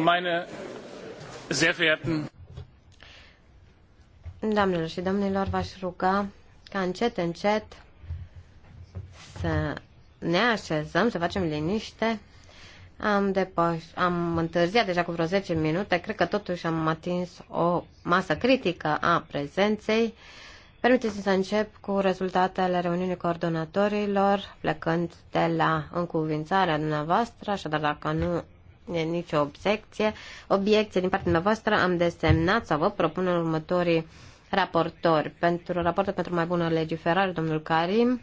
meine sehr verehrten Doamnelor și domnilor, v-aș ruga ca încet, încet să ne așezăm, să facem liniște. Am, depăș, am întârziat deja cu vreo 10 minute, cred că totuși am atins o masă critică a prezenței. Permiteți să încep cu rezultatele reuniunii coordonatorilor, plecând de la încuvințarea dumneavoastră, așadar dacă nu e nicio obiecție. obiecție din partea dumneavoastră, am desemnat sau vă propun în următorii raportori. Pentru raportul pentru mai bună legiferare, domnul Karim,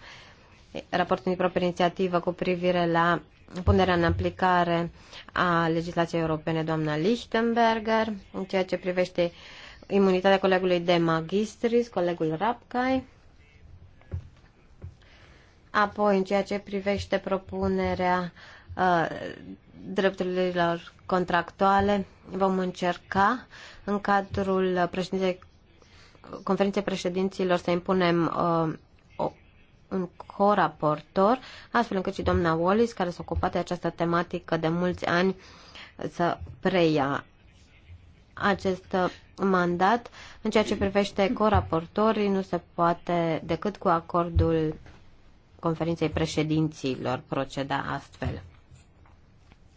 raportul din proprie inițiativă cu privire la punerea în aplicare a legislației europene, doamna Lichtenberger, în ceea ce privește uh, imunitatea colegului de magistris, colegul Rapcai. Apoi, în ceea ce privește propunerea uh, drepturilor contractuale, vom încerca în cadrul președinței, conferinței președinților să impunem uh, o, un coraportor, astfel încât și doamna Wallis, care s-a ocupat de această tematică de mulți ani, să preia acest uh, mandat. În ceea ce privește coraportorii, nu se poate decât cu acordul conferinței președinților proceda astfel.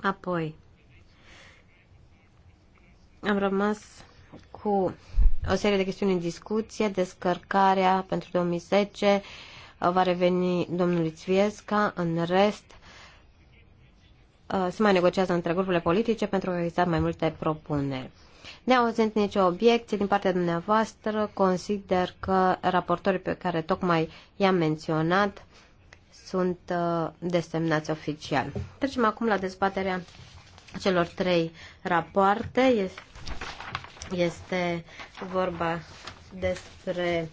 Apoi, am rămas cu o serie de chestiuni în discuție, descărcarea pentru 2010 uh, va reveni domnului Țviesca, în rest uh, se mai negociază între grupurile politice pentru a realiza mai multe propuneri nici nicio obiecție din partea dumneavoastră, consider că raportorii pe care tocmai i-am menționat sunt uh, desemnați oficial. Trecem acum la dezbaterea celor trei rapoarte. Este vorba despre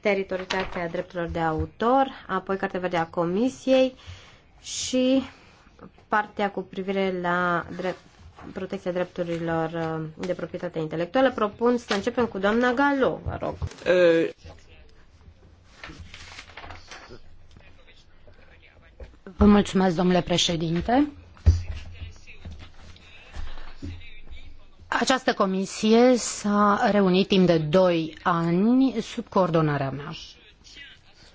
teritorialitatea drepturilor de autor, apoi Cartea Verde a Comisiei și partea cu privire la drept, protecția drepturilor uh, de proprietate intelectuală. Propun să începem cu doamna Galo, vă rog. Vă mulțumesc, domnule președinte. Această comisie s-a reunit timp de doi ani sub coordonarea mea.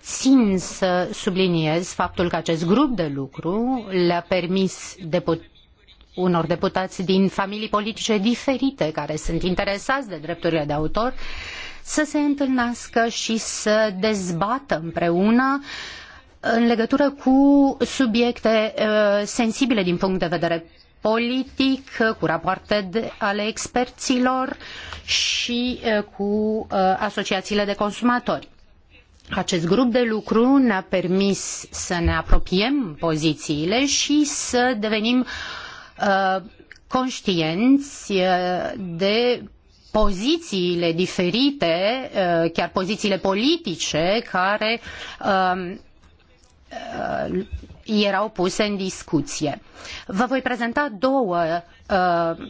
Țin să subliniez faptul că acest grup de lucru le-a permis deputaților unor deputați din familii politice diferite care sunt interesați de drepturile de autor să se întâlnească și să dezbată împreună uh, în legătură cu subiecte uh, sensibile din punct de vedere politic, uh, cu rapoarte de, ale experților și uh, cu uh, asociațiile de consumatori. Acest grup de lucru ne-a permis să ne apropiem pozițiile și să devenim uh, Uh, conștienți uh, de pozițiile diferite, uh, chiar pozițiile politice care um, erau puse în discuție. Vă voi prezenta două uh,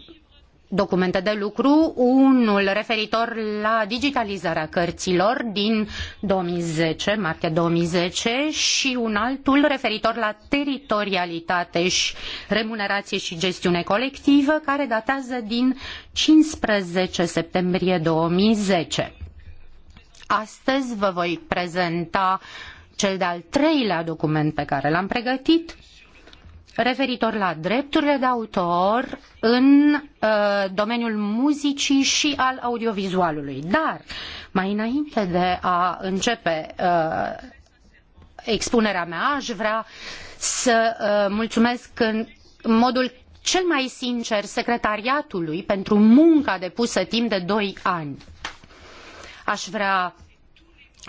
documente de lucru, unul referitor la digitalizarea cărților din 2010, martie 2010 și un altul referitor la teritorialitate și remunerație și gestiune colectivă, care datează din 15 septembrie 2010. Astăzi vă voi prezenta cel de-al treilea document pe care l-am pregătit, referitor la drepturile de autor în uh, domeniul muzicii și al audiovizualului. Dar, mai înainte de a începe uh, expunerea mea, aș vrea să uh, mulțumesc în modul cel mai sincer secretariatului pentru munca depusă timp de doi ani. Aș vrea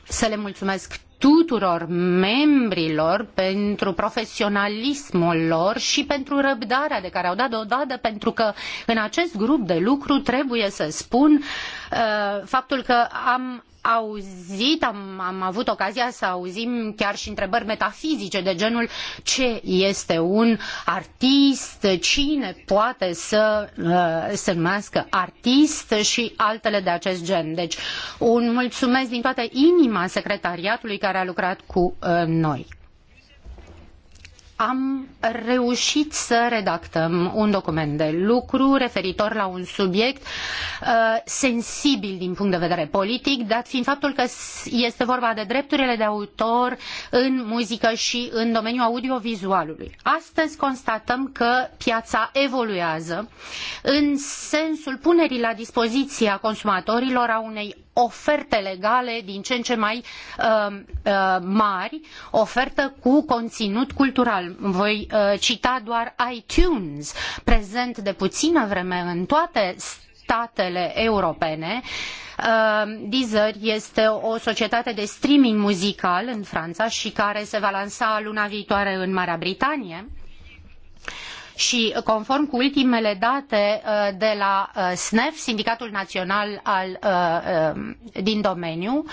să le mulțumesc tuturor membrilor pentru profesionalismul lor și pentru răbdarea de care au dat dovadă, pentru că în acest grup de lucru trebuie să spun uh, faptul că am auzit, am, am avut ocazia să auzim chiar și întrebări metafizice de genul ce este un artist, cine poate să uh, se numească artist și altele de acest gen. Deci un mulțumesc din toată inima secretariatului care a lucrat cu uh, noi am reușit să redactăm un document de lucru referitor la un subiect uh, sensibil din punct de vedere politic, dat fiind faptul că este vorba de drepturile de autor în muzică și în domeniul audiovizualului. Astăzi constatăm că piața evoluează în sensul punerii la a consumatorilor a unei oferte legale din ce în ce mai uh, uh, mari, ofertă cu conținut cultural general. Voi uh, cita doar iTunes, prezent de puțină vreme în toate statele europene. Uh, Deezer este o societate de streaming muzical în Franța și care se va lansa luna viitoare în Marea Britanie și uh, conform cu ultimele date uh, de la uh, SNEF, Sindicatul Național al, din domeniu,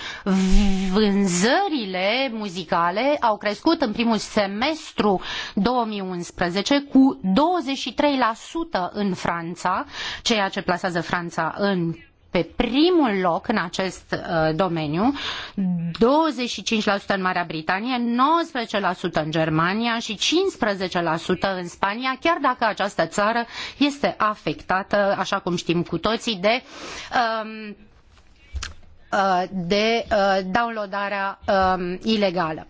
vânzările muzicale au crescut în primul semestru 2011 cu 23% în Franța, ceea ce plasează Franța în pe primul loc în acest uh, domeniu, 25% în Marea Britanie, 19% în Germania și 15% în Spania, chiar dacă această țară este afectată, așa cum știm cu toții, de um, uh, de uh, downloadarea um, ilegală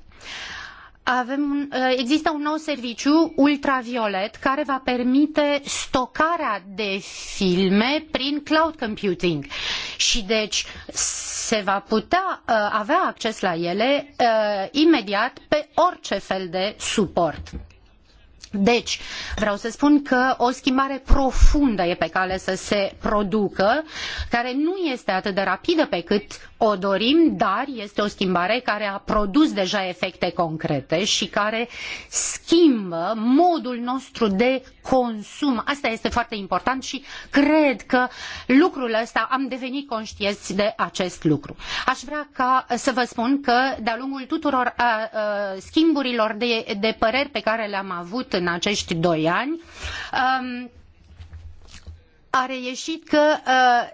avem, uh, există un nou serviciu ultraviolet care va permite stocarea de filme prin cloud computing și deci se va putea uh, avea acces la ele uh, imediat pe orice fel de suport. Deci, vreau să spun că o schimbare profundă e pe cale să se producă, care nu este atât de rapidă pe cât o dorim, dar este o schimbare care a produs deja efecte concrete și care schimbă modul nostru de consum. Asta este foarte important și cred că lucrul ăsta am devenit conștienți de acest lucru. Aș vrea ca să vă spun că de-a lungul tuturor a, uh, a, uh, schimburilor de, de păreri pe care le-am avut în acești doi ani, um, a reieșit că uh,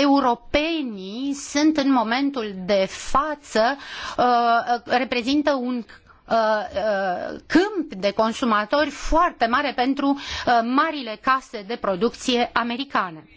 europenii sunt în momentul de față, uh, reprezintă un uh, uh, câmp de consumatori foarte mare pentru uh, marile case de producție americane.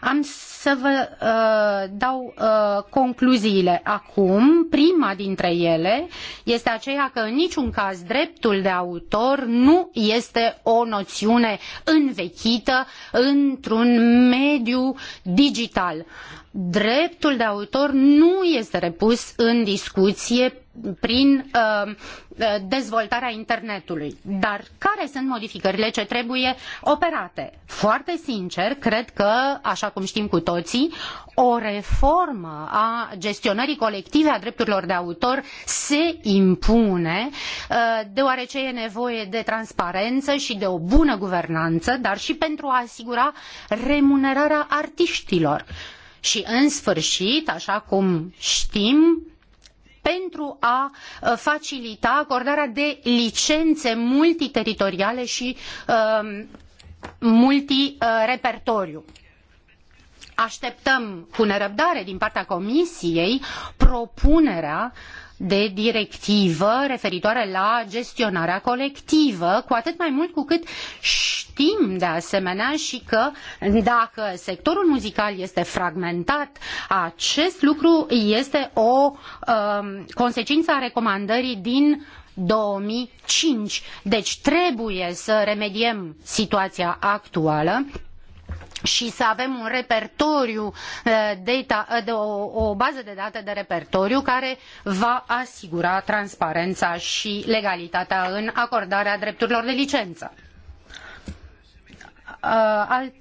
Am să vă uh, dau uh, concluziile acum. Prima dintre ele este aceea că în niciun caz dreptul de autor nu este o noțiune învechită într-un mediu digital. Dreptul de autor nu este repus în discuție prin uh, Eh, dezvoltarea internetului. Dar care sunt modificările ce trebuie operate? Foarte sincer, cred că, așa cum știm cu toții, o reformă a gestionării colective a drepturilor de autor se impune, eh, deoarece e nevoie de transparență și de o bună guvernanță, dar și pentru a asigura remunerarea artiștilor. Și în sfârșit, așa cum știm, pentru a uh, facilita acordarea de licențe multiteritoriale și um, multirepertoriu. Așteptăm cu nerăbdare din partea Comisiei propunerea uh, de directivă referitoare la gestionarea colectivă, cu atât mai mult cu cât știm de asemenea și că dacă sectorul muzical este fragmentat, acest lucru este o um, consecință a recomandării din 2005. Deci trebuie să remediem situația actuală și să avem un repertoriu, eh, data, eh, o, o bază de date de repertoriu care va asigura transparența și legalitatea în acordarea drepturilor de licență. Eh, alt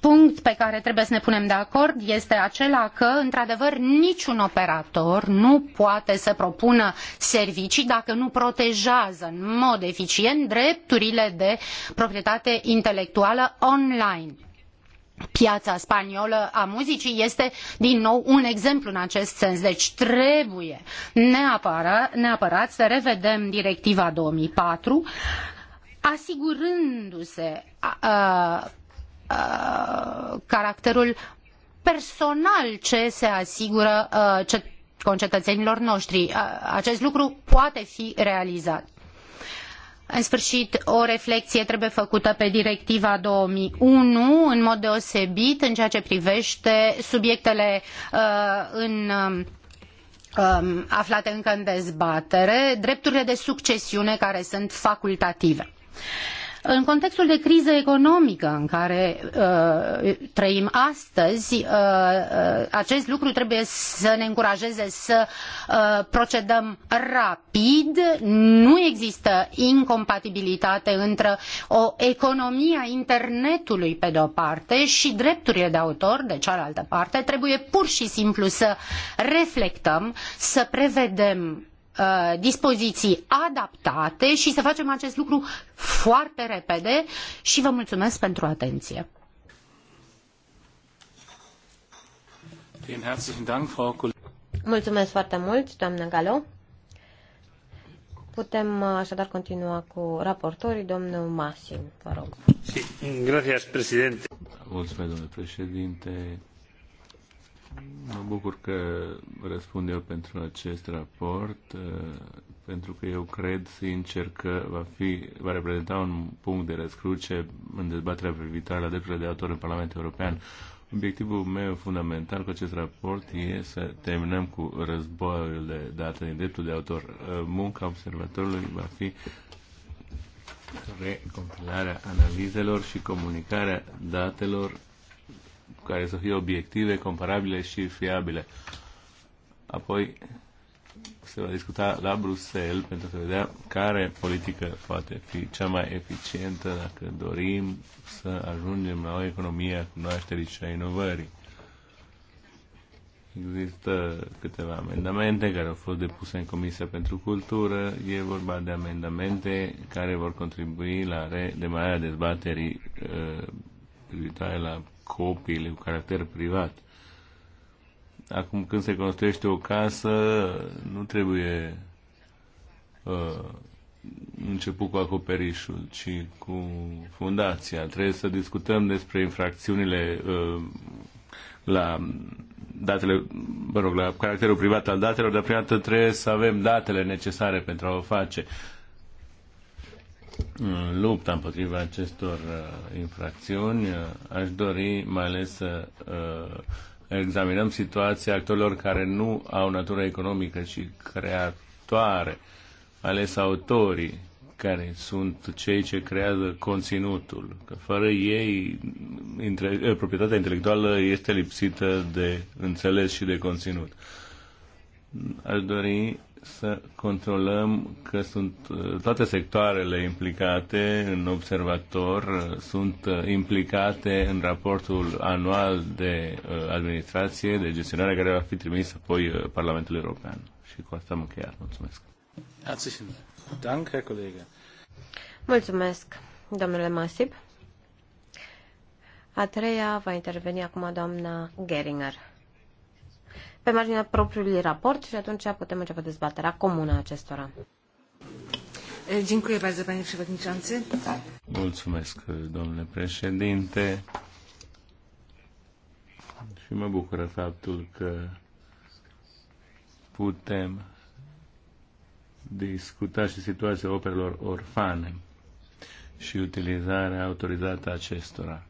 punct pe care trebuie să ne punem de acord este acela că, într-adevăr, niciun operator nu poate să propună servicii dacă nu protejează în mod eficient drepturile de proprietate intelectuală online piața spaniolă a muzicii este din nou un exemplu în acest sens. Deci trebuie neapărat, neapărat să revedem directiva 2004 asigurându-se caracterul personal ce se asigură uh, concetățenilor noștri. acest lucru poate fi realizat. În sfârșit, o reflexie trebuie făcută pe directiva 2001, în mod deosebit în ceea ce privește subiectele uh, în, uh, aflate încă în dezbatere, drepturile de succesiune care sunt facultative. În contextul de criză economică în care uh, trăim astăzi, uh, uh, acest lucru trebuie să ne încurajeze să uh, procedăm rapid. Nu există incompatibilitate între o economie a internetului pe de o parte și drepturile de autor de cealaltă parte. Trebuie pur și simplu să reflectăm, să prevedem Uh, dispoziții adaptate și să facem acest lucru foarte repede și vă mulțumesc pentru atenție. Mulțumesc foarte mult, doamnă Galo. Putem uh, așadar continua cu raportorii. Domnul Masim, vă rog. Mulțumesc, domnule președinte. Mă bucur că răspund eu pentru acest raport, eh, pentru că eu cred sincer că va, fi, va reprezenta un punct de răscruce în dezbaterea privitoare la drepturile de autor în Parlamentul European. Obiectivul meu fundamental cu acest raport e să terminăm cu războiul de date din dreptul de autor. Eh, munca observatorului va fi recompilarea analizelor și comunicarea datelor care să fie obiective, comparabile și fiabile. Apoi se va discuta la Bruxelles pentru a vedea care politică poate fi cea mai eficientă dacă dorim să ajungem la o economie a cunoașterii și a inovării. Există câteva amendamente care au fost depuse în Comisia pentru Cultură. E vorba de amendamente care vor contribui la redemararea dezbaterii uh, privitoare la copiile cu caracter privat. Acum când se construiește o casă, nu trebuie uh, început cu acoperișul, ci cu fundația. Trebuie să discutăm despre infracțiunile uh, la datele, mă rog, la caracterul privat al datelor, dar prima dată trebuie să avem datele necesare pentru a o face lupta împotriva acestor uh, infracțiuni, uh, aș dori mai ales să uh, examinăm situația actorilor care nu au natură economică, ci creatoare, ales autorii care sunt cei ce creează conținutul. Că fără ei, intre, proprietatea intelectuală este lipsită de înțeles și de conținut. Aș dori să controlăm că sunt uh, toate sectoarele implicate în observator uh, sunt uh, implicate în raportul anual de administrație, de gestionare care va fi trimis apoi Parlamentul European. Și cu asta am încheiat. Mulțumesc. Mulțumesc, domnule Masip. A treia va interveni acum doamna Geringer pe marginea propriului raport și atunci putem începe dezbaterea comună a acestora. Dziękuję bardzo, panie przewodniczący. Mulțumesc, domnule președinte. Și mă bucură faptul că putem discuta și situația operelor orfane și utilizarea autorizată acestora.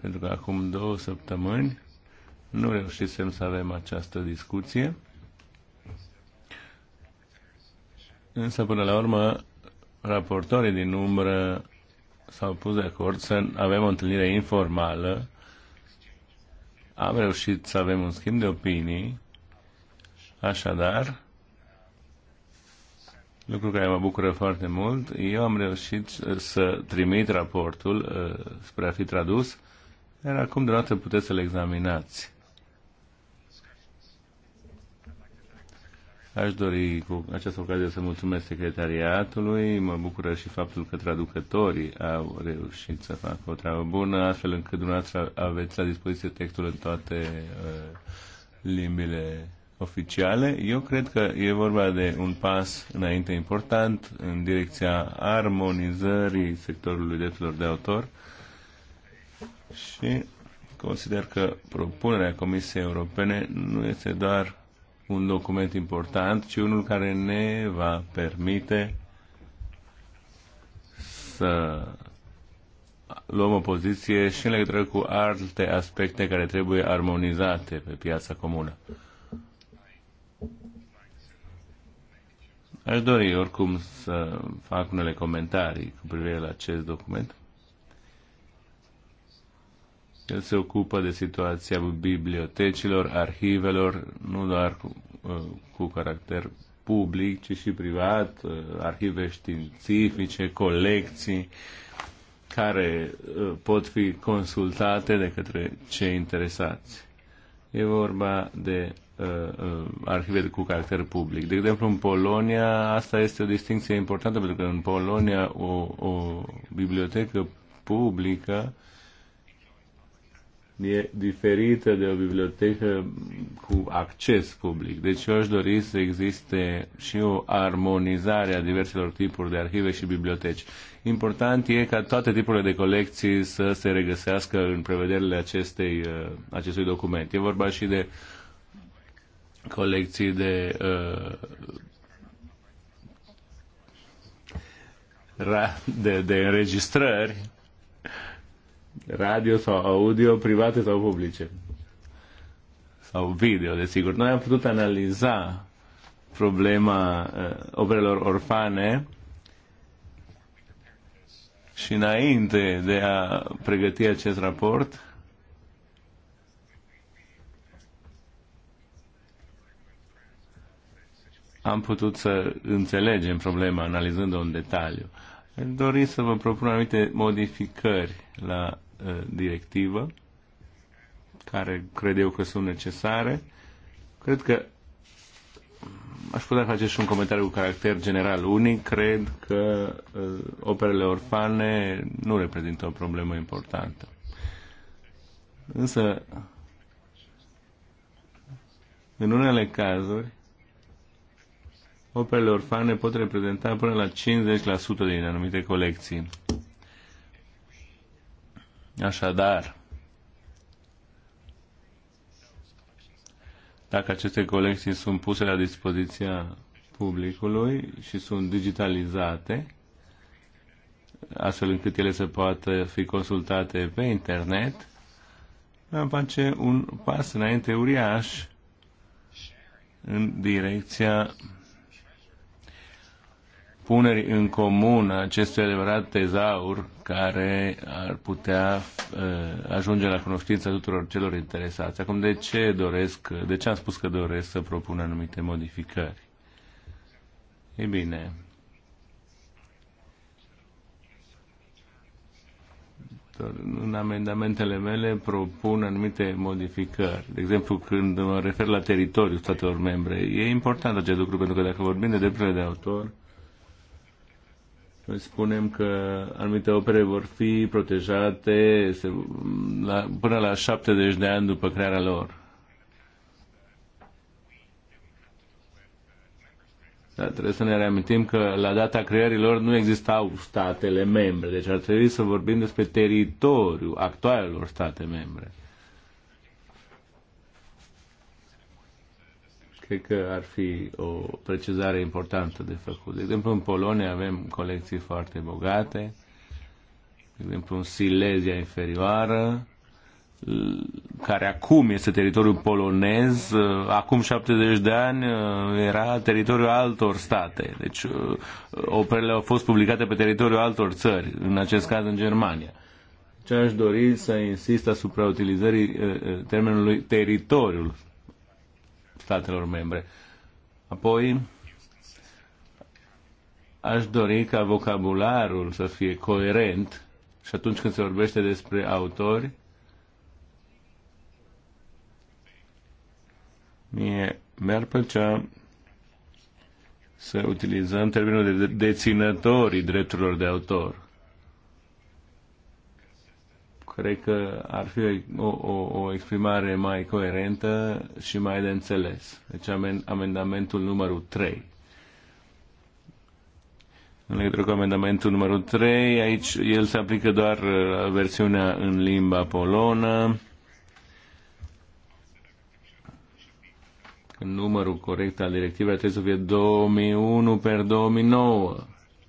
Pentru că acum două săptămâni nu reușisem să avem această discuție. Însă, până la urmă, raportorii din umbră s-au pus de acord să avem o întâlnire informală. Am reușit să avem un schimb de opinii. Așadar, lucru care mă bucură foarte mult, eu am reușit să trimit raportul uh, spre a fi tradus, iar acum deodată puteți să-l examinați. Aș dori cu această ocazie să mulțumesc secretariatului, mă bucură și faptul că traducătorii au reușit să facă o treabă bună, astfel încât dumneavoastră aveți la dispoziție textul în toate uh, limbile oficiale. Eu cred că e vorba de un pas înainte important în direcția armonizării sectorului drepturilor de autor și consider că propunerea Comisiei Europene nu este doar un document important, ci unul care ne va permite să luăm o poziție și în legătură cu alte aspecte care trebuie armonizate pe piața comună. Aș dori oricum să fac unele comentarii cu privire la acest document. El se ocupă de situația bibliotecilor, arhivelor, nu doar cu, uh, cu caracter public, ci și privat, uh, arhive științifice, colecții care uh, pot fi consultate de către cei interesați. E vorba de uh, arhive cu caracter public. De exemplu, în Polonia, asta este o distinție importantă, pentru că în Polonia o, o bibliotecă publică uh, e diferită de o bibliotecă cu acces public. Deci eu aș dori să existe și o armonizare a diverselor tipuri de arhive și biblioteci. Important e ca toate tipurile de colecții să se regăsească în prevederile acestei, uh, acestui document. E vorba și de colecții de uh, de, de înregistrări radio sau audio, private sau publice. Sau video, desigur. Noi am putut analiza problema uh, operelor orfane și înainte de a pregăti acest raport, am putut să înțelegem problema analizând-o în detaliu. Dori să vă propun anumite modificări la Uh, directivă, care cred eu că sunt necesare. Cred că aș putea face și un comentariu cu caracter general. Unii cred că uh, operele orfane nu reprezintă o problemă importantă. Însă, în unele cazuri, operele orfane pot reprezenta până la 50% din anumite colecții. Așadar, dacă aceste colecții sunt puse la dispoziția publicului și sunt digitalizate, astfel încât ele să poată fi consultate pe internet, am face un pas înainte uriaș în direcția Puneri în comun a acestui adevărat tezaur care ar putea uh, ajunge la cunoștința tuturor celor interesați. Acum, de ce doresc, de ce am spus că doresc să propun anumite modificări? Ei bine, în amendamentele mele propun anumite modificări. De exemplu, când mă refer la teritoriul statelor membre, e important acest lucru, pentru că dacă vorbim de drepturile de autor, noi spunem că anumite opere vor fi protejate se, la, până la 70 de ani după crearea lor. Dar trebuie să ne reamintim că la data creării lor nu existau statele membre, deci ar trebui să vorbim despre teritoriul actualelor state membre. cred că ar fi o precizare importantă de făcut. De exemplu, în Polonia avem colecții foarte bogate, de exemplu, în Silesia inferioară, care acum este teritoriul polonez, uh, acum 70 de ani uh, era teritoriul altor state. Deci uh, operele au fost publicate pe teritoriul altor țări, în acest caz în Germania. Ce aș dori să insist asupra utilizării termenului teritoriul statelor membre. Apoi, aș dori ca vocabularul să fie coerent și atunci când se vorbește despre autori, mie mi-ar plăcea să utilizăm termenul de deținătorii drepturilor de autor cred că ar fi o, o, o exprimare mai coerentă și mai de înțeles. Deci amendamentul numărul 3. În legătură cu amendamentul numărul 3, aici el se aplică doar uh, versiunea în limba polonă. Numărul corect al directivei trebuie să fie 2001 per 2009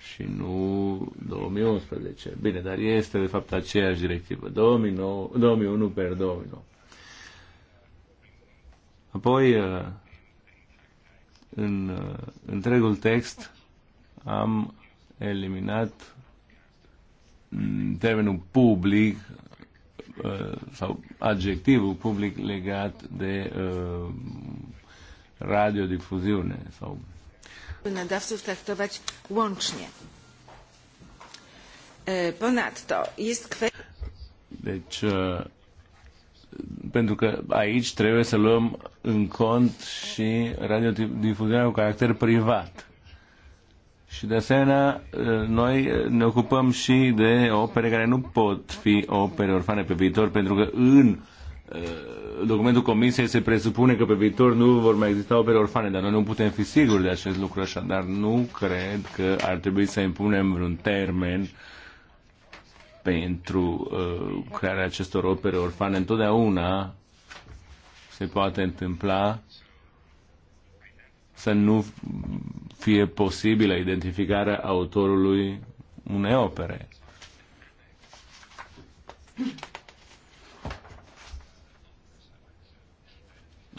și nu 2011. Bine, dar este de fapt aceeași directivă, 2009, 2001 per 2009. Apoi, uh, în uh, întregul text am eliminat mm, termenul public uh, sau adjectivul public legat de radiodifuziune sau nadawców traktować łącznie. Ponadto jest kwestia... Deci, pentru că aici trebuie să luăm în cont și radiodifuziunea cu caracter privat. Și de asemenea, noi ne ocupăm și de opere care nu pot fi opere orfane pe viitor, pentru că în uh, Eh, documentul Comisiei se presupune că pe viitor nu vor mai exista opere orfane, dar noi nu putem fi siguri de acest lucru, Dar nu cred că ar trebui să impunem vreun termen pentru uh, crearea acestor opere orfane. Întotdeauna se poate întâmpla să nu fie posibilă identificarea autorului unei opere.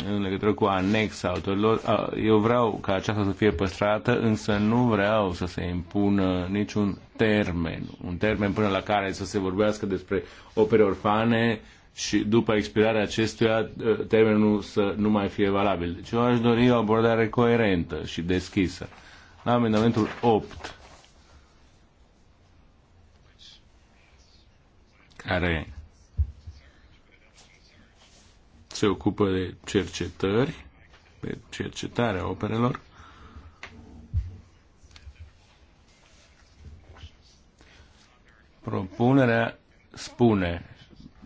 în legătură cu anexa autorilor. Eu vreau ca aceasta să fie păstrată, însă nu vreau să se impună niciun termen, un termen până la care să se vorbească despre opere orfane și după expirarea acestuia ă, termenul să nu mai fie valabil. Deci eu aș dori o abordare coerentă și deschisă. La amendamentul 8, care se ocupă de cercetări, de cercetarea operelor. Propunerea spune,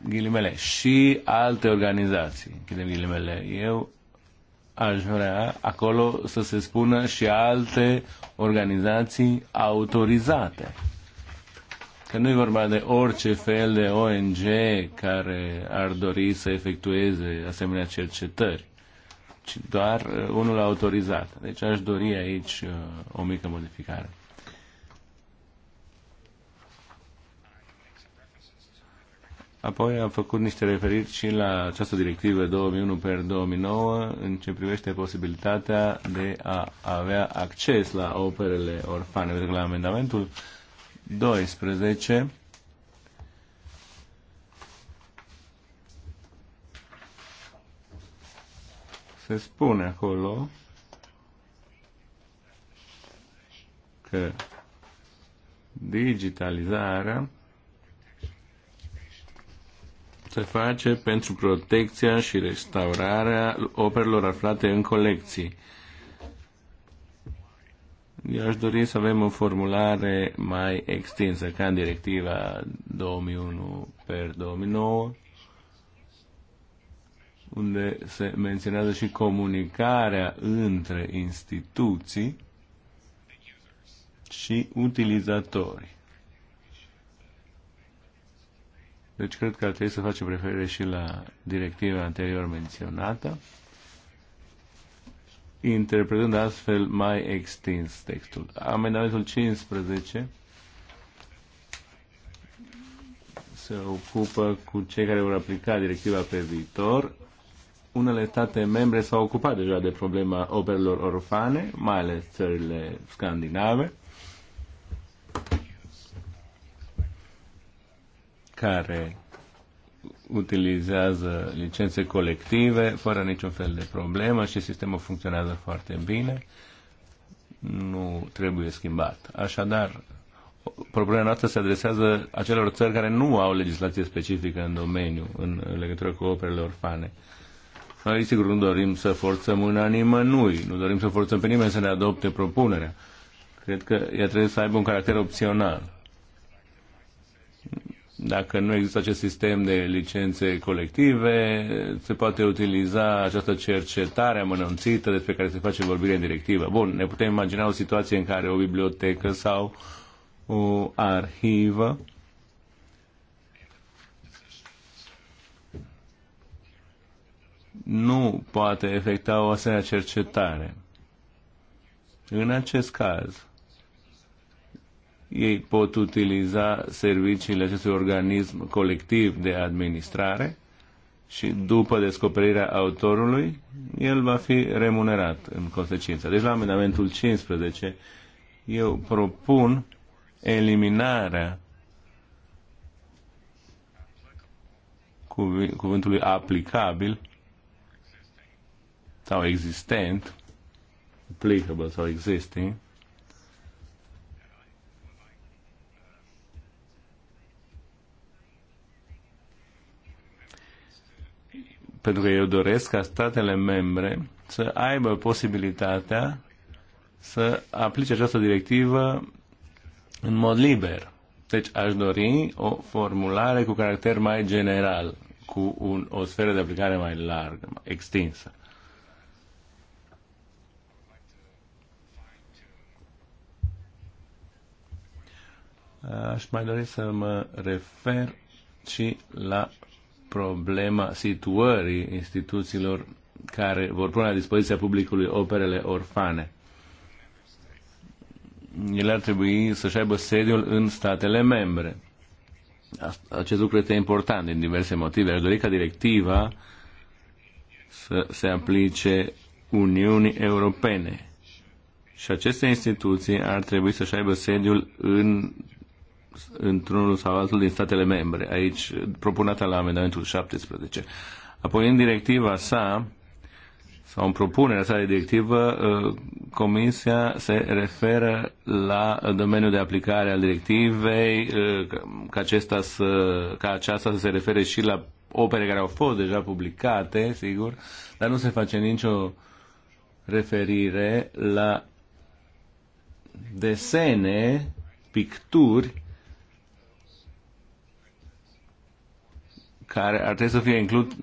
ghilimele, și alte organizații, închidem ghilimele. Eu aș vrea acolo să se spună și alte organizații autorizate că nu e vorba de orice fel de ONG care ar dori să efectueze asemenea cercetări, ci doar uh, unul autorizat. Deci aș dori aici uh, o mică modificare. Apoi am făcut niște referiri și la această directivă 2001 per 2009 în ce privește posibilitatea de a avea acces la operele orfane. Pentru că la amendamentul 12 se spune acolo că digitalizarea se face pentru protecția și restaurarea operelor aflate în colecții. Eu aș dori să avem o formulare mai extinsă, ca în directiva 2001 per 2009, unde se menționează și comunicarea între instituții și utilizatori. Deci cred că ar trebui să facem referire și la directiva anterior menționată interpretând astfel mai extins textul. Amendamentul 15 se ocupă cu cei care vor aplica directiva pe viitor. Unele state membre s-au ocupat deja de problema operelor orfane, mai ales țările scandinave, care utilizează licențe colective fără niciun fel de problemă și sistemul funcționează foarte bine. Nu trebuie schimbat. Așadar, problema noastră se adresează acelor țări care nu au legislație specifică în domeniu, în legătură cu operele orfane. Noi, sigur, nu dorim să forțăm animă nimănui, nu dorim să forțăm pe nimeni să ne adopte propunerea. Cred că ea trebuie să aibă un caracter opțional dacă nu există acest sistem de licențe colective, se poate utiliza această cercetare amănunțită despre care se face vorbire în directivă. Bun, ne putem imagina o situație în care o bibliotecă sau o arhivă nu poate efectua o asemenea cercetare. În acest caz, ei pot utiliza serviciile acestui organism colectiv de administrare și după descoperirea autorului, el va fi remunerat în consecință. Deci la amendamentul 15 eu propun eliminarea cuvântului aplicabil sau existent, applicable sau existing, pentru că eu doresc ca statele membre să aibă posibilitatea să aplice această directivă în mod liber. Deci aș dori o formulare cu caracter mai general, cu un, o sferă de aplicare mai largă, mai extinsă. Aș mai dori să mă refer și la problema situării instituțiilor care vor pune la dispoziția publicului operele orfane. Ele ar trebui să-și aibă sediul în statele membre. Acest lucru este important din diverse motive. Aș dori ca directiva să se aplice Uniunii Europene. Și aceste instituții ar trebui să-și aibă sediul în într-unul sau altul din statele membre. Aici, propunată la amendamentul 17. Apoi, în directiva sa, sau în propunerea sa de directivă, uh, Comisia se referă la domeniul de aplicare al directivei, uh, ca, acesta să, ca aceasta să se refere și la opere care au fost deja publicate, sigur, dar nu se face nicio referire la desene, picturi care ar trebui să fie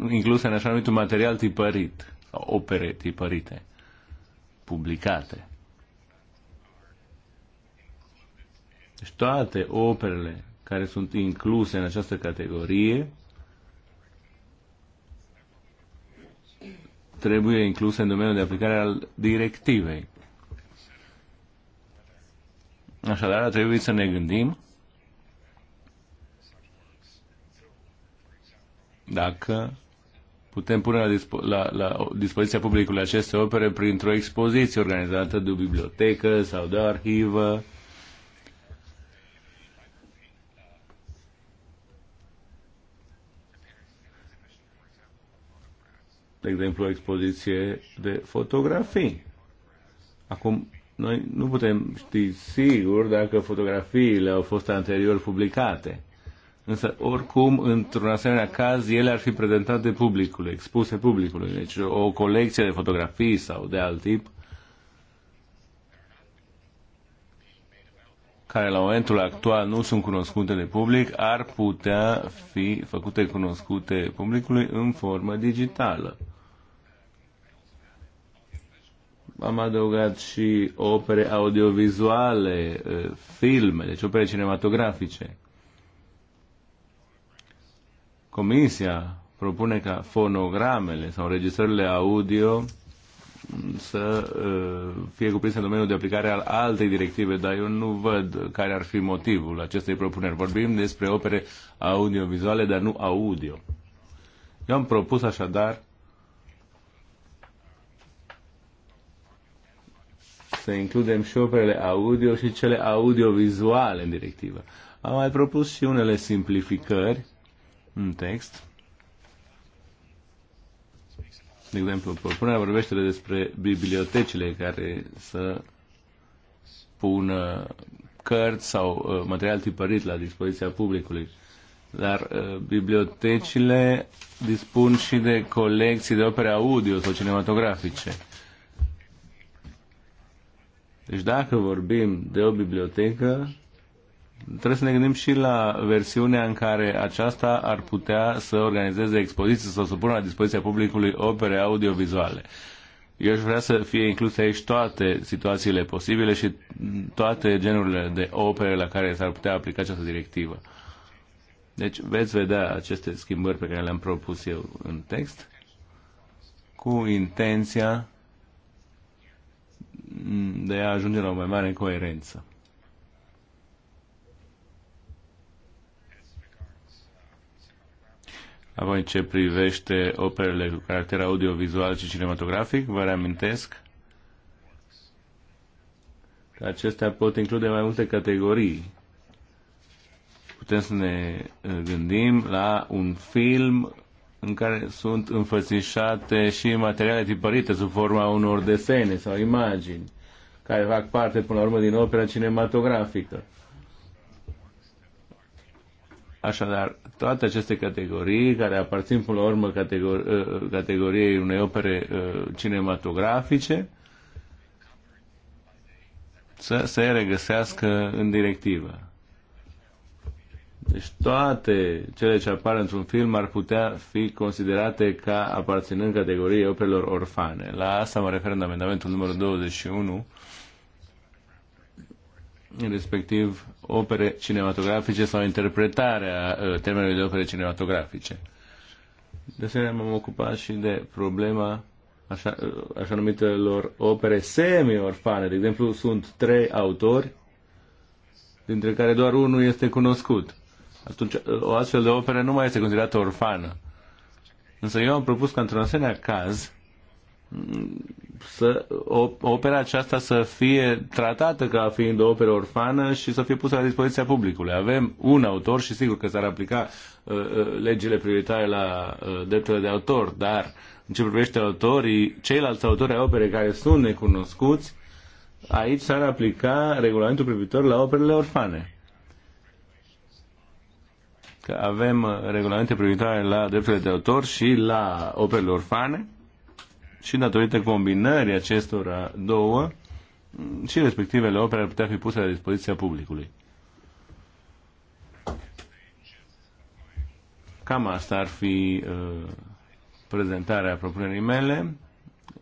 incluse în așa numitul material tipărit sau opere tipărite, publicate. Deci toate operele care sunt incluse în această categorie trebuie incluse în domeniul de aplicare al directivei. Așadar, trebuie să ne gândim dacă putem pune la, dispo- la, la dispoziția publicului aceste opere printr-o expoziție organizată de o bibliotecă sau de o arhivă. De exemplu, o expoziție de fotografii. Acum, noi nu putem ști sigur dacă fotografiile au fost anterior publicate. Însă, oricum, într-un asemenea caz, ele ar fi prezentate publicului, expuse publicului. Deci, o colecție de fotografii sau de alt tip, care la momentul actual nu sunt cunoscute de public, ar putea fi făcute cunoscute publicului în formă digitală. Am adăugat și opere audiovizuale, eh, filme, deci opere cinematografice. Comisia propune ca fonogramele sau registrările audio să fie cuprinse în domeniul de aplicare al altei directive, dar eu nu văd care ar fi motivul acestei propuneri. Vorbim despre opere audiovizuale, dar nu audio. Eu am propus așadar să includem și operele audio și cele audiovizuale în directivă. Am mai propus și unele simplificări un text. De exemplu, propunerea vorbește despre bibliotecile care să pună cărți sau uh, material tipărit la dispoziția publicului. Dar uh, bibliotecile dispun și de colecții de opere audio sau cinematografice. Deci dacă vorbim de o bibliotecă, trebuie să ne gândim și la versiunea în care aceasta ar putea să organizeze expoziții sau să pună la dispoziția publicului opere audiovizuale. Eu aș vrea să fie incluse aici toate situațiile posibile și toate genurile de opere la care s-ar putea aplica această directivă. Deci veți vedea aceste schimbări pe care le-am propus eu în text cu intenția de a ajunge la o mai mare coerență. Apoi, în ce privește operele cu caracter audiovizual și cinematografic, vă reamintesc că acestea pot include mai multe categorii. Putem să ne uh, gândim la un film în care sunt înfățișate și materiale tipărite sub forma unor desene sau imagini, care fac parte, până la urmă, din opera cinematografică. Așadar, toate aceste categorii, care aparțin până la urmă categori, uh, uh, categoriei unei opere uh, cinematografice, să se regăsească în directivă. Deci toate cele ce apar într-un film ar putea fi considerate ca aparținând categoriei operelor orfane. La asta mă refer în amendamentul numărul 21, respectiv opere cinematografice sau interpretarea uh, termenului de opere cinematografice. De asemenea, m-am ocupat și de problema așa, uh, așa numitelor opere semi-orfane. De exemplu, sunt trei autori, dintre care doar unul este cunoscut. Atunci, uh, o astfel de operă nu mai este considerată orfană. Însă eu am propus ca într-un asemenea caz să opera aceasta să fie tratată ca fiind o operă orfană și să fie pusă la dispoziția publicului. Avem un autor și sigur că s-ar aplica uh, uh legile prioritare la uh, drepturile de autor, dar în ce privește autorii, ceilalți autori ai opere care sunt necunoscuți, aici s-ar aplica regulamentul privitor la operele orfane. Că avem uh, regulamente privitoare la drepturile de autor și la operele orfane și datorită combinării acestora două, și respectivele opere ar putea fi puse la dispoziția publicului. Cam asta ar fi uh, prezentarea propunerii mele.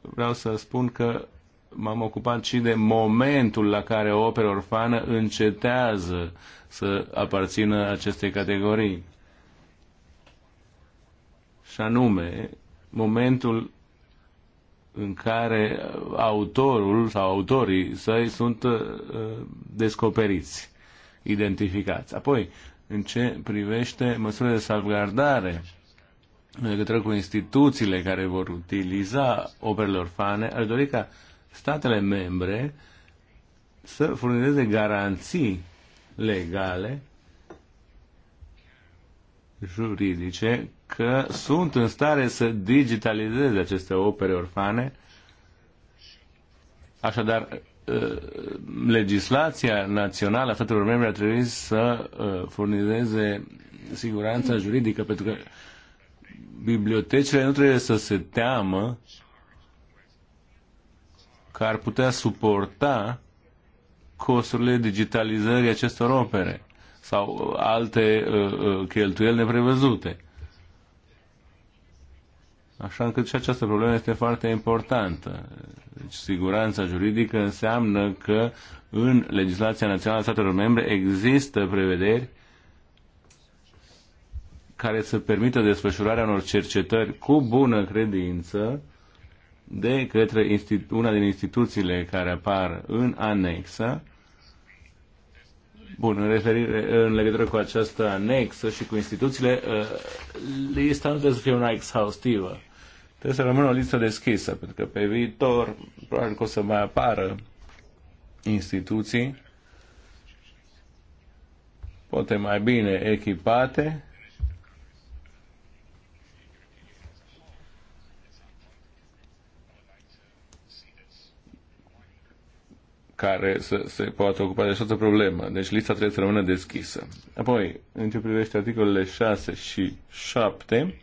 Vreau să spun că m-am ocupat și de momentul la care o operă orfană încetează să aparțină acestei categorii. Și anume, momentul în care autorul sau autorii săi sunt uh, descoperiți, identificați. Apoi, în ce privește măsurile de salvgardare în legătură cu instituțiile care vor utiliza operele orfane, aș dori ca statele membre să furnizeze garanții legale juridice că sunt în stare să digitalizeze aceste opere orfane. Așadar, ă, legislația națională a statelor membre ar trebui să ă, furnizeze siguranța juridică, pentru că bibliotecile nu trebuie să se teamă că ar putea suporta costurile digitalizării acestor opere sau alte uh, uh, cheltuieli neprevăzute. Așa încât și această problemă este foarte importantă. Deci, siguranța juridică înseamnă că în legislația națională a statelor membre există prevederi care să permită desfășurarea unor cercetări cu bună credință de către una din instituțiile care apar în anexă Bun, în, referire, în legătură cu această anexă și cu instituțiile, uh, lista nu trebuie să fie una exhaustivă. Trebuie să rămână o listă deschisă, pentru că pe viitor probabil că o să mai apară instituții poate mai bine echipate care să se poată ocupa de această problemă. Deci lista trebuie să rămână deschisă. Apoi, în ce privește articolele 6 și 7,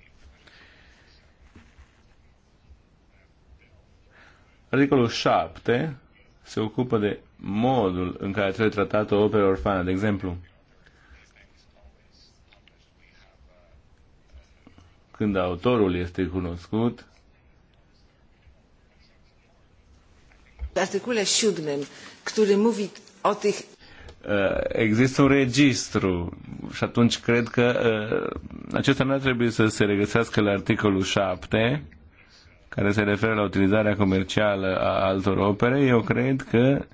articolul 7 se ocupă de modul în care trebuie tratată o operă orfană. De exemplu, când autorul este cunoscut, W artykule 7, który mówi o tych există un registru și atunci cred că acesta nu ar trebui să se regăsească la articolul 7 care se referă la utilizarea comercială a altor opere. Eu cred că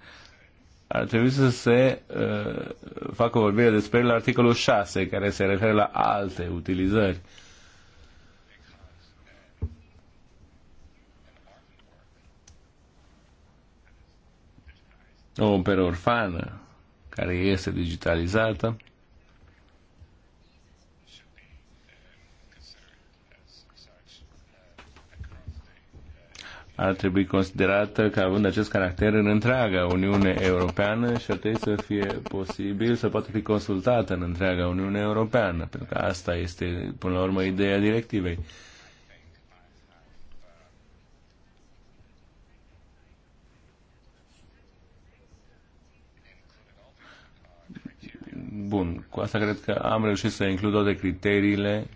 ar trebui să se facă o vorbire despre la articolul 6 care se referă la alte utilizări. Uh, o operă orfană care este digitalizată. ar trebui considerată ca având acest caracter în întreaga Uniune Europeană și ar trebui să fie posibil să poată fi consultată în întreaga Uniune Europeană, pentru că asta este, până la urmă, ideea directivei. Bun, cu asta cred că am reușit să includ toate criteriile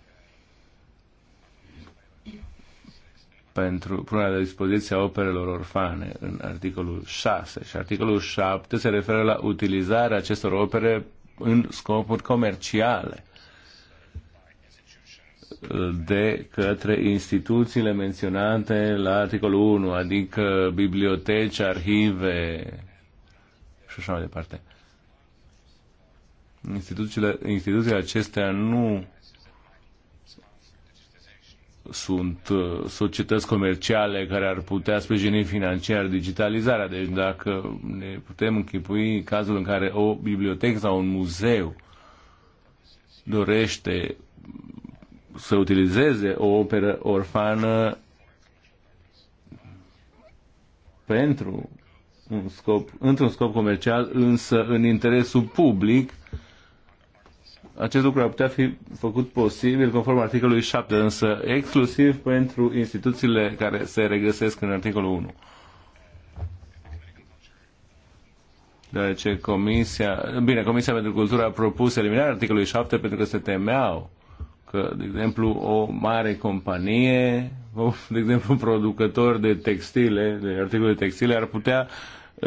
pentru punerea la dispoziție a operelor orfane în articolul 6 și articolul 7 se referă la utilizarea acestor opere în scopuri comerciale de către instituțiile menționate la articolul 1, adică biblioteci, arhive și așa mai departe instituțiile, instituțiile acestea nu sunt uh, societăți comerciale care ar putea sprijini financiar digitalizarea. Deci dacă ne putem închipui cazul în care o bibliotecă sau un muzeu dorește să utilizeze o operă orfană pentru un scop, într-un scop comercial, însă în interesul public, uh, acest lucru ar putea fi făcut posibil conform articolului 7, însă exclusiv pentru instituțiile care se regăsesc în articolul 1. Deoarece Comisia, bine, Comisia pentru Cultură a propus eliminarea articolului 7 pentru că se temeau că, de exemplu, o mare companie, o, de exemplu, un producător de textile, de articole textile, ar putea uh,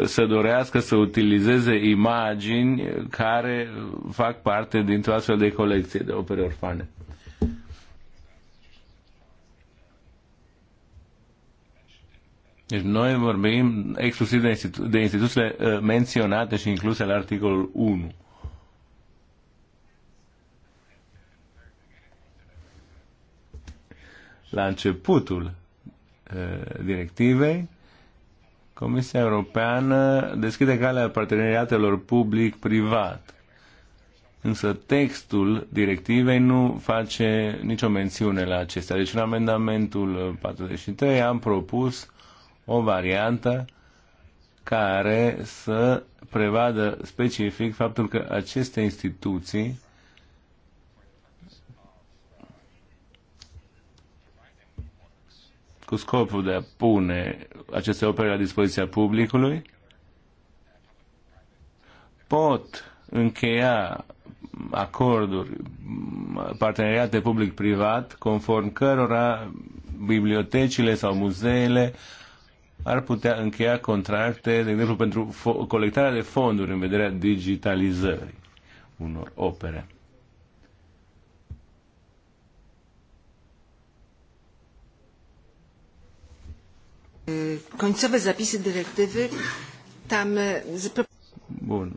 să dorească să utilizeze imagini care fac parte dintr-o astfel de colecție de opere orfane. Deci noi vorbim exclusiv de, institu- de instituțiile uh, menționate și incluse la articolul 1. La începutul uh, directivei Comisia Europeană deschide calea parteneriatelor public-privat. Însă textul directivei nu face nicio mențiune la acestea. Deci în amendamentul 43 am propus o variantă care să prevadă specific faptul că aceste instituții cu scopul de a pune aceste opere la dispoziția publicului, pot încheia acorduri, parteneriate public-privat, conform cărora bibliotecile sau muzeele ar putea încheia contracte, de exemplu, pentru colectarea de fonduri în vederea digitalizării unor opere. Końcowe zapisy dyrektywy tam... Bun.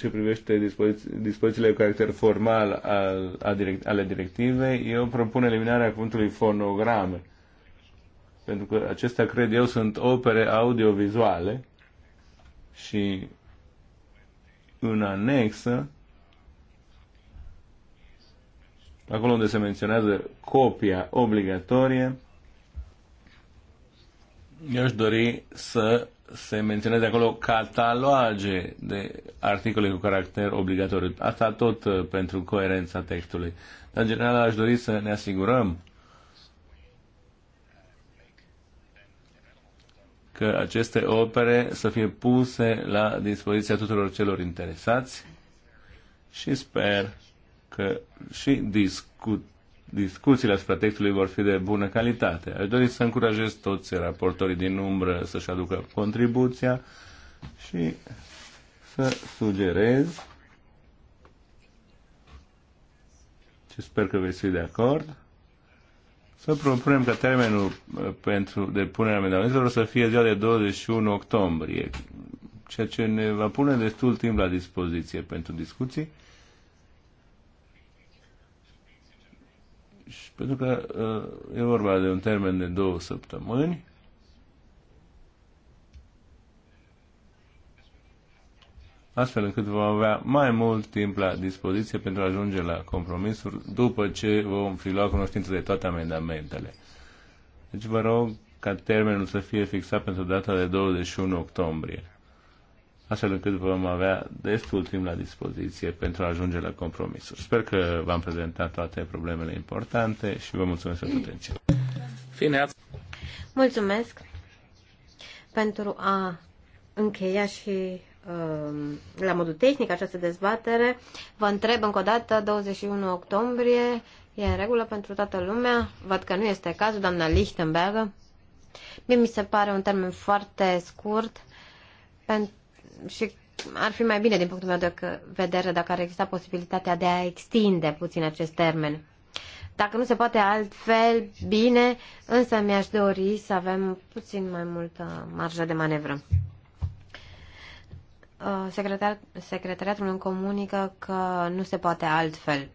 Ce privește dispoziți, dispozițiile cu caracter formal al, a direct, ale directivei, eu propun eliminarea cuvântului fonograme. Pentru că acestea, cred eu, sunt opere audiovizuale și în anexă, acolo unde se menționează copia obligatorie, eu aș dori să se menționeze acolo cataloage de articole cu caracter obligatoriu. Asta tot uh, pentru coerența textului. Dar, în general, aș dori să ne asigurăm că aceste opere să fie puse la dispoziția tuturor celor interesați și sper că și discut discuțiile asupra textului vor fi de bună calitate. Aș dori să încurajez toți raportorii din umbră să-și aducă contribuția și să sugerez și sper că veți fi de acord, să propunem ca termenul uh, pentru depunerea amendamentelor să fie ziua de 21 octombrie, ceea ce ne va pune destul timp la dispoziție pentru discuții pentru că uh, e vorba de un termen de două săptămâni. astfel încât vom avea mai mult timp la dispoziție pentru a ajunge la compromisuri după ce vom fi luat cunoștință de toate amendamentele. Deci vă rog ca termenul să fie fixat pentru data de 21 octombrie astfel încât vom avea destul timp la dispoziție pentru a ajunge la compromisuri. Sper că v-am prezentat toate problemele importante și vă mulțumesc pentru atenție. Fine. Mulțumesc pentru a încheia și um, la modul tehnic această dezbatere. Vă întreb încă o dată, 21 octombrie e în regulă pentru toată lumea? Văd că nu este cazul, doamna Lichtenberg. Mie mi se pare un termen foarte scurt pentru și ar fi mai bine din punctul meu de vedere dacă ar exista posibilitatea de a extinde puțin acest termen. Dacă nu se poate altfel, bine, însă mi-aș dori să avem puțin mai multă marjă de manevră. Uh, secretar, secretariatul îmi comunică că nu se poate altfel.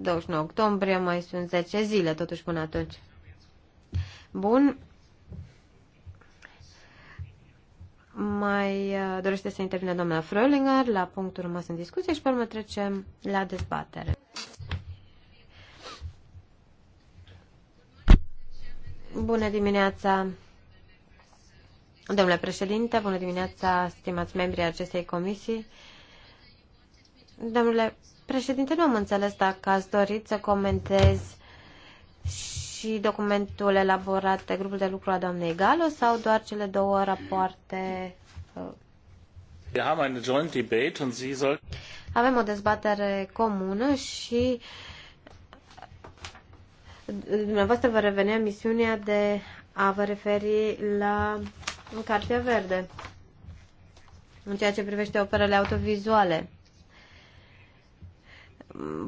29 octombrie, mai sunt 10 zile totuși până atunci. Bun, mai uh, dorește să intervine doamna Frölinger la punctul rămas în discuție și pe urmă trecem la dezbatere. Bună dimineața, domnule președinte, bună dimineața, stimați membrii acestei comisii. Domnule președinte, nu am înțeles dacă ați dorit să comentez și și documentul elaborat de grupul de lucru a doamnei Galo sau doar cele două rapoarte? Uh? Avem o dezbatere comună și uh, dumneavoastră vă revenea misiunea de a vă referi la Cartea Verde în ceea ce privește operele autovizuale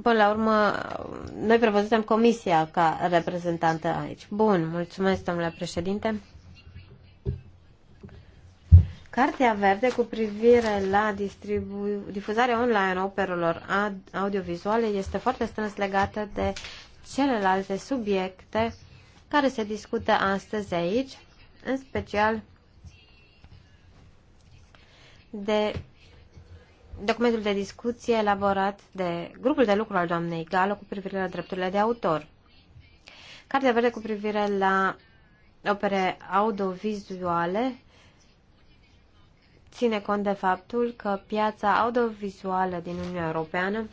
până la urmă, noi prevăzusem comisia ca reprezentantă aici. Bun, mulțumesc, domnule președinte. Cartea verde cu privire la difuzarea online a operelor audiovizuale este foarte strâns legată de celelalte subiecte care se discută astăzi aici, în special de documentul de discuție elaborat de grupul de lucru al doamnei Gală cu privire la drepturile de autor. Cartea verde cu privire la opere audiovizuale ține cont de faptul că piața audiovizuală din Uniunea Europeană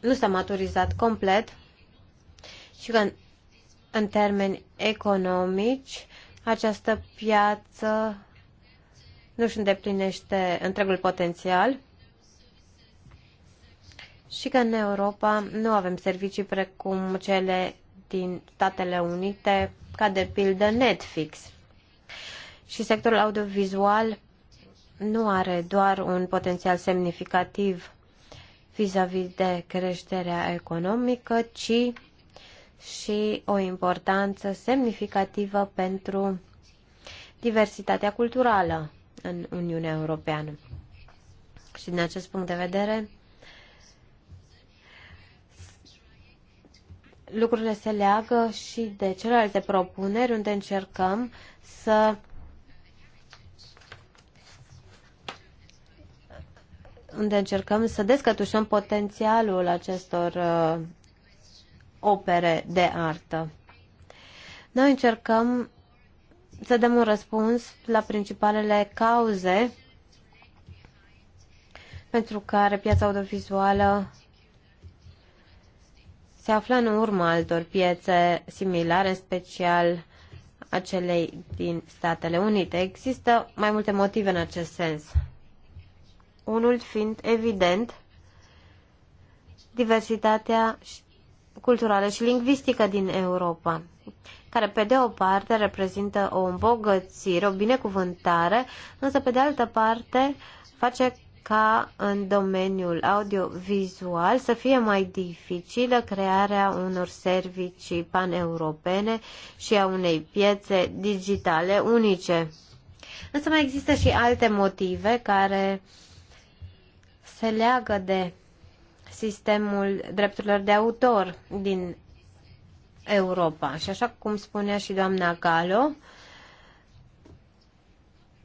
nu s-a maturizat complet și că în, în termeni economici această piață nu își îndeplinește întregul potențial și că în Europa nu avem servicii precum cele din Statele Unite, ca de pildă Netflix. Și sectorul audiovizual nu are doar un potențial semnificativ vis-a-vis -vis de creșterea economică, ci și o importanță semnificativă pentru diversitatea culturală în Uniunea Europeană. Și din acest punct de vedere, lucrurile se leagă și de celelalte propuneri unde încercăm să unde încercăm să descătușăm potențialul acestor uh, opere de artă. Noi încercăm să dăm un răspuns la principalele cauze pentru care piața audiovizuală se află în urma altor piețe similare, în special acelei din Statele Unite. Există mai multe motive în acest sens. Unul fiind evident diversitatea culturală și lingvistică din Europa care pe de o parte reprezintă o îmbogățire, o binecuvântare, însă pe de altă parte face ca în domeniul audiovizual să fie mai dificilă crearea unor servicii paneuropene și a unei piețe digitale unice. Însă mai există și alte motive care se leagă de sistemul drepturilor de autor din Europa. Și așa cum spunea și doamna Galo,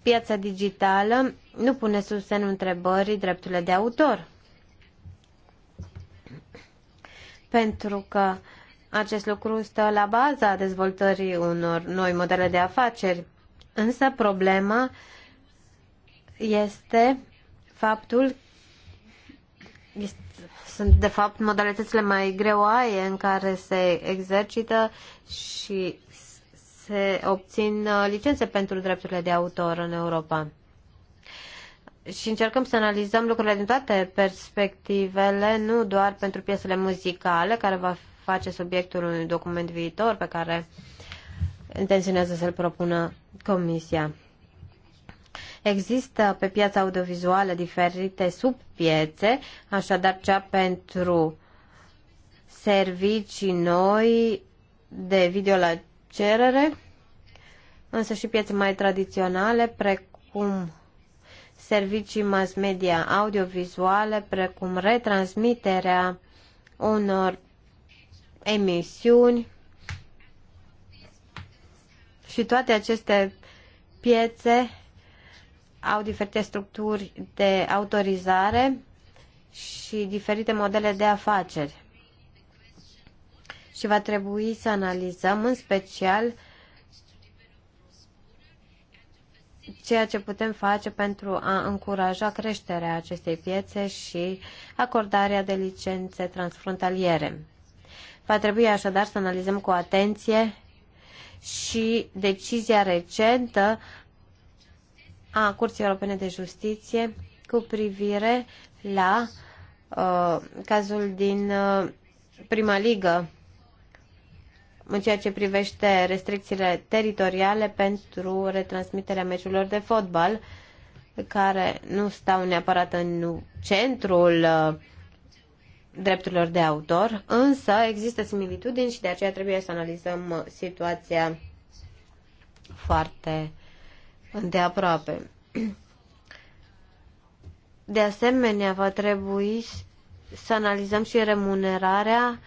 piața digitală nu pune sub semnul întrebării drepturile de autor. Pentru că acest lucru stă la baza dezvoltării unor noi modele de afaceri. Însă problema este faptul este sunt de fapt modalitățile mai greoaie în care se exercită și se obțin uh, licențe pentru drepturile de autor în Europa. Și încercăm să analizăm lucrurile din toate perspectivele, nu doar pentru piesele muzicale, care va face subiectul unui document viitor pe care intenționează să-l propună Comisia. Există pe piața audiovizuală diferite subpiețe, așadar cea pentru servicii noi de video la cerere, însă și piețe mai tradiționale, precum servicii mass media audiovizuale, precum retransmiterea unor emisiuni și toate aceste piețe au diferite structuri de autorizare și diferite modele de afaceri. Și va trebui să analizăm în special ceea ce putem face pentru a încuraja creșterea acestei piețe și acordarea de licențe transfrontaliere. Va trebui așadar să analizăm cu atenție și decizia recentă a Curții Europene de Justiție cu privire la uh, cazul din uh, prima ligă în ceea ce privește restricțiile teritoriale pentru retransmiterea meciurilor de fotbal, care nu stau neapărat în centrul uh, drepturilor de autor, însă există similitudini și de aceea trebuie să analizăm uh, situația foarte îndeaproape. De asemenea, va trebui să analizăm și remunerarea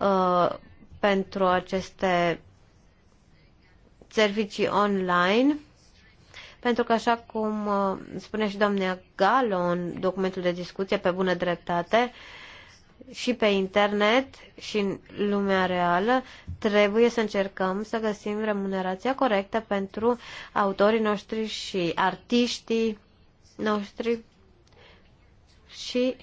uh, pentru aceste servicii online, pentru că, așa cum uh, spune și doamna Galo în documentul de discuție, pe bună dreptate, uh, și pe internet și în lumea reală, trebuie să încercăm să găsim remunerația corectă pentru autorii noștri și artiștii noștri și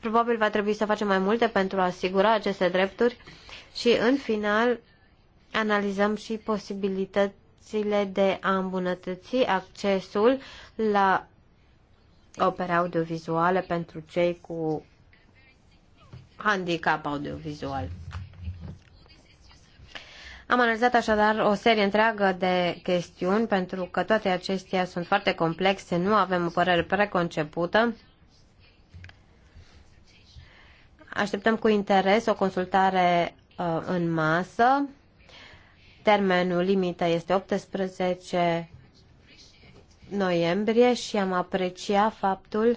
probabil va trebui să facem mai multe pentru a asigura aceste drepturi și în final analizăm și posibilitățile de a îmbunătăți accesul la opere audiovizuale pentru cei cu handicap audiovizual. Am analizat așadar o serie întreagă de chestiuni pentru că toate acestea sunt foarte complexe, nu avem o părere preconcepută. Așteptăm cu interes o consultare uh, în masă. Termenul limită este 18 noiembrie și am apreciat faptul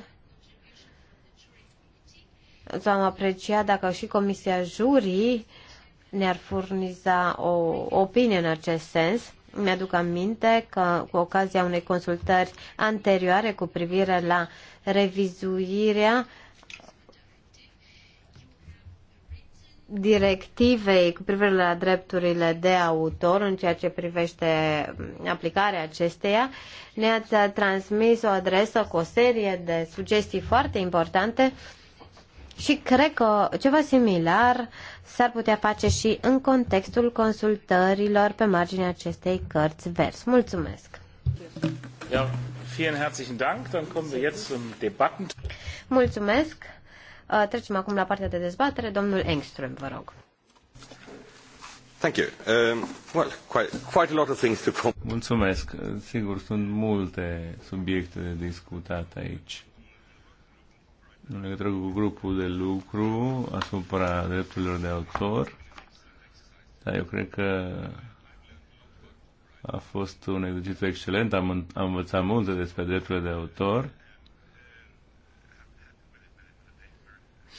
am aprecia dacă și Comisia Jurii ne-ar furniza o opinie în acest sens. Mi-aduc aminte că cu ocazia unei consultări anterioare cu privire la revizuirea directivei cu privire la drepturile de autor în ceea ce privește aplicarea acesteia, ne-ați transmis o adresă cu o serie de sugestii foarte importante uh, și cred că ceva similar s-ar putea face și în contextul consultărilor pe marginea acestei cărți vers. Mulțumesc! Ja, vielen herzlichen Dank. Dann kommen wir jetzt zum Debatten. Mulțumesc! Uh, trecem acum la partea de dezbatere. Domnul Engström, vă rog. Thank you. Um, well, quite, quite a lot of things to come. Mulțumesc. Sigur, sunt multe subiecte de discutat aici în legătură cu grupul de lucru asupra drepturilor de autor. Da, eu cred că a fost un exercițiu excelent, am, am învățat multe despre drepturile de autor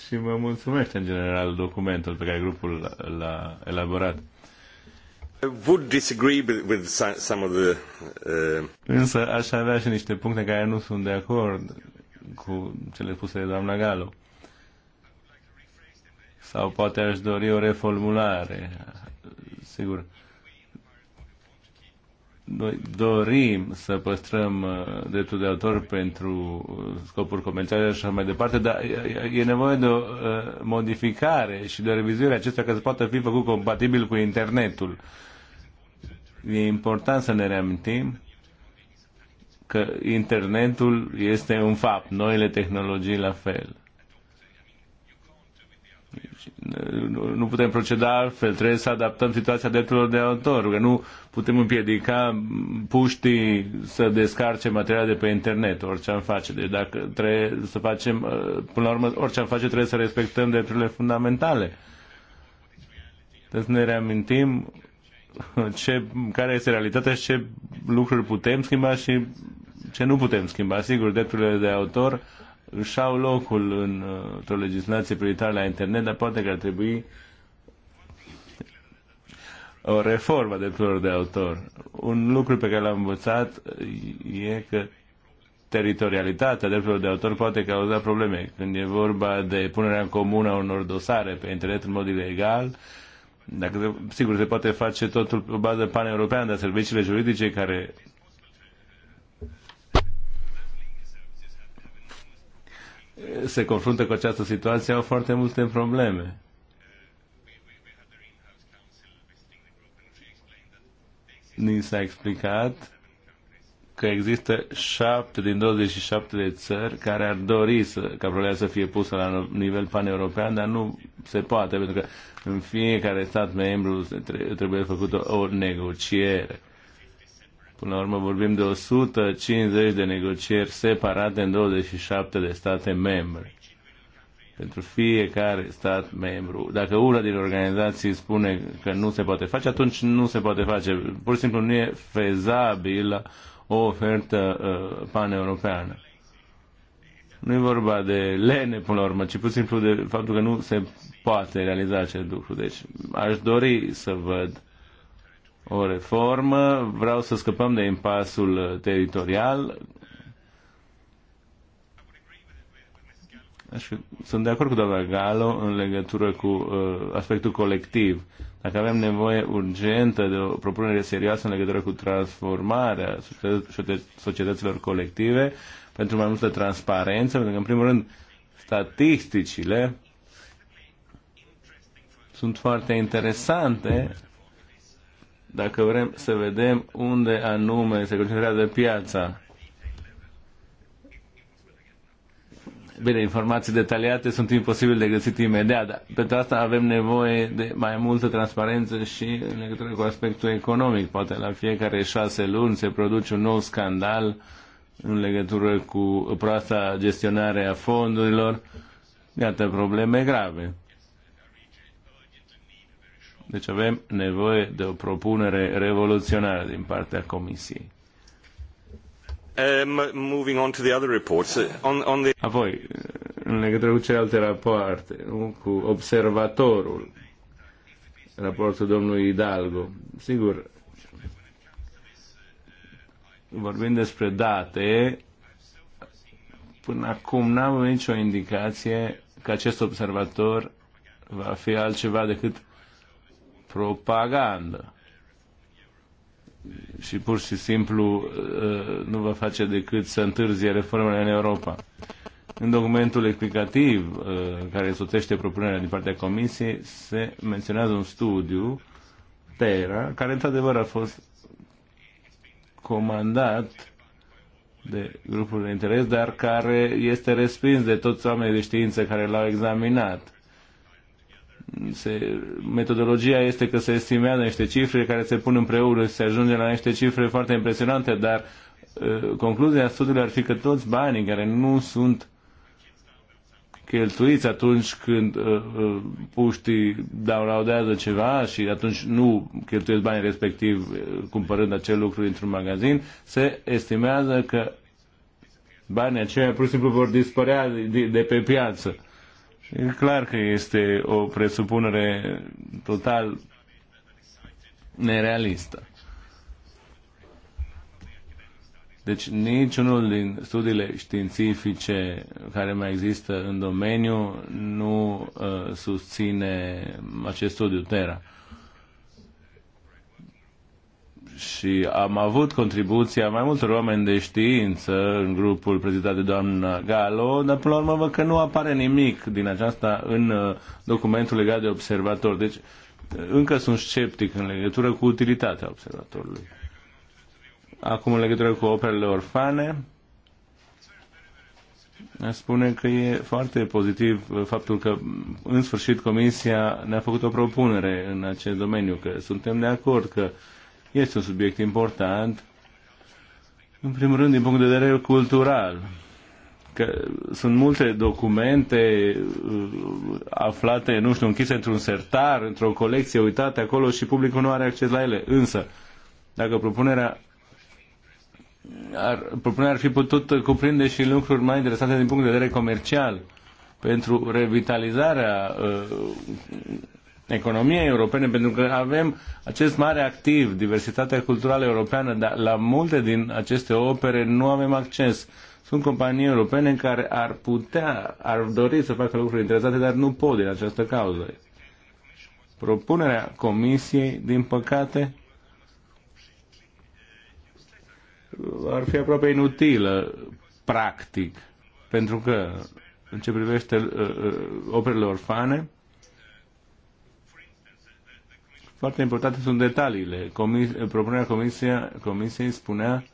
și mă mulțumesc în general documentul pe care grupul l-a elaborat. Would disagree with some of the, uh... Însă aș avea și niște puncte care nu sunt de acord cu cele spuse de doamna Galo. Sau poate aș dori o reformulare. Sigur, noi dorim să păstrăm uh, dreptul de autor pentru uh, scopuri comerciale și așa mai departe, dar e nevoie de o uh, modificare și de o revizuire acestea ca să poată fi făcut compatibil cu internetul. E important să ne reamintim că internetul este un fapt, noile tehnologii la fel. Deci, nu putem proceda altfel, trebuie să adaptăm situația drepturilor de autor, că nu putem împiedica puștii să descarce materiale de pe internet, orice am face. Deci dacă trebuie să facem, uh, până la urmă, orice am face trebuie să respectăm drepturile fundamentale. Trebuie să ne reamintim ce, care este realitatea și ce lucruri putem schimba și ce nu putem schimba. Sigur, drepturile de autor își au locul în, uh, într-o legislație prioritară la internet, dar poate că ar trebui o reformă drepturilor de autor. Un lucru pe care l-am învățat uh, e că teritorialitatea drepturilor de autor poate cauza probleme. Când e vorba de punerea în comun a unor dosare pe internet în mod ilegal, dacă, sigur, se poate face totul pe bază pan european dar serviciile juridice care se confruntă cu această situație au foarte multe probleme. Ni s-a explicat că există 7 din 27 de țări care ar dori să, ca problema să fie pusă la nivel paneuropean, dar nu se poate, pentru că în fiecare stat membru trebuie făcută o negociere Până la urmă vorbim de 150 de negocieri separate în 27 de state membre. Pentru fiecare stat membru. Dacă una din organizații spune că nu se poate face, atunci nu se poate face. Pur și simplu nu e fezabil o ofertă uh, paneuropeană. Nu e vorba de lene, până la urmă, ci pur și simplu de faptul că nu se poate realiza acest lucru. Deci aș dori să văd o reformă, vreau să scăpăm de impasul teritorial. sunt de acord cu doamna Galo în legătură cu uh, aspectul colectiv. Dacă avem nevoie urgentă de o propunere serioasă în legătură cu transformarea societăților colective pentru mai multă transparență, pentru că, în primul rând, statisticile sunt foarte interesante dacă vrem să vedem unde anume se concentrează piața. Bine, informații detaliate sunt imposibil de găsit imediat, dar pentru asta avem nevoie de mai multă transparență și în legătură cu aspectul economic. Poate la fiecare șase luni se produce un nou scandal în legătură cu proasta gestionare a fondurilor. Iată probleme grave. Deci avem nevoie de o propunere revoluționară din partea Comisiei. Um, moving on to the other reports. Uh, on, on the... Apoi, în legătură cu celelalte rapoarte, cu observatorul, raportul domnului Hidalgo. Sigur, vorbind despre date, până acum n-am nicio indicație că acest observator va fi altceva decât propagandă. Și pur și simplu uh, nu va face decât să întârzie reformele în Europa. În documentul explicativ uh, care soțește propunerea din partea Comisiei se menționează un studiu, TERA, care într-adevăr a fost comandat de grupul de interes, dar care este respins de toți oamenii de știință care l-au examinat se, metodologia este că se estimează niște cifre care se pun împreună și se ajunge la niște cifre foarte impresionante, dar ă, concluzia studiului ar fi că toți banii care nu sunt cheltuiți atunci când uh, uh, puștii downloadează ceva și atunci nu cheltuiesc banii respectiv uh, cumpărând acel lucru într un magazin, se estimează că banii aceia pur și simplu vor dispărea de, de pe piață. Uh, E clar că este o presupunere total nerealistă. Deci niciunul din studiile științifice care mai există în domeniu nu uh, susține acest studiu Terra. Uh, și am avut contribuția mai multor oameni de știință în grupul prezidat de doamna Galo, dar până la urmă văd că nu apare nimic din aceasta în uh, documentul legat de observator. Deci uh, încă sunt sceptic în legătură cu utilitatea observatorului. Acum în legătură cu operele orfane, spune că e foarte pozitiv uh, faptul că în sfârșit Comisia ne-a făcut o propunere în acest domeniu, că suntem de acord că uh, este un subiect important, în primul rând, din punct de vedere cultural. Că sunt multe documente uh, aflate, nu știu, închise într-un sertar, într-o colecție, uitate acolo și publicul nu are acces la ele. Însă, dacă propunerea ar, propunerea ar fi putut cuprinde și lucruri mai interesante din punct de vedere comercial pentru revitalizarea uh, economiei europene, pentru că avem acest mare activ, diversitatea culturală europeană, dar la multe din aceste opere nu avem acces. Sunt companii europene care ar putea, ar dori să facă lucruri interesante, dar nu pot din această cauză. Propunerea Comisiei, din păcate, ar fi aproape inutilă, practic, pentru că, în ce privește uh, uh operele orfane, foarte importante sunt detaliile. Comis, propunerea comisia, Comisiei spunea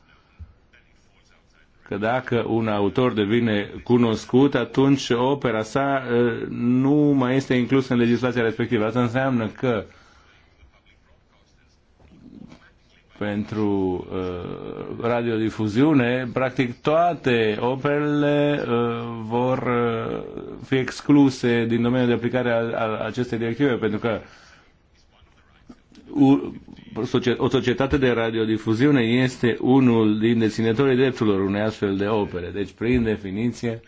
că dacă un autor devine cunoscut, atunci opera sa eh, nu mai este inclusă în legislația respectivă. Asta înseamnă că pentru uh, radiodifuziune, practic toate operele uh, vor uh, fi excluse din domeniul de aplicare al, al acestei directive, pentru că uh, o societate de radiodifuziune este unul din deținătorii drepturilor unei astfel de opere. Deci, prin definiție,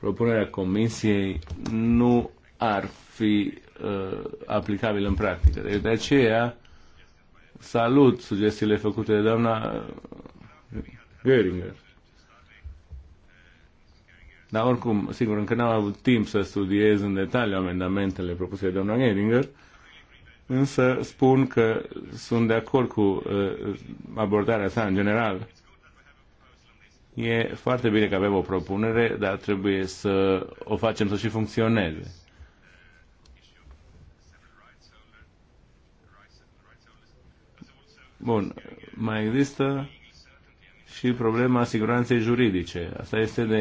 propunerea Comisiei nu ar fi uh, aplicabilă în practică. Deci, de aceea, salut sugestiile făcute de doamna uh, Göringer. Dar oricum, sigur, încă n-am avut timp să studiez în detaliu amendamentele propuse de doamna Geringer, însă spun că sunt de acord cu uh, abordarea sa în general. E foarte bine că avem o propunere, dar trebuie să o facem să și funcționeze. Bun, mai există și problema siguranței juridice. Asta este de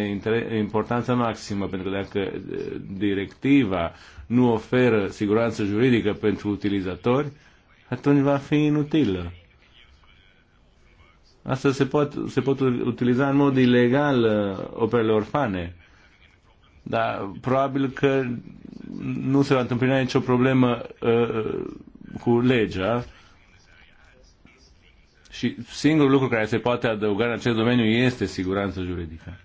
importanță maximă, pentru că dacă uh, directiva nu oferă siguranță juridică pentru utilizatori, atunci va fi inutilă. Asta se pot, se pot utiliza în mod ilegal uh, operele orfane. Dar probabil că nu se va întâmpla nicio problemă uh, uh, cu legea. Și singurul lucru care se poate adăuga în acest domeniu este siguranța juridică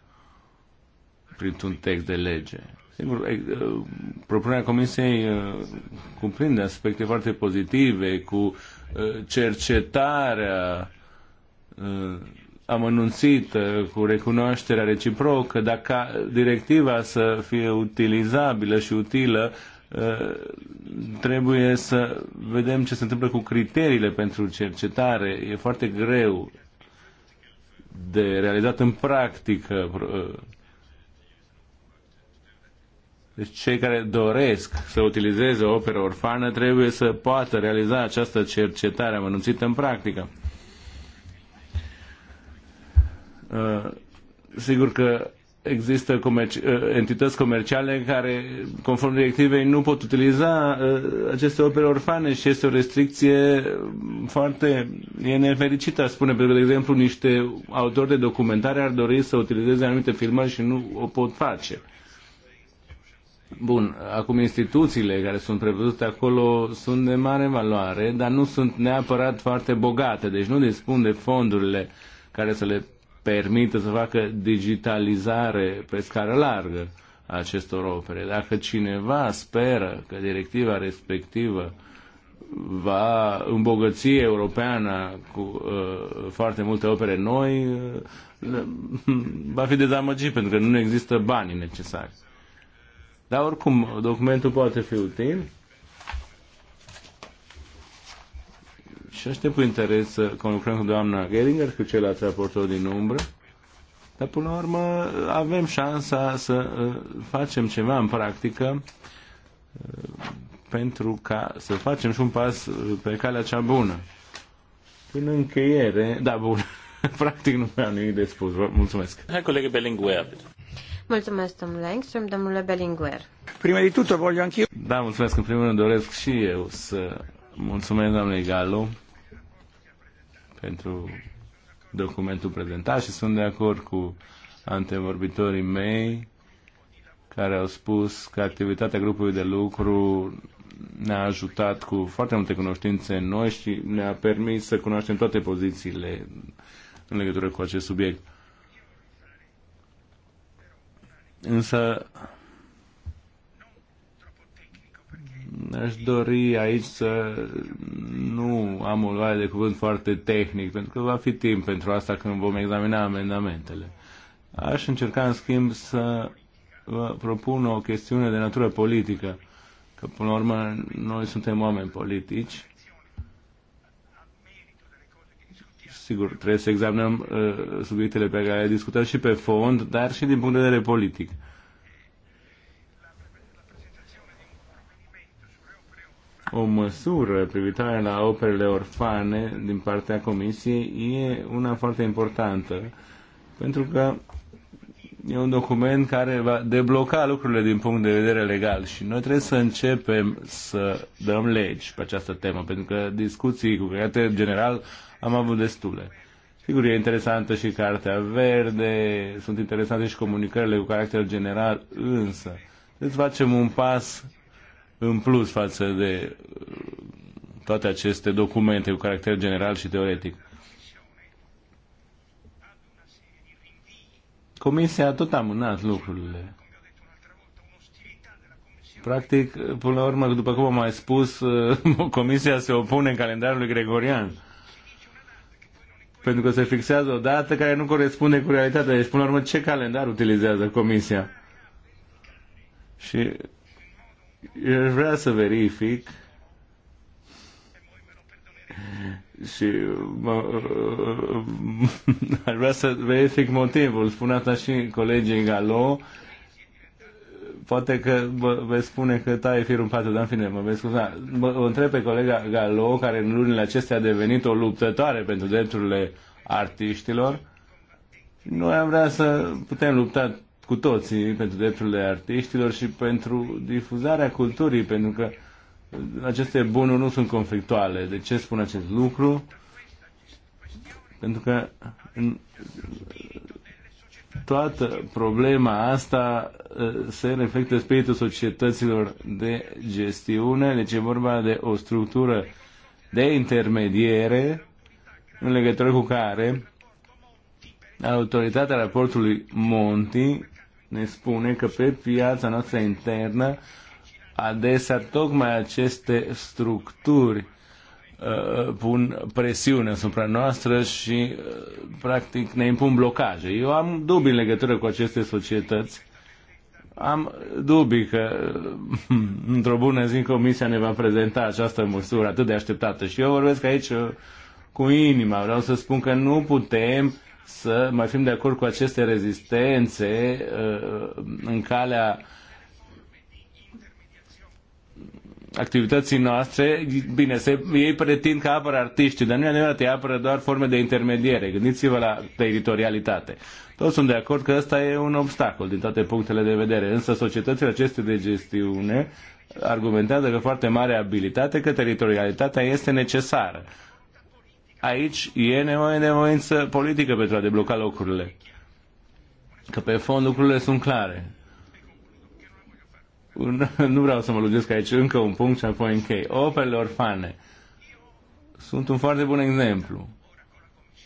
printr-un text de lege. Sigur, uh, propunerea Comisiei uh, cuprinde aspecte foarte pozitive cu uh, cercetarea amănunțită, cu recunoașterea reciprocă, dacă directiva să fie utilizabilă și utilă, trebuie să vedem ce se întâmplă cu criteriile pentru cercetare. E foarte greu de realizat în practică deci cei care doresc să utilizeze o operă orfană trebuie să poată realiza această cercetare amănunțită în practică. Uh, sigur că există comerci, uh, entități comerciale care, conform directivei, nu pot utiliza uh, aceste opere orfane și este o restricție foarte e nefericită, spune, pentru că, de exemplu, niște autori de documentare ar dori să utilizeze anumite filmări și nu o pot face. Bun, acum instituțiile care sunt prevăzute acolo sunt de mare valoare, dar nu sunt neapărat foarte bogate, deci nu dispun de fondurile care să le permită să facă digitalizare pe scară largă a acestor opere. Dacă cineva speră că directiva respectivă va îmbogăți europeana cu uh, foarte multe opere noi, uh, va fi dezamăgit pentru că nu există banii necesari. Dar oricum, documentul poate fi util. Și aștept cu interes să conlucrăm cu doamna Geringer, cu celălalt raportor din umbră. Dar până la urmă avem șansa să uh, facem ceva în practică uh, pentru ca să facem și un pas uh, pe calea cea bună. Până încheiere, da, bun, practic nu mai am nimic de spus. Vă mulțumesc. Hai, colegă Belinguer domnule Engström, domnule Prima de tutto voglio anch'io... Da, mulțumesc. În primul rând doresc și eu să mulțumesc doamnei Gallo pentru documentul prezentat și sunt de acord cu antevorbitorii mei care au spus că activitatea grupului de lucru ne-a ajutat cu foarte multe cunoștințe noi și ne-a permis să cunoaștem toate pozițiile în legătură cu acest subiect. Însă aș dori aici să nu am o luare de cuvânt foarte tehnic, pentru că va fi timp pentru asta când vom examina amendamentele. Aș încerca, în schimb, să vă propun o chestiune de natură politică, că, până la urmă, noi suntem oameni politici sigur, trebuie să examinăm uh, subiectele pe care le discutăm și pe fond, dar și din punct de vedere politic. O măsură privitoare la operele orfane din partea Comisiei e una foarte importantă, pentru că e un document care va debloca lucrurile din punct de vedere legal și noi trebuie să începem să dăm legi pe această temă, pentru că discuții cu caracter general am avut destule. Sigur, e interesantă și Cartea Verde, sunt interesante și comunicările cu caracter general, însă deci facem un pas în plus față de uh, toate aceste documente cu caracter general și teoretic. Comisia a tot amânat lucrurile. Practic, până la urmă, după cum am mai spus, Comisia se opune în calendarului gregorian pentru că se fixează o dată care nu corespunde cu realitatea. Deci, până la urmă, ce calendar utilizează Comisia? Și eu vrea să verific și mă, aș vrea să verific motivul. Spune asta și colegii Galo Poate că mă, vei spune că taie firul în patru, dar în fine, mă vei scuza. Mă, mă întreb pe colega Galo, care în lunile acestea a devenit o luptătoare pentru drepturile artiștilor. Noi am vrea să putem lupta cu toții pentru drepturile artiștilor și pentru difuzarea culturii, pentru că aceste bunuri nu sunt conflictuale. De ce spun acest lucru? Pentru că toată problema asta ă, se reflectă în spiritul societăților de gestiune, deci e vorba de o structură de intermediere în legătură cu care autoritatea raportului Monti ne spune că pe piața noastră internă adesea tocmai aceste structuri Uh, pun presiune asupra noastră și uh, practic ne impun blocaje. Eu am dubii în legătură cu aceste societăți. Am dubii că uh, într-o bună zi Comisia ne va prezenta această măsură atât de așteptată. Și eu vorbesc aici cu inima. Vreau să spun că nu putem să mai fim de acord cu aceste rezistențe în calea activității noastre, bine, se, ei pretind că apără artiștii, dar nu e adevărat, ei apără doar forme de intermediere. Gândiți-vă la teritorialitate. Toți sunt de acord că ăsta e un obstacol din toate punctele de vedere, însă societățile acestea de gestiune argumentează că foarte mare abilitate, că teritorialitatea este necesară. Aici e nevoie de voință politică pentru a debloca locurile, Că pe fond lucrurile sunt clare un, nu vreau să mă lungesc aici, încă un punct și apoi închei. Operele orfane sunt un foarte bun exemplu.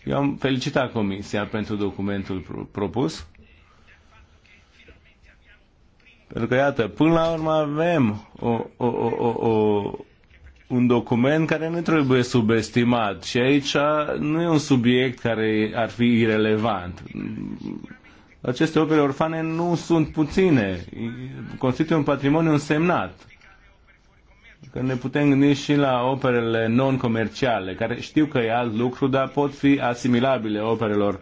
Eu am felicitat Comisia pentru documentul propus, pentru că, iată, până la urmă avem o, o, o, o, o, un document care nu trebuie subestimat și aici nu e un subiect care ar fi irelevant aceste opere orfane nu sunt puține, constituie un patrimoniu însemnat. Că ne putem gândi și la operele non-comerciale, care știu că e alt lucru, dar pot fi asimilabile operelor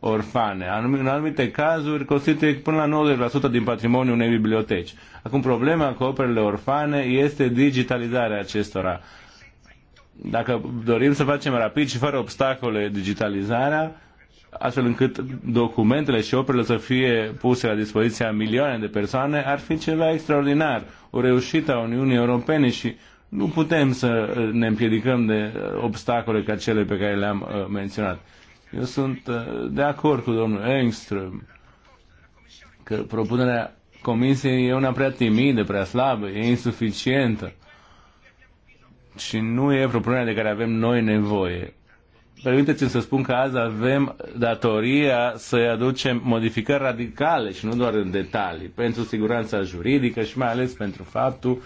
orfane. În anumite cazuri constituie până la 90% din patrimoniul unei biblioteci. Acum, problema cu operele orfane este digitalizarea acestora. Dacă dorim să facem rapid și fără obstacole digitalizarea, astfel încât documentele și operele să fie puse la dispoziția milioane de persoane, ar fi ceva extraordinar, o reușită a Uniunii Europene și nu putem să ne împiedicăm de uh, obstacole ca cele pe care le-am uh, menționat. Eu sunt uh, de acord cu domnul Engström că propunerea Comisiei e una prea timidă, prea slabă, e insuficientă și nu e propunerea de care avem noi nevoie. Permiteți-mi să spun că azi avem datoria să aducem modificări radicale și nu doar în detalii, pentru siguranța juridică și mai ales pentru faptul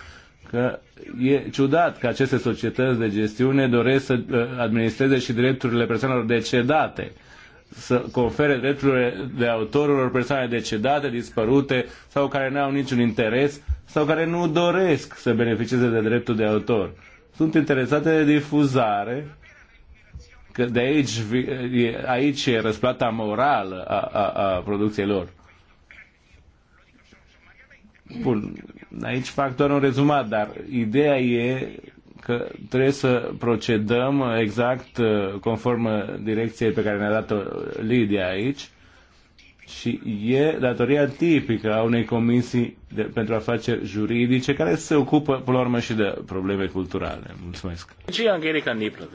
că e ciudat că aceste societăți de gestiune doresc să uh, administreze și drepturile persoanelor decedate, să confere drepturile de autorilor persoane decedate, dispărute sau care nu au niciun interes sau care nu doresc să beneficieze de dreptul de autor. Sunt interesate de difuzare Că de aici, aici e răsplata morală a, a, a producției lor. Bun, aici fac doar un rezumat, dar ideea e că trebuie să procedăm exact uh, conform uh, direcției pe care ne-a dat-o Lidia aici și e datoria tipică a unei comisii de, pentru afaceri juridice care se ocupă, până la urmă, și de probleme culturale. Mulțumesc. Și Angelica Niplă,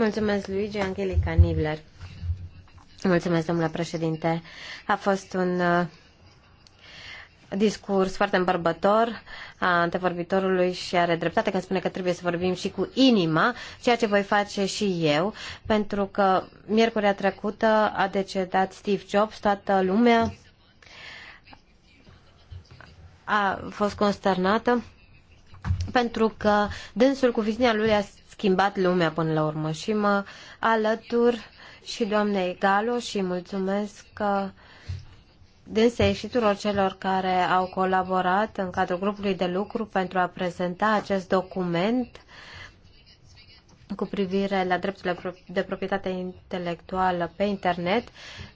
Mulțumesc, Luigi Angelica Nibler. Mulțumesc, domnule președinte. A fost un uh, discurs foarte îmbărbător a antevorbitorului și are dreptate când spune că trebuie să vorbim și cu inima, ceea ce voi face și eu, pentru că miercurea trecută a decedat Steve Jobs, toată lumea a fost consternată pentru că dânsul cu viziunea lui a schimbat lumea până la urmă și mă alătur și doamnei Galo și mulțumesc că uh, dânsei și tuturor celor care au colaborat în cadrul grupului de lucru pentru a prezenta acest document cu privire la drepturile de proprietate intelectuală pe internet,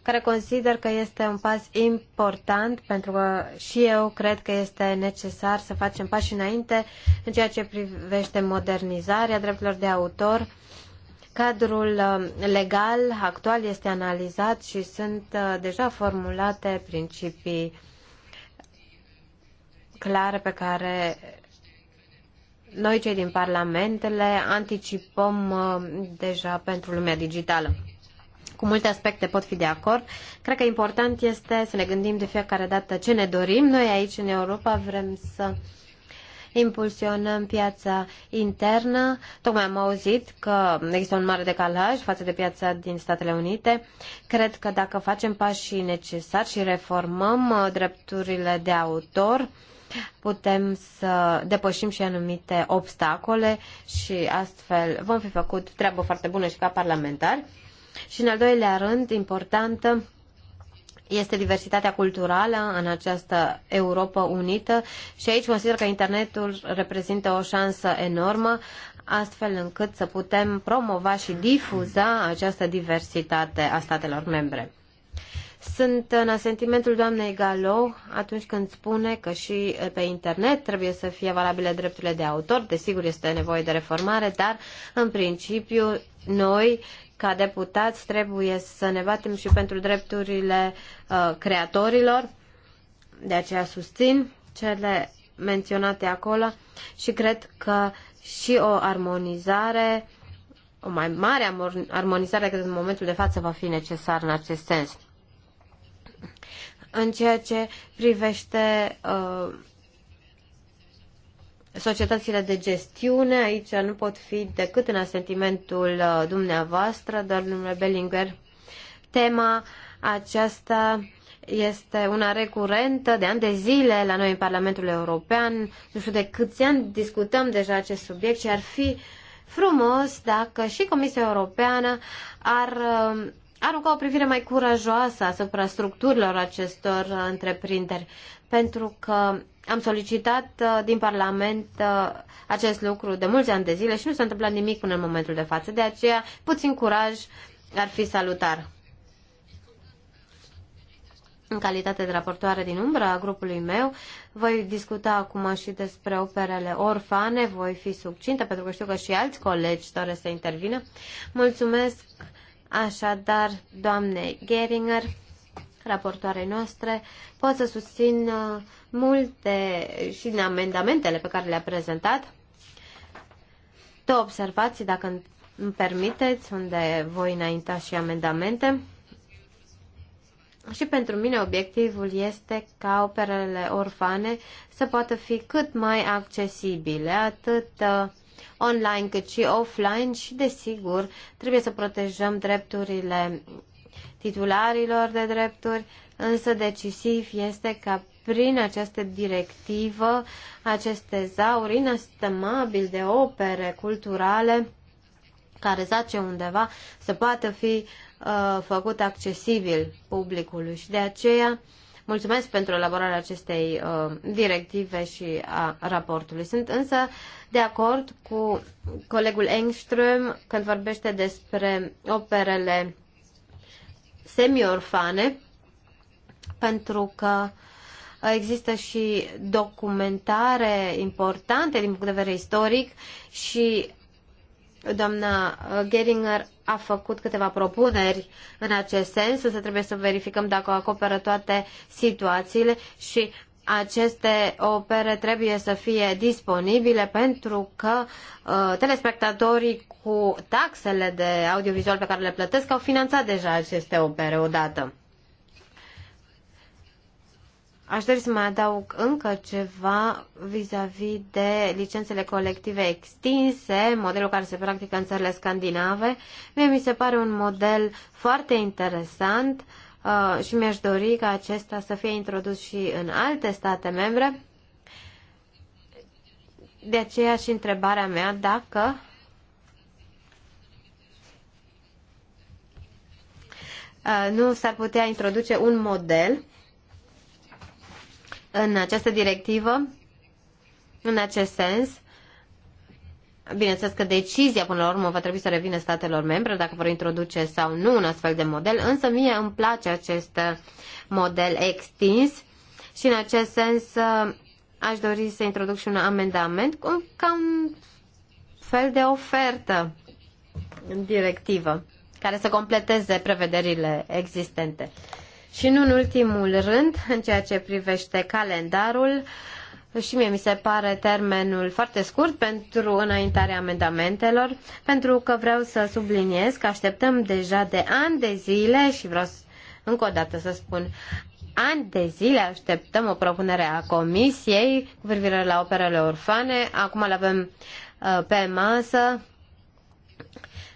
care consider că este un pas important pentru că și eu cred că este necesar să facem pași înainte în ceea ce privește modernizarea drepturilor de autor. Cadrul uh, legal actual este analizat și sunt uh, deja formulate principii clare pe care noi cei din Parlament le anticipăm uh, deja pentru lumea digitală. Cu multe aspecte pot fi de acord. Cred că important este să ne gândim de fiecare dată ce ne dorim. Noi aici în Europa vrem să impulsionăm piața internă. Tocmai am auzit că există un mare decalaj față de piața din Statele Unite. Cred că dacă facem pașii necesari și reformăm uh, drepturile de autor, putem să depășim și anumite obstacole și astfel vom fi făcut treabă foarte bună și ca parlamentari. Și în al doilea rând, importantă este diversitatea culturală în această Europa unită și aici consider că internetul reprezintă o șansă enormă astfel încât să putem promova și difuza această diversitate a statelor membre. Sunt în asentimentul doamnei Galo atunci când spune că și pe internet trebuie să fie valabile drepturile de autor. Desigur, este nevoie de reformare, dar în principiu noi, ca deputați, trebuie să ne batem și pentru drepturile uh, creatorilor. De aceea susțin cele menționate acolo și cred că și o armonizare, o mai mare armonizare decât în momentul de față va fi necesar în acest sens. În ceea ce privește uh, societățile de gestiune, aici nu pot fi decât în asentimentul uh, dumneavoastră, domnule Bellinger. Tema aceasta este una recurentă de ani de zile la noi în Parlamentul European. Nu știu de câți ani discutăm deja acest subiect și ar fi frumos dacă și Comisia Europeană ar uh, arunca o privire mai curajoasă asupra structurilor acestor întreprinderi, pentru că am solicitat uh, din Parlament uh, acest lucru de mulți ani de zile și nu s-a întâmplat nimic până în momentul de față. De aceea, puțin curaj ar fi salutar. În calitate de raportoare din umbra a grupului meu, voi discuta acum și despre operele orfane, voi fi succintă pentru că știu că și alți colegi doresc să intervină. Mulțumesc Așadar, doamne Geringer, raportoare noastre, pot să susțin uh, multe și din amendamentele pe care le-a prezentat. Două observații, dacă îmi permiteți, unde voi înainta și amendamente. Și pentru mine obiectivul este ca operele orfane să poată fi cât mai accesibile, atât uh, online cât și offline și, desigur, trebuie să protejăm drepturile titularilor de drepturi, însă decisiv este ca prin această directivă aceste zauri inestimabil de opere culturale care zace undeva să poată fi uh, făcut accesibil publicului și de aceea uh, Mulțumesc pentru elaborarea acestei uh, directive și a raportului. Sunt însă de acord cu colegul Engström când vorbește despre operele semi-orfane, pentru că există și documentare importante din punct de vedere istoric și Doamna uh, Geringer a făcut câteva propuneri în acest sens, însă trebuie să verificăm dacă acoperă toate situațiile și aceste opere trebuie să fie disponibile pentru că uh, telespectatorii cu taxele de audiovizual pe care le plătesc au finanțat deja aceste opere odată. Aș dori să mai adaug încă ceva vis-a-vis -vis de licențele colective extinse, modelul care se practică în țările scandinave. Mie mi se pare un model foarte interesant uh, și mi-aș dori ca acesta să fie introdus și în alte state membre. De aceea și întrebarea mea dacă uh, nu s-ar putea introduce un model în această directivă în acest sens. Bineînțeles că decizia până la urmă va trebui să revină statelor membre dacă vor introduce sau nu un astfel de model, însă mie îmi place acest model extins și în acest sens aș dori să introduc și un amendament ca un fel de ofertă în directivă care să completeze prevederile existente. Și nu în ultimul rând, în ceea ce privește calendarul, și mie mi se pare termenul foarte scurt pentru înaintarea amendamentelor, pentru că vreau să subliniez că așteptăm deja de ani de zile și vreau încă o dată să spun ani de zile așteptăm o propunere a Comisiei cu privire la operele orfane. Acum le avem uh, pe masă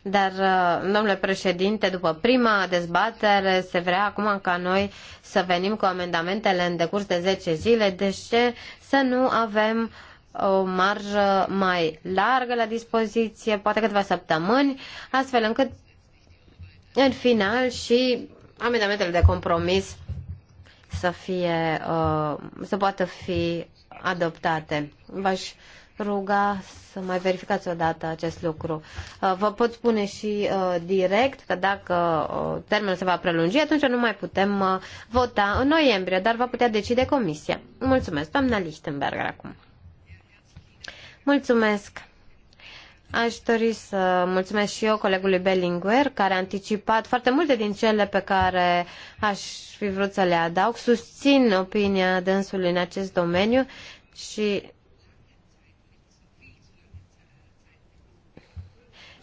dar, uh, domnule președinte, după prima dezbatere se vrea acum ca noi să venim cu amendamentele în decurs de 10 zile. De ce să nu avem o marjă mai largă la dispoziție, poate câteva săptămâni, astfel încât în final și amendamentele de compromis să fie uh, să poată fi adoptate. V-aș ruga să mai verificați odată acest lucru. Uh, vă pot spune și uh, direct că dacă uh, termenul se va prelungi, atunci nu mai putem vota în noiembrie, dar va putea decide comisia. Mulțumesc, doamna Lichtenberger, acum. Mulțumesc. Aș dori să mulțumesc și eu colegului Bellinguer, care a anticipat foarte multe din cele pe care aș fi vrut să le adaug. Susțin opinia dânsului în acest domeniu și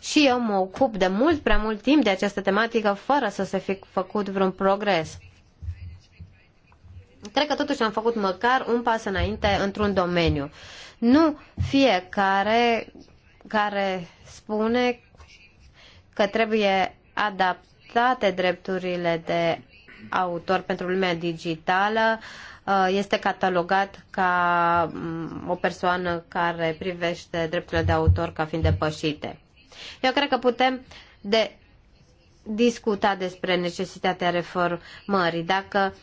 Și eu mă ocup de mult prea mult timp de această tematică fără să se fi făcut vreun progres. Cred că totuși am făcut măcar un pas înainte într-un domeniu. Nu fiecare care spune că trebuie adaptate drepturile de autor pentru lumea digitală uh, este catalogat ca mm, o persoană care privește drepturile de autor ca fiind depășite. Eu cred că putem de discuta despre necesitatea reformării. Dacă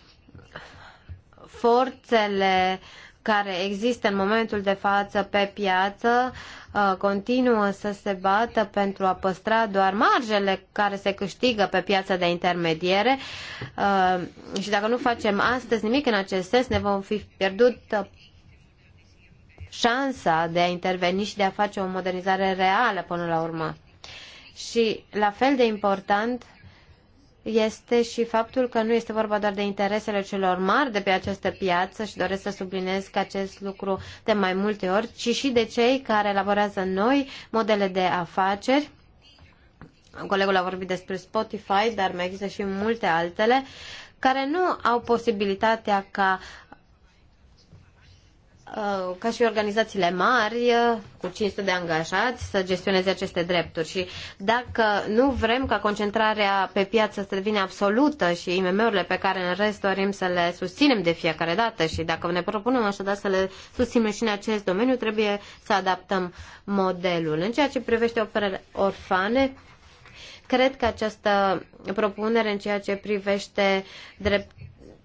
forțele care există în momentul de față pe piață uh, continuă să se bată pentru a păstra doar marjele care se câștigă pe piața de intermediere uh, și dacă nu facem astăzi nimic în acest sens, ne vom fi pierdut șansa de a interveni și de a face o modernizare reală până la urmă. Și la fel de important este și faptul că nu este vorba doar de interesele celor mari de pe această piață și doresc să subliniez că acest lucru de mai multe ori, ci și de cei care elaborează noi modele de afaceri. Colegul a vorbit despre Spotify, dar mai există și multe altele care nu au posibilitatea ca Uh, ca și organizațiile mari uh, cu 500 de angajați să gestioneze aceste drepturi și dacă nu vrem ca concentrarea pe piață să devină absolută și IMM-urile pe care în rest dorim să le susținem de fiecare dată și dacă ne propunem așadar să le susținem și în acest domeniu, trebuie să adaptăm modelul. În ceea ce privește operele orfane, cred că această propunere în ceea ce privește drept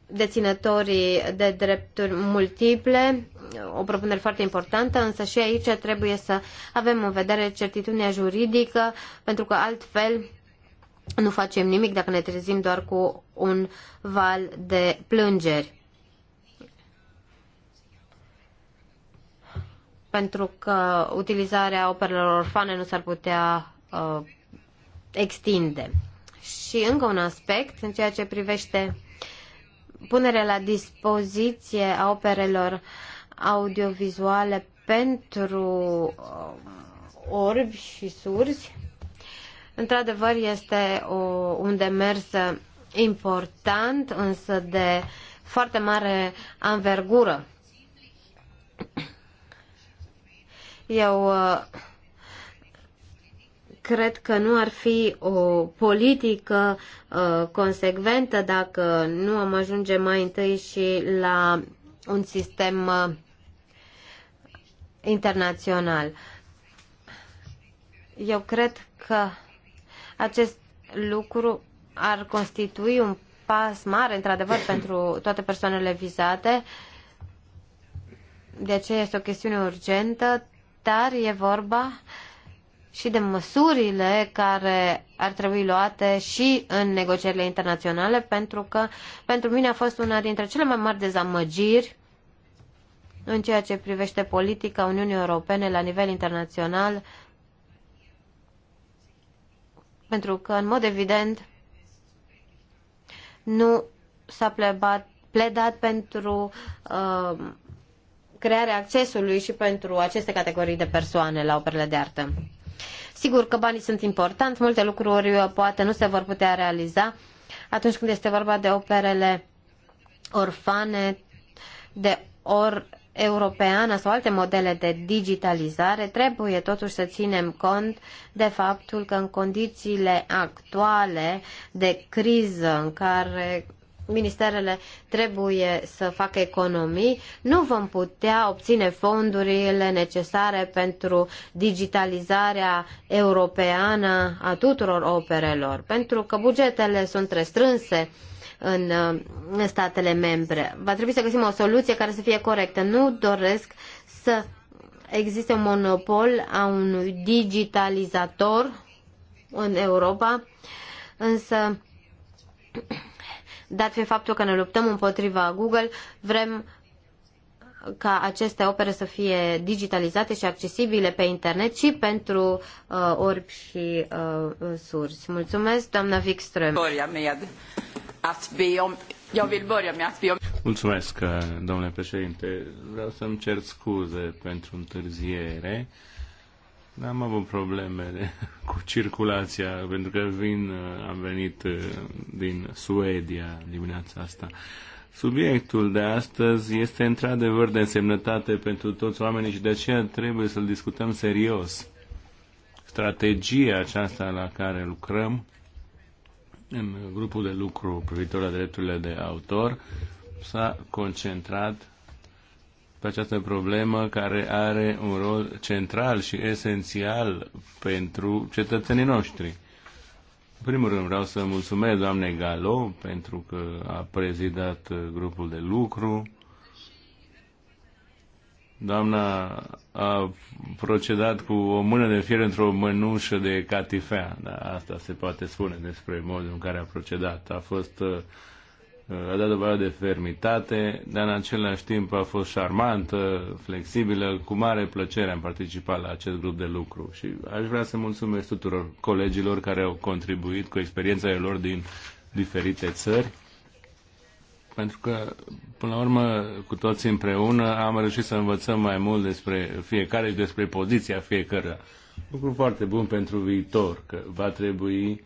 deținătorii de drepturi multiple o propunere foarte importantă, însă și aici trebuie să avem în vedere certitudinea juridică, pentru că altfel nu facem nimic dacă ne trezim doar cu un val de plângeri. Pentru că utilizarea operelor orfane nu s-ar putea uh, extinde. Și încă un aspect în ceea ce privește punerea la dispoziție a operelor audiovizuale pentru uh, orbi și surzi. Într-adevăr, este o, un demers important, însă de foarte mare anvergură. Eu uh, cred că nu ar fi o politică uh, consecventă dacă nu am ajunge mai întâi și la un sistem uh, internațional. Eu cred că acest lucru ar constitui un pas mare, într-adevăr, pentru toate persoanele vizate. De aceea este o chestiune urgentă, dar e vorba și de măsurile care ar trebui luate și în negocierile internaționale, pentru că pentru mine a fost una dintre cele mai mari dezamăgiri în ceea ce privește politica Uniunii Europene la nivel internațional, pentru că, în mod evident, nu s-a plebat, pledat pentru uh, crearea accesului și pentru aceste categorii de persoane la operele de artă. Sigur că banii sunt importanți, multe lucruri uh, poate nu se vor putea realiza atunci când este vorba de operele orfane, de or, europeană sau alte modele de digitalizare, trebuie totuși să ținem cont de faptul că în condițiile actuale de criză în care ministerele trebuie să facă economii, nu vom putea obține fondurile necesare pentru digitalizarea europeană a tuturor operelor, pentru că bugetele sunt restrânse Uh, în statele membre. Va trebui să găsim o soluție care să fie corectă. Nu doresc să existe un monopol a unui digitalizator în Europa, însă dat fiind faptul că ne luptăm împotriva Google, vrem ca aceste opere să fie digitalizate și accesibile pe internet și pentru uh, orbi și uh, surzi. Mulțumesc, doamna Wikström. Mulțumesc, uh, domnule președinte. Vreau să-mi cer scuze pentru întârziere. N-am avut probleme cu circulația, pentru că vin, uh, am venit uh, din Suedia dimineața asta. Uh, Subiectul de astăzi este într-adevăr de însemnătate pentru toți oamenii și de aceea trebuie să-l discutăm serios. Strategia aceasta la care lucrăm în grupul de lucru privitor la drepturile de autor s-a concentrat pe această problemă care are un rol central și esențial pentru cetățenii noștri. În primul rând vreau să mulțumesc doamnei Galo pentru că a prezidat uh, grupul de lucru. Doamna a procedat cu o mână de fier într-o mânușă de catifea, da, asta se poate spune despre modul în care a procedat. A fost uh, a dat dovadă de fermitate, dar în același timp a fost șarmantă, flexibilă, cu mare plăcere am participat la acest grup de lucru și aș vrea să mulțumesc tuturor colegilor care au contribuit cu experiența lor din diferite țări, pentru că, până la urmă, cu toți împreună am reușit să învățăm mai mult despre fiecare și despre poziția fiecăruia. Lucru foarte bun pentru viitor, că va trebui uh,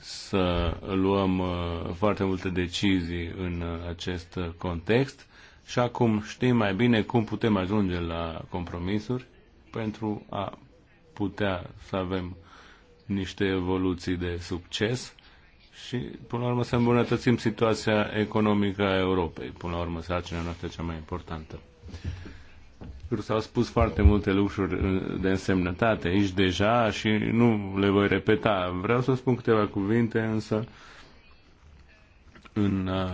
să luăm uh, foarte multe decizii în uh, acest context și acum știm mai bine cum putem ajunge la compromisuri pentru a putea să avem niște evoluții de succes și, până la urmă, să îmbunătățim situația economică a Europei, până la urmă, sarcina noastră cea mai importantă. S-au spus foarte multe lucruri uh, de însemnătate aici deja și nu le voi repeta. Vreau să spun câteva cuvinte, însă, în uh,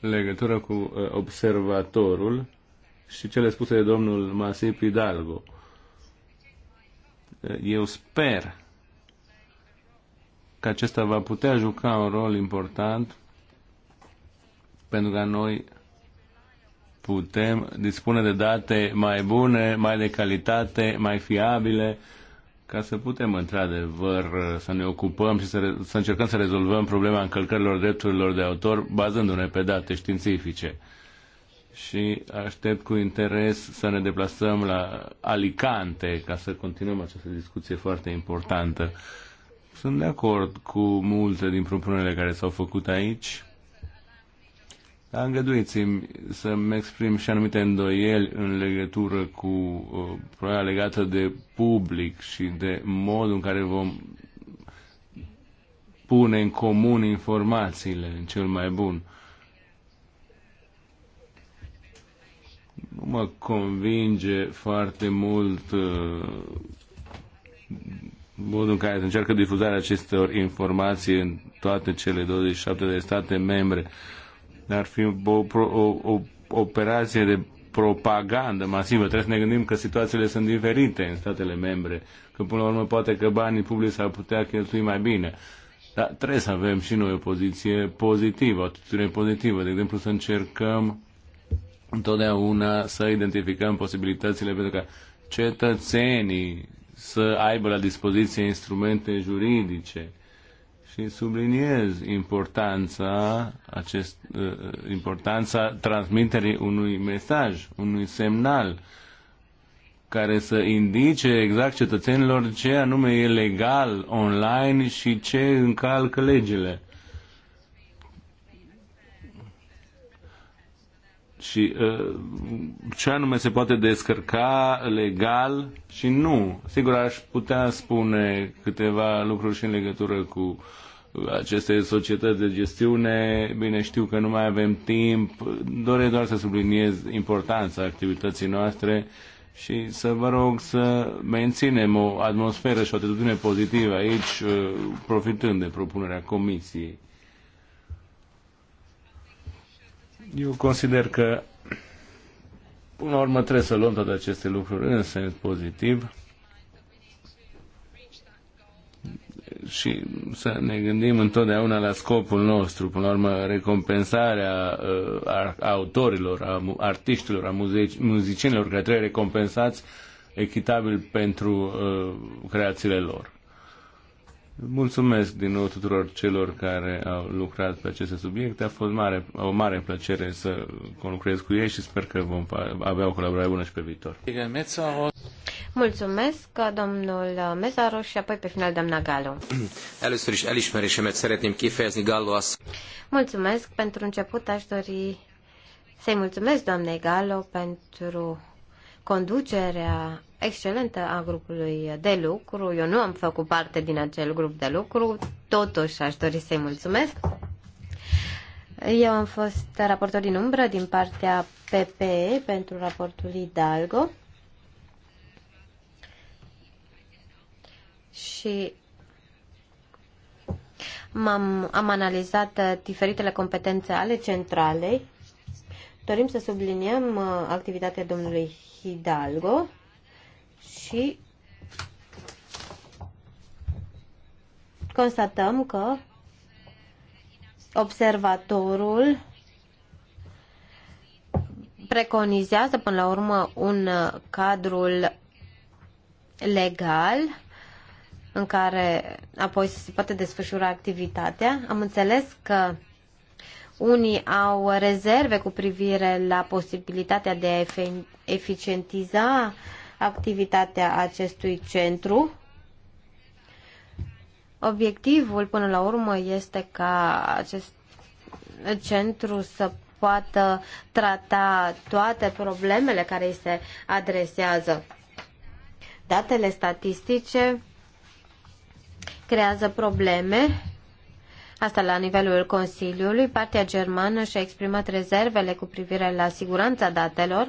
legătură cu uh, observatorul și cele spuse de domnul Masip Hidalgo. Eu sper că acesta va putea juca un rol important pentru ca noi putem dispune de date mai bune, mai de calitate, mai fiabile, ca să putem într-adevăr să ne ocupăm și să, să încercăm să rezolvăm problema încălcărilor drepturilor de autor bazându-ne pe date științifice. Și aștept cu interes să ne deplasăm la Alicante ca să continuăm această discuție foarte importantă. Sunt de acord cu multe din propunerile care s-au făcut aici dar îngăduiți-mi să-mi exprim și anumite îndoieli în legătură cu uh, problema legată de public și de modul în care vom pune în comun informațiile în cel mai bun. Nu mă convinge foarte mult uh, modul în care se încearcă difuzarea acestor informații în toate cele 27 de state membre. Uh, ar fi o, o, o operație de propagandă masivă. Trebuie să ne gândim că situațiile sunt diferite în statele membre, că până la urmă poate că banii publici ar putea cheltui mai bine. Dar trebuie să avem și noi o poziție pozitivă, o atitudine pozitivă. De exemplu, să încercăm întotdeauna să identificăm posibilitățile pentru ca cetățenii să aibă la dispoziție instrumente juridice și subliniez importanța, acest, uh, uh, importanța transmiterii unui mesaj, unui semnal care să indice exact cetățenilor ce anume e legal online și ce încalcă legile. și uh, ce anume se poate descărca legal și nu. Sigur, aș putea spune câteva lucruri și în legătură cu aceste societăți de gestiune. Bine, știu că nu mai avem timp. Doresc doar să subliniez importanța activității noastre și să vă rog să menținem o atmosferă și o atitudine pozitivă aici, uh, profitând de propunerea Comisiei. Eu consider că, până la urmă, trebuie să luăm toate aceste lucruri în sens pozitiv și să ne gândim întotdeauna la scopul nostru, până la urmă, recompensarea uh, a autorilor, a artiștilor, a muzicienilor care trebuie recompensați echitabil pentru uh, creațiile lor. Mulțumesc din nou tuturor celor care au lucrat pe aceste subiecte. A fost mare, o mare plăcere să conlucrez cu ei și sper că vom avea o colaborare bună și pe viitor. Mulțumesc, domnul Mezaros și apoi pe final doamna Galo. Először is elismerésemet szeretném kifejezni Gallo Mulțumesc. Pentru început aș dori să-i mulțumesc doamnei Galo pentru conducerea excelentă a grupului de lucru. Eu nu am făcut parte din acel grup de lucru, totuși aș dori să-i mulțumesc. Eu am fost raportor din umbră din partea PPE pentru raportul Hidalgo și am am analizat uh, diferitele competențe ale centralei. Dorim să subliniem uh, activitatea domnului Hidalgo și constatăm că observatorul preconizează până la urmă un uh, cadrul legal în care apoi se poate desfășura activitatea. Am înțeles că unii au rezerve cu privire la posibilitatea de a eficientiza activitatea acestui centru. Obiectivul, până la urmă, este ca acest centru să poată trata toate problemele care îi se adresează. Datele statistice creează probleme. Asta la nivelul Consiliului. Partea germană și-a exprimat rezervele cu privire la siguranța datelor.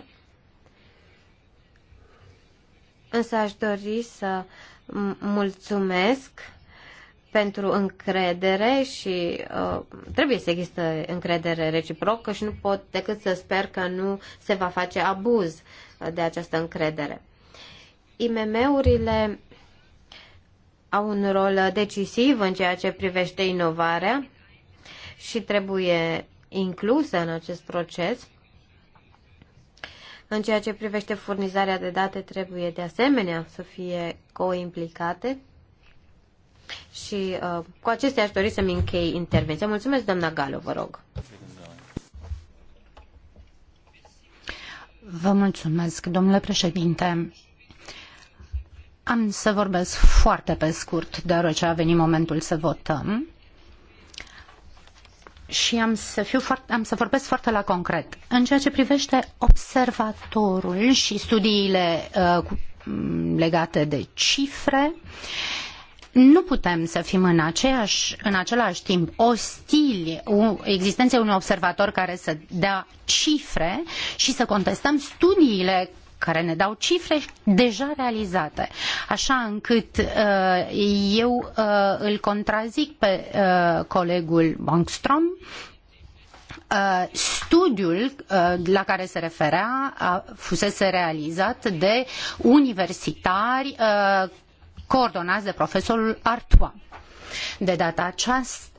Însă aș dori să mulțumesc pentru încredere și uh, trebuie să existe încredere reciprocă și nu pot decât să sper că nu se va face abuz de această încredere. IMM-urile au un rol decisiv în ceea ce privește inovarea și trebuie inclusă în acest proces. În ceea ce privește furnizarea de date, trebuie de asemenea să fie coimplicate. Și uh, cu acestea aș dori să-mi închei intervenția. Mulțumesc, doamna Galo, vă rog. Vă mulțumesc, domnule președinte. Am să vorbesc foarte pe scurt, deoarece a venit momentul să votăm. Și am să, fiu foarte, am să vorbesc foarte la concret. În ceea ce privește observatorul și studiile uh, mm, legate de cifre, nu putem să fim în, aceeași, în același timp ostili existenței unui observator care să dea cifre și să contestăm studiile care ne dau cifre deja realizate. Așa încât uh, eu uh, îl contrazic pe uh, colegul Uh, studiul la care se referea fusese realizat de universitari coordonați de profesorul Artois. De data aceasta,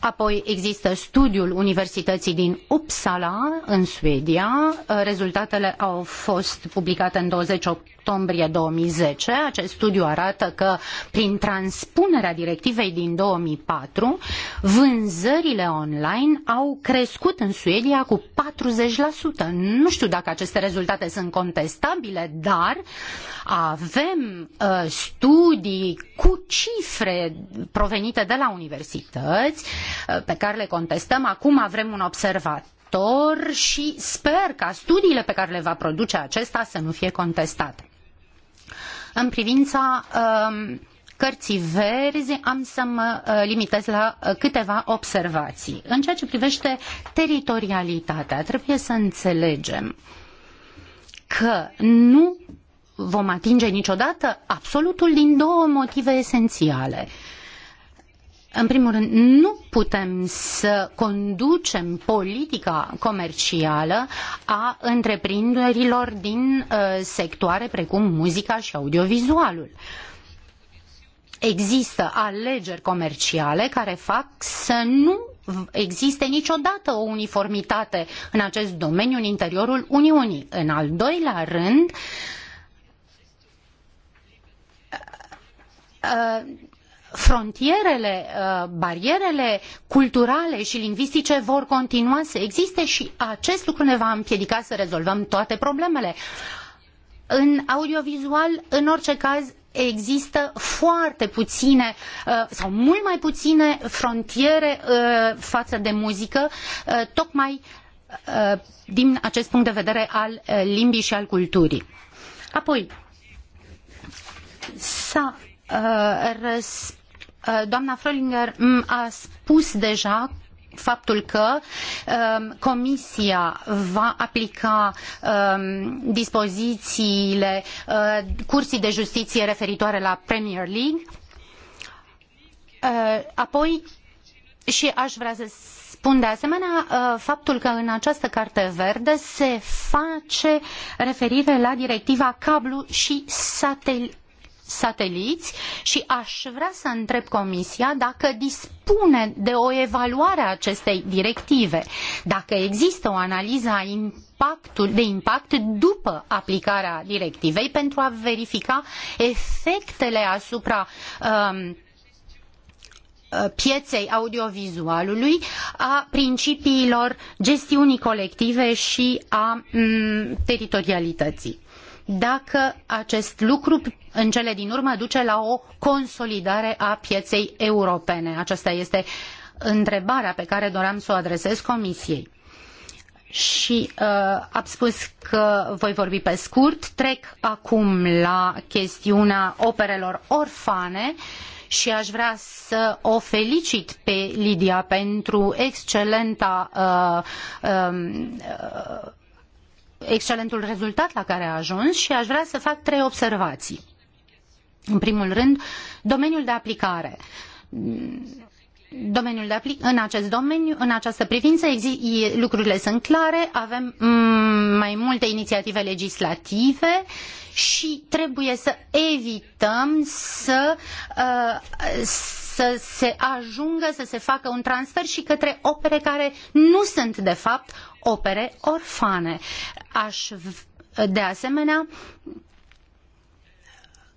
Apoi există studiul Universității din Uppsala, în Suedia. Rezultatele au fost publicate în 20 octombrie 2010. Acest studiu arată că prin transpunerea directivei din 2004, vânzările online au crescut în Suedia cu 40%. Nu știu dacă aceste rezultate sunt contestabile, dar avem uh, studii cu cifre provenite de la universități uh, pe care le contestăm. Acum avem un observat viitor și sper ca studiile pe care le va produce acesta să nu fie contestate. În privința um, cărții verzi, am să mă uh, limitez la uh, câteva observații. În ceea ce privește teritorialitatea, trebuie să înțelegem că nu vom atinge niciodată absolutul din două motive esențiale. Uh, în primul rând, nu putem să conducem politica comercială a întreprinderilor din uh, sectoare precum muzica și audiovizualul. Există alegeri comerciale care fac să nu existe niciodată o uniformitate în acest domeniu în interiorul Uniunii. În al doilea rând, uh, uh, frontierele, uh, barierele culturale și lingvistice vor continua să existe și acest lucru ne va împiedica să rezolvăm toate problemele. În audiovizual, în orice caz, există foarte puține uh, sau mult mai puține frontiere uh, față de muzică, tocmai din acest punct de vedere al limbii și al culturii. Apoi, s-a răspuns Uh, doamna Frölinger mm, a spus deja faptul că um, Comisia va aplica um, dispozițiile uh, de Justiție referitoare la Premier League. Uh, apoi, și aș vrea să spun de asemenea uh, faptul că în această carte verde se face referire la directiva cablu și satel sateliți și aș vrea să întreb Comisia dacă dispune de o evaluare a acestei directive, dacă există o analiză a impactul, de impact după aplicarea directivei pentru a verifica efectele asupra um, pieței audiovizualului, a principiilor gestiunii colective și a mm, teritorialității dacă acest lucru în cele din urmă duce la o consolidare a pieței europene. Aceasta este întrebarea pe care doream să o adresez Comisiei. Și uh, am spus că voi vorbi pe scurt. Trec acum la chestiunea operelor orfane și aș vrea să o felicit pe Lidia pentru excelenta uh, um, uh, excelentul rezultat la care a ajuns și aș vrea să fac trei observații. În primul rând, domeniul de aplicare. Domeniul de aplic- în acest domeniu, în această privință, lucrurile sunt clare, avem mm, mai multe inițiative legislative și trebuie să evităm să, uh, să se ajungă să se facă un transfer și către opere care nu sunt, de fapt, opere orfane. Aș, de asemenea,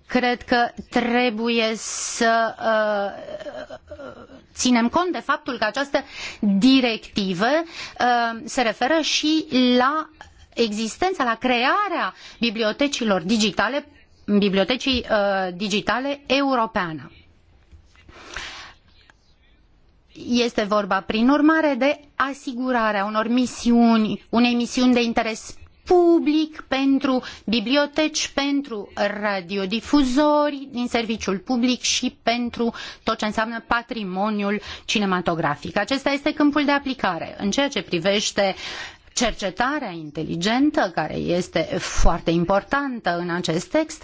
cred că trebuie să uh, ținem cont de faptul că această directivă uh, se referă și la existența, la crearea bibliotecilor digitale, bibliotecii uh, digitale europeană. Este vorba, prin urmare, de asigurarea unor misiuni, unei misiuni de interes public pentru biblioteci, pentru radiodifuzori din serviciul public și pentru tot ce înseamnă patrimoniul cinematografic. Acesta este câmpul de aplicare. În ceea ce privește cercetarea inteligentă, care este foarte importantă în acest text,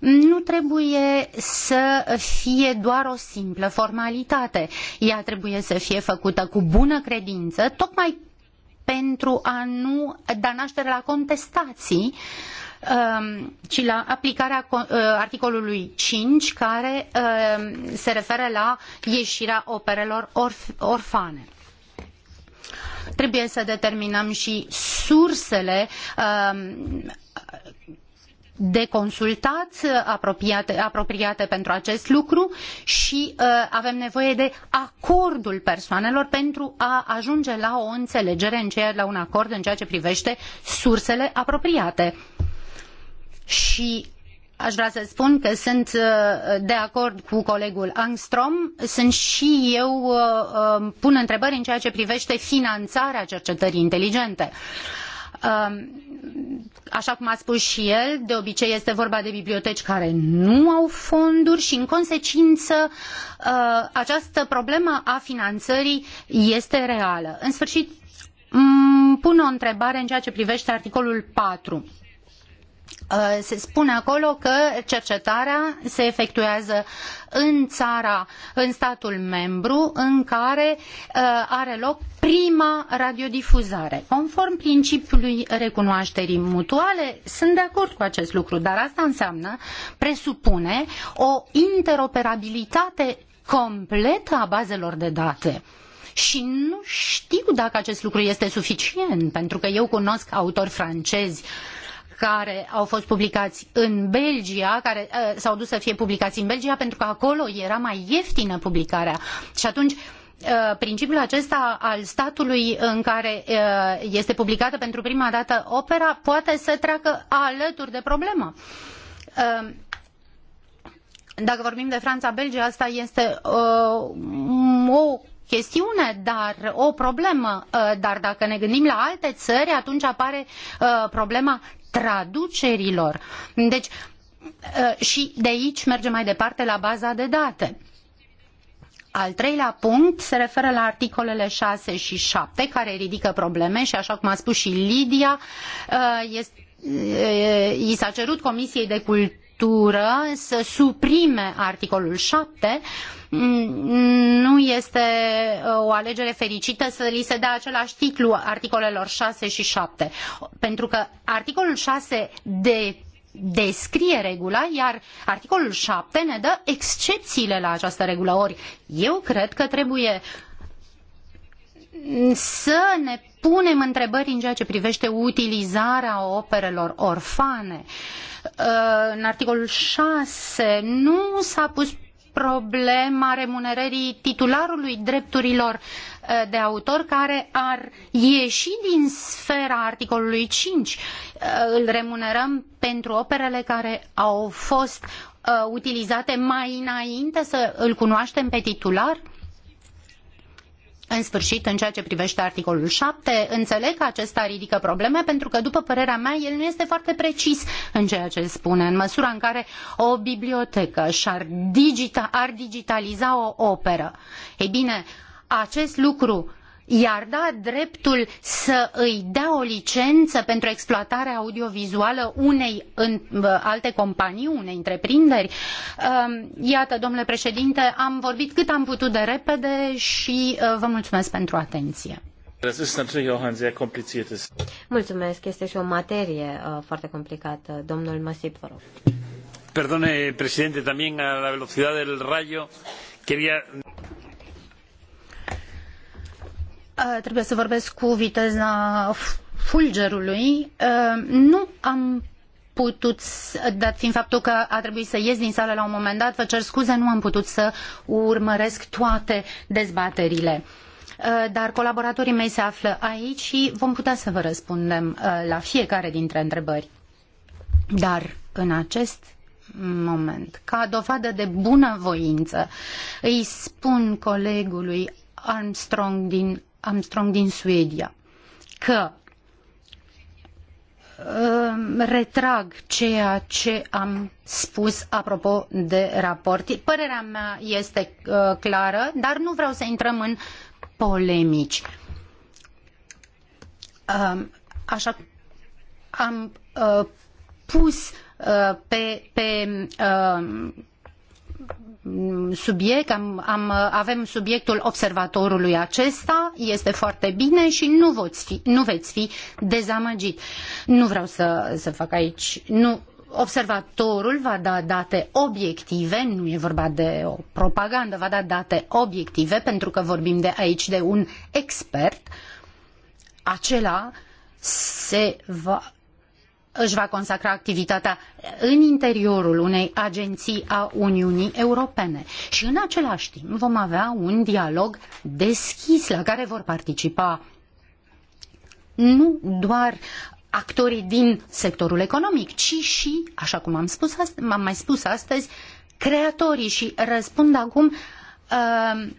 nu trebuie să fie doar o simplă formalitate. Ea trebuie să fie făcută cu bună credință, tocmai pentru a nu da naștere la contestații um, ci la aplicarea uh, articolului 5 care um, se referă la ieșirea operelor orf- orfane trebuie să determinăm și sursele um, de consultați apropiate, apropiate pentru acest lucru și uh, avem nevoie de acordul persoanelor pentru a ajunge la o înțelegere, în ceea, la un acord în ceea ce privește sursele apropiate. Și aș vrea să spun că sunt uh, de acord cu colegul Angstrom. Sunt și eu uh, uh, pun întrebări în ceea ce privește finanțarea cercetării inteligente. Uh, Um, așa cum a spus și el, de obicei este vorba de biblioteci care nu au fonduri și, în consecință, uh, această problemă a finanțării este reală. În sfârșit, pun o întrebare în ceea ce privește articolul patru Uh, se spune acolo că cercetarea se efectuează în țara, în statul membru în care uh, are loc prima radiodifuzare. Conform principiului recunoașterii mutuale, sunt de acord cu acest lucru, dar asta înseamnă, presupune o interoperabilitate completă a bazelor de date. Și nu știu dacă acest lucru este suficient, pentru că eu cunosc autori francezi care au fost publicați în Belgia, care uh, s-au dus să fie publicați în Belgia pentru că acolo era mai ieftină publicarea. Și atunci uh, principiul acesta al statului în care uh, este publicată pentru prima dată opera poate să treacă alături de problemă. Uh, dacă vorbim de Franța-Belgia, asta este o chestiune, dar o problemă. Ă, dar dacă ne gândim la alte țări, atunci apare ă, problema traducerilor. Deci, ă, și de aici mergem mai departe la baza de date. Al treilea punct se referă la articolele 6 și 7 care ridică probleme și așa cum a spus și Lidia, este i s-a cerut Comisiei de Cultură structură să suprime articolul 7 mm, nu este uh, o alegere fericită să li se dea același titlu articolelor 6 și 7, pentru că articolul 6 de descrie regula, iar articolul 7 ne dă excepțiile la această regulă. Ori eu cred că trebuie să ne punem întrebări în ceea ce privește utilizarea operelor orfane. Uh, Uh, în articolul 6 nu s-a pus problema remunerării titularului drepturilor uh, de autor care ar ieși din sfera articolului 5. Uh, îl remunerăm pentru operele care au fost utilizate mai înainte să îl cunoaștem pe titular? În sfârșit, în ceea ce privește articolul 7, înțeleg că acesta ridică probleme pentru că, după părerea mea, el nu este foarte precis în ceea ce spune. În măsura în care o bibliotecă și-ar digita, ar digitaliza o operă, ei bine, acest lucru i-ar da dreptul să îi dea o licență pentru exploatarea audiovizuală unei în, alte companii, unei întreprinderi. Um, iată, domnule președinte, am vorbit cât am putut de repede și uh, vă mulțumesc pentru atenție. Mulțumesc, este și o materie uh, foarte complicată. Domnul Masip, vă rog. Perdone, președinte, también a la velocidad del rayo quería trebuie să vorbesc cu viteza fulgerului. Nu am putut, dat fiind faptul că a trebuit să ies din sală la un moment dat, vă cer scuze, nu am putut să urmăresc toate dezbaterile. Dar colaboratorii mei se află aici și vom putea să vă răspundem la fiecare dintre întrebări. Dar în acest moment, ca dovadă de bunăvoință, îi spun colegului Armstrong din Armstrong din Suedia că um, retrag ceea ce am spus apropo de raport. Părerea mea este uh, clară, dar nu vreau să intrăm în polemici. Um, așa am uh, pus uh, pe, pe um, subiect, am, am, avem subiectul observatorului acesta, este foarte bine și nu, voți fi, nu veți fi dezamăgit. Nu vreau să, să fac aici, nu, observatorul va da date obiective, nu e vorba de o propagandă, va da date obiective pentru că vorbim de aici de un expert, acela se va își va consacra activitatea în interiorul unei agenții a Uniunii Europene. Și în același timp vom avea un dialog deschis la care vor participa nu doar actorii din sectorul economic, ci și, așa cum am, spus, am mai spus astăzi, creatorii și răspund acum uh,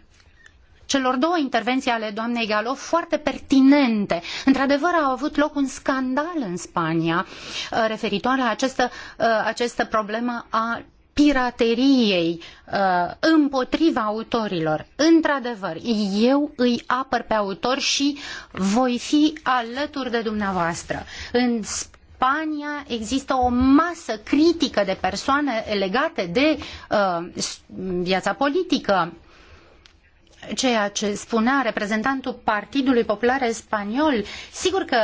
celor două intervenții ale doamnei Galo foarte pertinente. Într-adevăr, a avut loc un scandal în Spania uh, referitor la această, uh, această problemă a pirateriei uh, împotriva autorilor. Într-adevăr, eu îi apăr pe autor și voi fi alături de dumneavoastră. În Spania există o masă critică de persoane legate de uh, viața politică, ceea ce spunea reprezentantul Partidului Popular Spaniol, sigur că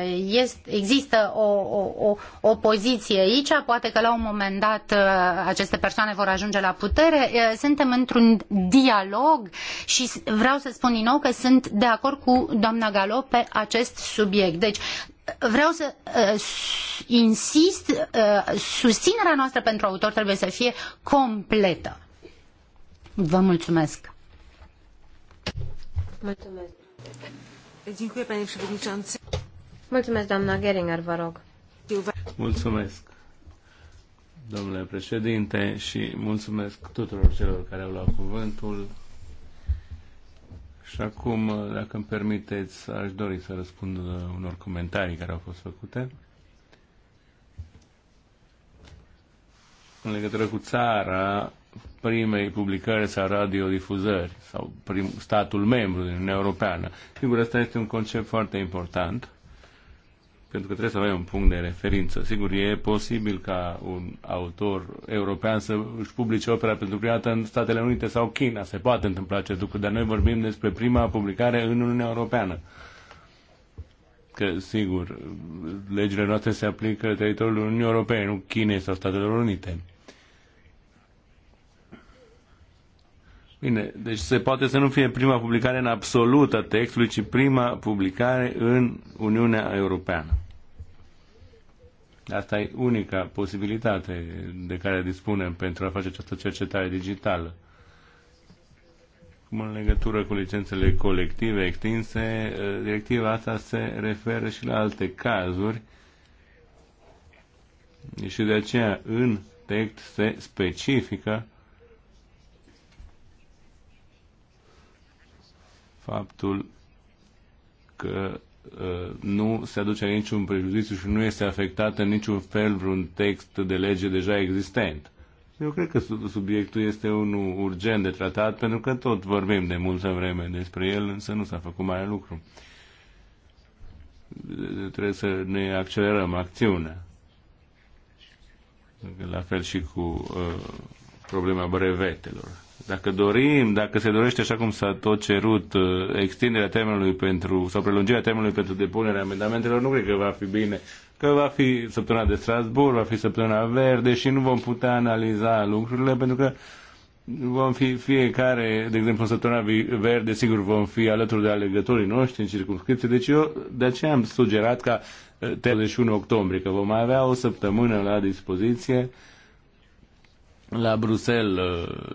eh, este, există o, o, o, poziție aici, poate că la un moment dat eh, aceste persoane vor ajunge la putere. Eh, suntem într-un dialog și vreau să spun din nou că sunt de acord cu doamna Galo pe acest subiect. Deci, vreau să uh, insist, uh, susținerea noastră pentru autor trebuie să fie completă. Vă mulțumesc! Mulțumesc. Dziękuję, panie przewodniczący. Mulțumesc, doamna Geringer, vă rog. Mulțumesc, domnule președinte, și mulțumesc tuturor celor care au luat cuvântul. Și acum, dacă îmi permiteți, aș dori să răspund unor comentarii care au fost făcute. În legătură cu țara primei publicări sau radiodifuzări sau prim, statul membru din Uniunea Europeană. Sigur, asta este un concept foarte important pentru că trebuie să avem un punct de referință. Sigur, e posibil ca un autor european să își publice opera pentru prima dată în Statele Unite sau China. Se poate întâmpla acest lucru, dar noi vorbim despre prima publicare în Uniunea Europeană. Că, sigur, legile noastre se aplică teritoriului Uniunii Europene, nu Chinei sau Statelor Unite. Bine, deci se poate să nu fie prima publicare în absolut a textului, ci prima publicare în Uniunea Europeană. Asta e unica posibilitate de care dispunem pentru a face această cercetare digitală. Cum în legătură cu licențele colective extinse, eh, directiva asta se referă și la alte cazuri și de aceea în text se specifică faptul că uh, nu se aduce niciun prejudiciu și nu este afectat în niciun fel vreun text de lege deja existent. Eu cred că subiectul este unul urgent de tratat, pentru că tot vorbim de multă vreme despre el, însă nu s-a făcut mare lucru. Trebuie să ne accelerăm acțiunea. La fel și cu uh, problema brevetelor dacă dorim, dacă se dorește așa cum s-a tot cerut uh, extinderea termenului pentru, sau prelungirea termenului pentru depunerea amendamentelor, nu cred că va fi bine. Că va fi săptămâna de Strasbourg, va fi săptămâna verde și nu vom putea analiza lucrurile pentru că vom fi fiecare, de exemplu, în săptămâna verde, sigur vom fi alături de alegătorii noștri în circunscripție. Deci eu de aceea am sugerat ca 31 uh, octombrie, că vom avea o săptămână la dispoziție la Bruxelles uh,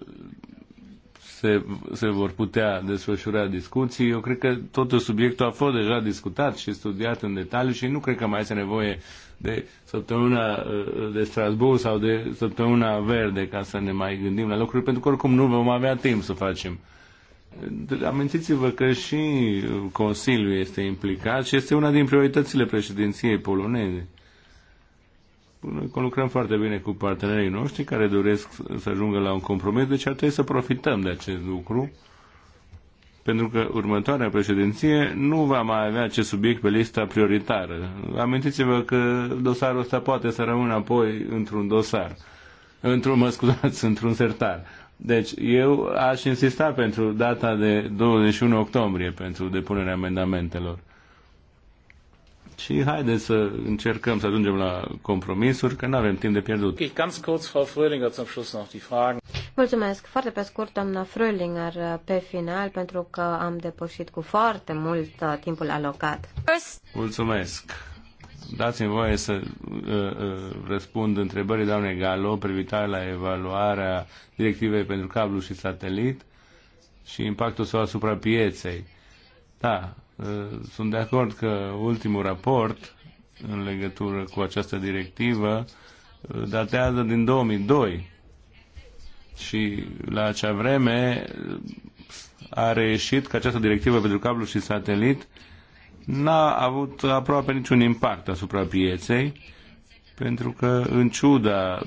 se, se vor putea desfășura discuții. Eu cred că totul subiectul a fost deja discutat și studiat în detaliu și nu cred că mai este nevoie de săptămâna uh, de Strasbourg sau de săptămâna verde ca să ne mai gândim la lucruri, pentru că oricum nu vom avea timp să facem. Amintiți-vă că și Consiliul este implicat și este una din prioritățile președinției poloneze. Noi lucrăm foarte bine cu partenerii noștri care doresc să ajungă la un compromis, deci ar trebui să profităm de acest lucru, pentru că următoarea președinție nu va mai avea acest subiect pe lista prioritară. Amintiți-vă că dosarul ăsta poate să rămână apoi într-un dosar, într-un, mă scuzați, într-un sertar. Deci eu aș insista pentru data de 21 octombrie pentru depunerea amendamentelor și haideți să încercăm să ajungem la compromisuri, că nu avem timp de pierdut. Mulțumesc. Foarte pe scurt, doamna Fröhlinger, pe final, pentru că am depășit cu foarte mult uh, timpul alocat. Mulțumesc. Dați-mi voie să uh, uh, răspund întrebării doamnei Galo privitoare la evaluarea directivei pentru cablu și satelit și impactul său asupra pieței. Da, Eh, sunt de acord că ultimul raport în legătură cu această directivă eh, datează din 2002 și la acea vreme eh, a reieșit că această directivă pentru cablu și satelit n-a avut aproape niciun impact asupra pieței, pentru că, în ciuda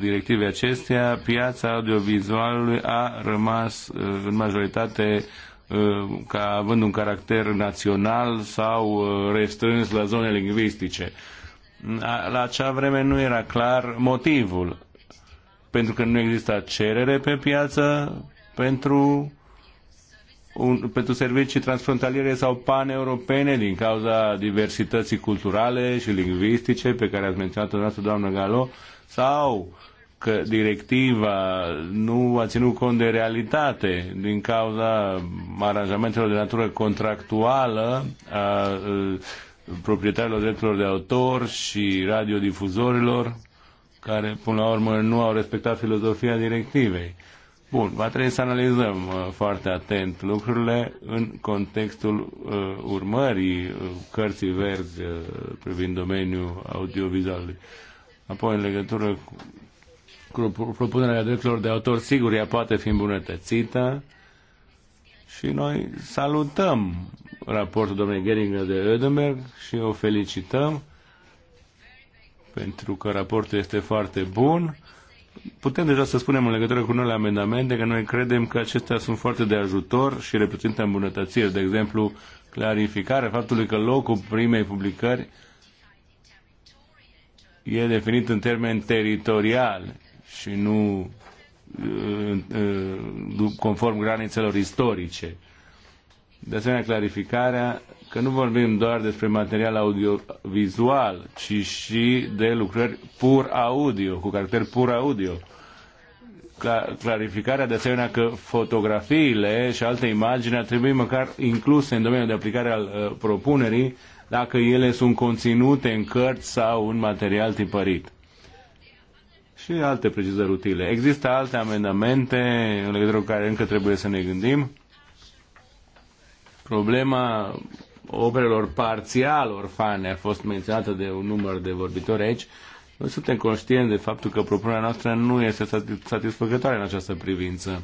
directivei acesteia, piața audiovizualului a rămas în majoritate Uh, ca având un caracter național sau uh, restrâns la zone lingvistice. La acea vreme nu era clar motivul, pentru că nu exista cerere pe piață pentru un, pentru servicii transfrontaliere sau paneuropene din cauza diversității culturale și lingvistice pe care ați menționat-o noastră, doamnă Galo, sau că directiva nu a ținut cont de realitate din cauza aranjamentelor de natură contractuală a proprietarilor drepturilor de autor și radiodifuzorilor care până la urmă nu au respectat filozofia directivei. Bun, va trebui să analizăm uh, foarte atent lucrurile în contextul uh, urmării uh, cărții verzi uh, privind domeniul audiovizualului. Apoi, în legătură cu propunerea drepturilor de autor, sigur, ea poate fi îmbunătățită și noi salutăm raportul domnului Geringer de Ödenberg și o felicităm pentru că raportul este foarte bun. Putem deja să spunem în legătură cu noile amendamente că noi credem că acestea sunt foarte de ajutor și reprezintă îmbunătățiri. De exemplu, clarificarea faptului că locul primei publicări e definit în termeni teritoriali și nu uh, uh, conform granițelor istorice. De asemenea, clarificarea că nu vorbim doar despre material audiovizual, ci și de lucrări pur audio, cu caracter pur audio. Clarificarea de asemenea că fotografiile și alte imagini ar trebui măcar incluse în domeniul de aplicare al uh, propunerii, dacă ele sunt conținute în cărți sau în material tipărit și alte precizări utile. Există alte amendamente în legătură cu care încă trebuie să ne gândim. Problema operelor parțial orfane a fost menționată de un număr de vorbitori aici. Noi suntem conștienți de faptul că propunerea noastră nu este satisfăcătoare în această privință.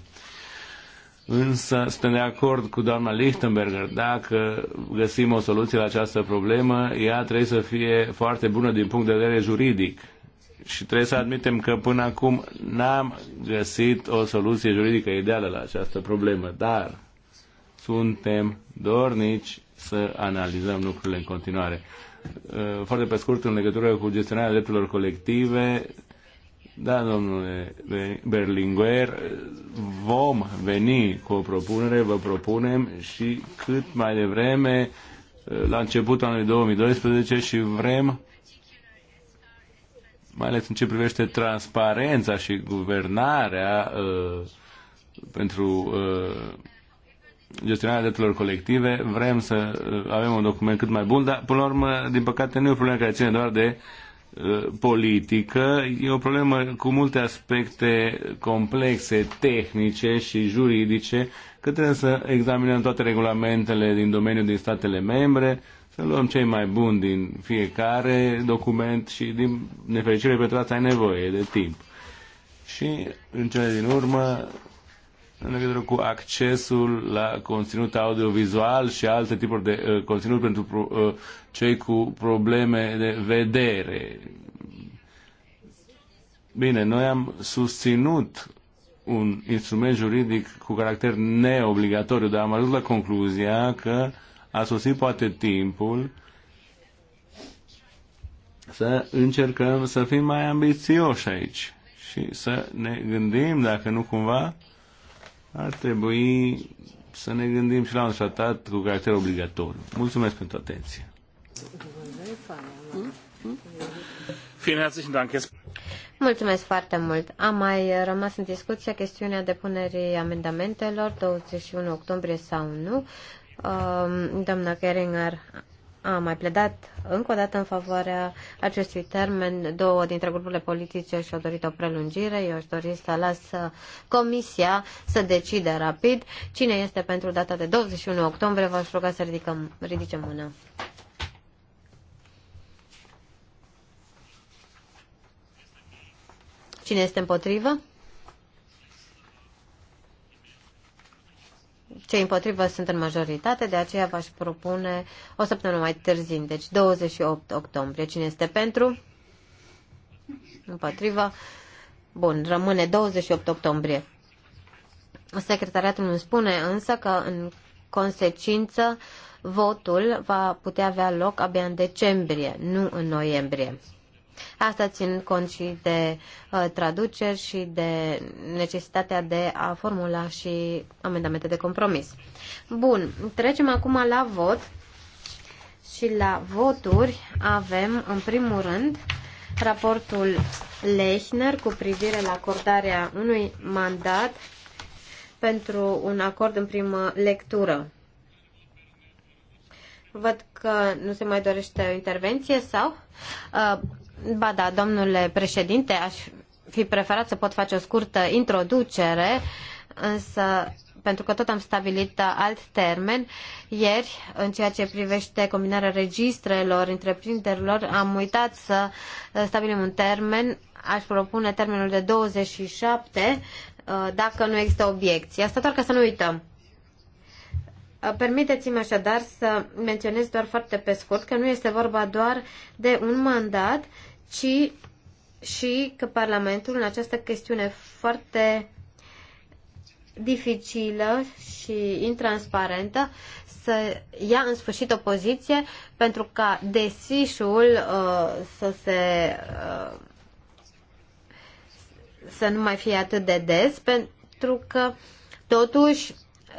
Însă suntem de acord cu doamna Lichtenberger, dacă găsim o soluție la această problemă, ea trebuie să fie foarte bună din punct de vedere juridic și trebuie să admitem că până acum n-am găsit o soluție juridică ideală la această problemă, dar suntem dornici să analizăm lucrurile în continuare. Uh, foarte pe scurt, în legătură cu gestionarea drepturilor colective, da, domnule Berlinguer, vom veni cu o propunere, vă propunem și cât mai devreme, uh, la începutul anului 2012 și vrem mai ales în ce privește transparența și guvernarea uh, pentru uh, gestionarea drepturilor colective. Vrem să uh, avem un document cât mai bun, dar până la urmă, din păcate, nu e o problemă care ține doar de uh, politică, e o problemă cu multe aspecte complexe, tehnice și juridice, că trebuie să examinăm toate regulamentele din domeniul din statele membre, să luăm cei mai buni din fiecare document și din nefericire pentru asta ai nevoie de timp. Și în cele din urmă, în legătură cu accesul la conținut audiovizual și alte tipuri de uh, conținut pentru pro, uh, cei cu probleme de vedere. Bine, noi am susținut un instrument juridic cu caracter neobligatoriu, dar am ajuns la concluzia că uh, a sosit poate timpul să încercăm să fim mai ambițioși aici și să ne gândim dacă nu cumva ar trebui să ne gândim și la un tratat cu caracter obligatoriu. Mulțumesc pentru atenție. Mulțumesc foarte mult. A mai rămas în discuție chestiunea depunerii amendamentelor 21 octombrie sau nu. Um, doamna Keringer a mai pledat încă o dată în favoarea acestui termen. Două dintre grupurile politice și-au dorit o prelungire. Eu aș dori să las uh, comisia să decide rapid. Cine este pentru data de 21 octombrie, v-aș ruga să ridicăm, ridicem mâna. Cine este împotrivă? cei împotrivă sunt în majoritate, de aceea v-aș propune o săptămână mai târziu, deci 28 octombrie. Cine este pentru? Împotrivă. Bun, rămâne 28 octombrie. Secretariatul îmi spune însă că în consecință votul va putea avea loc abia în decembrie, nu în noiembrie. Asta țin cont și de uh, traduceri și de necesitatea de a formula și amendamente de compromis. Bun, trecem acum la vot. Și la voturi avem, în primul rând, raportul Lechner cu privire la acordarea unui mandat pentru un acord în primă lectură. Văd că nu se mai dorește o intervenție sau uh, Ba da, domnule președinte, aș fi preferat să pot face o scurtă introducere, însă pentru că tot am stabilit alt termen, ieri, în ceea ce privește combinarea registrelor, întreprinderilor, am uitat să stabilim un termen. Aș propune termenul de 27, uh, dacă nu există obiecții. Asta doar ca să nu uităm. Uh, permiteți-mi așadar să menționez doar foarte pe scurt că nu este vorba doar de un mandat, ci și că Parlamentul în această chestiune foarte dificilă și intransparentă să ia în sfârșit o poziție pentru ca desișul uh, să se uh, să nu mai fie atât de des pentru că totuși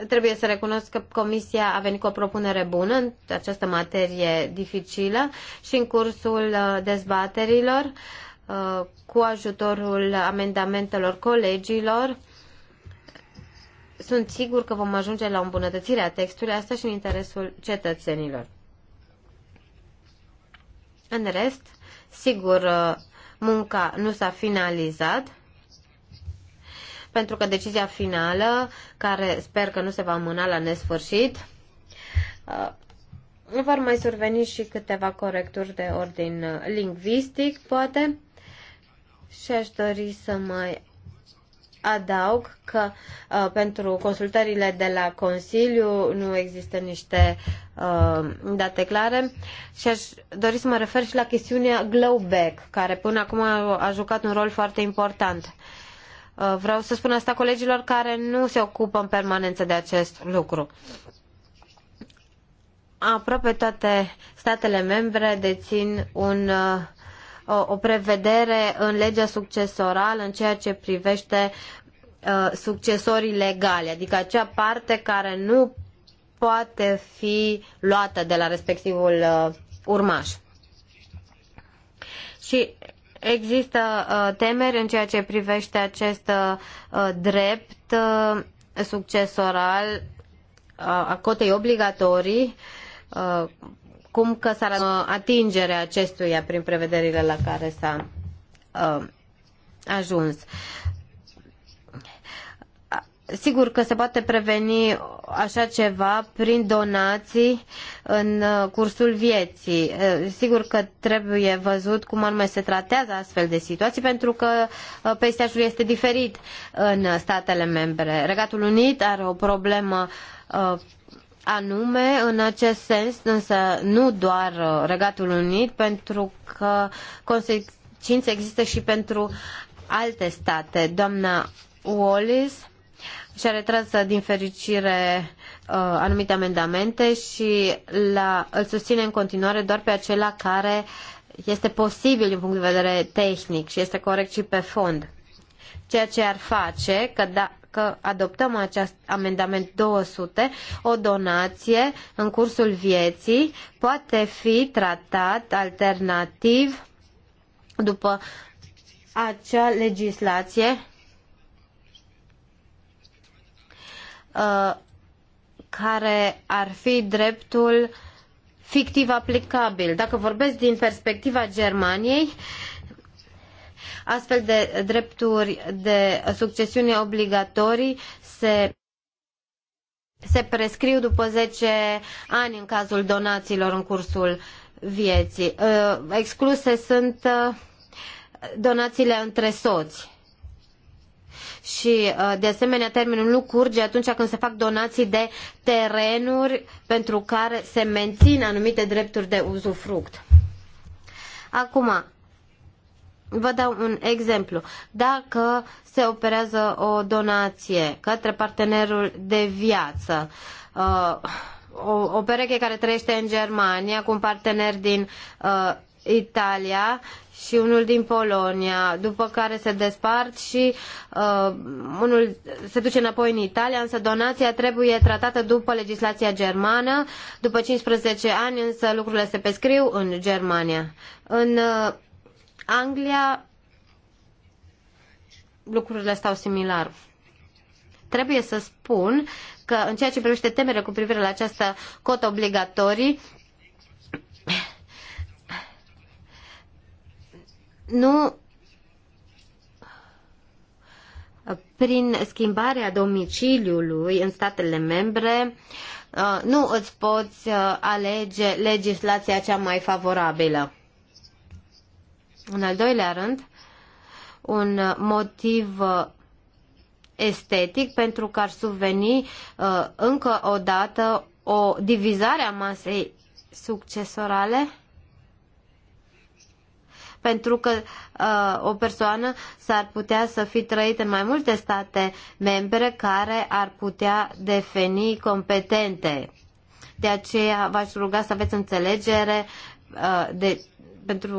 trebuie să recunosc că Comisia a venit cu o propunere bună în această materie dificilă și în cursul uh, dezbaterilor, uh, cu ajutorul amendamentelor colegilor, sunt sigur că vom ajunge la o a textului, asta și în interesul cetățenilor. În rest, sigur, uh, munca nu s-a finalizat, pentru că decizia finală, care sper că nu se va amâna la nesfârșit, uh, vor mai surveni și câteva corecturi de ordin lingvistic, poate, și aș dori să mai adaug că uh, pentru consultările de la Consiliu nu există niște uh, date clare și aș dori să mă refer și la chestiunea Glowback, care până acum a, a jucat un rol foarte important. Uh, Uh, vreau să spun asta colegilor care nu se ocupă în permanență de acest lucru. Aproape toate statele membre dețin un, uh, o, o prevedere în legea succesorală în ceea ce privește uh, succesorii legali, adică acea parte care nu poate fi luată de la respectivul uh, urmaș. Și Există uh, temeri în ceea ce privește acest uh, drept uh, succesoral a cotei obligatorii, cum că s-ar atingerea acestuia prin prevederile la care s-a ajuns. Sigur că se poate preveni așa ceva prin donații în uh, cursul vieții. Uh, sigur că trebuie văzut cum anume se tratează astfel de situații, pentru că uh, peisajul este diferit în statele membre. Regatul Unit are o problemă anume în acest sens, însă nu doar Regatul Unit, pentru că consecințe există și pentru alte state. Doamna Wallis și-a retras din fericire uh, anumite amendamente și la, îl susține în continuare doar pe acela care este posibil din punct de vedere tehnic și este corect și pe fond. Ceea ce ar face că, dacă că adoptăm acest amendament 200, o donație în cursul vieții poate fi tratat alternativ după acea legislație Uh, care ar fi dreptul fictiv aplicabil. Dacă vorbesc din perspectiva Germaniei, astfel de drepturi de succesiune obligatorii se se prescriu după zece ani în cazul donațiilor în cursul vieții. Uh, excluse sunt uh, donațiile între soți și uh, de asemenea termenul nu curge atunci când se fac donații de terenuri pentru care se mențin anumite drepturi de uzufruct. Acum, vă dau un exemplu. Dacă se operează o donație către partenerul de viață, uh, o, o pereche care trăiește în Germania cu un partener din uh, Italia și unul din Polonia, după care se despart și uh, unul se duce înapoi în Italia, însă donația trebuie tratată după legislația germană. După 15 ani însă lucrurile se prescriu în Germania. În uh, Anglia lucrurile stau similar. Trebuie să spun că în ceea ce privește temele cu privire la această cotă obligatorii, nu prin schimbarea domiciliului în statele membre uh, nu îți poți uh, alege legislația cea mai favorabilă. În al doilea rând, un motiv uh, estetic pentru că ar suveni încă o dată o divizare a masei succesorale pentru că uh, o persoană s-ar putea să fi trăit în mai multe state membre care ar putea defini competente. De aceea v-aș ruga să aveți înțelegere uh, de pentru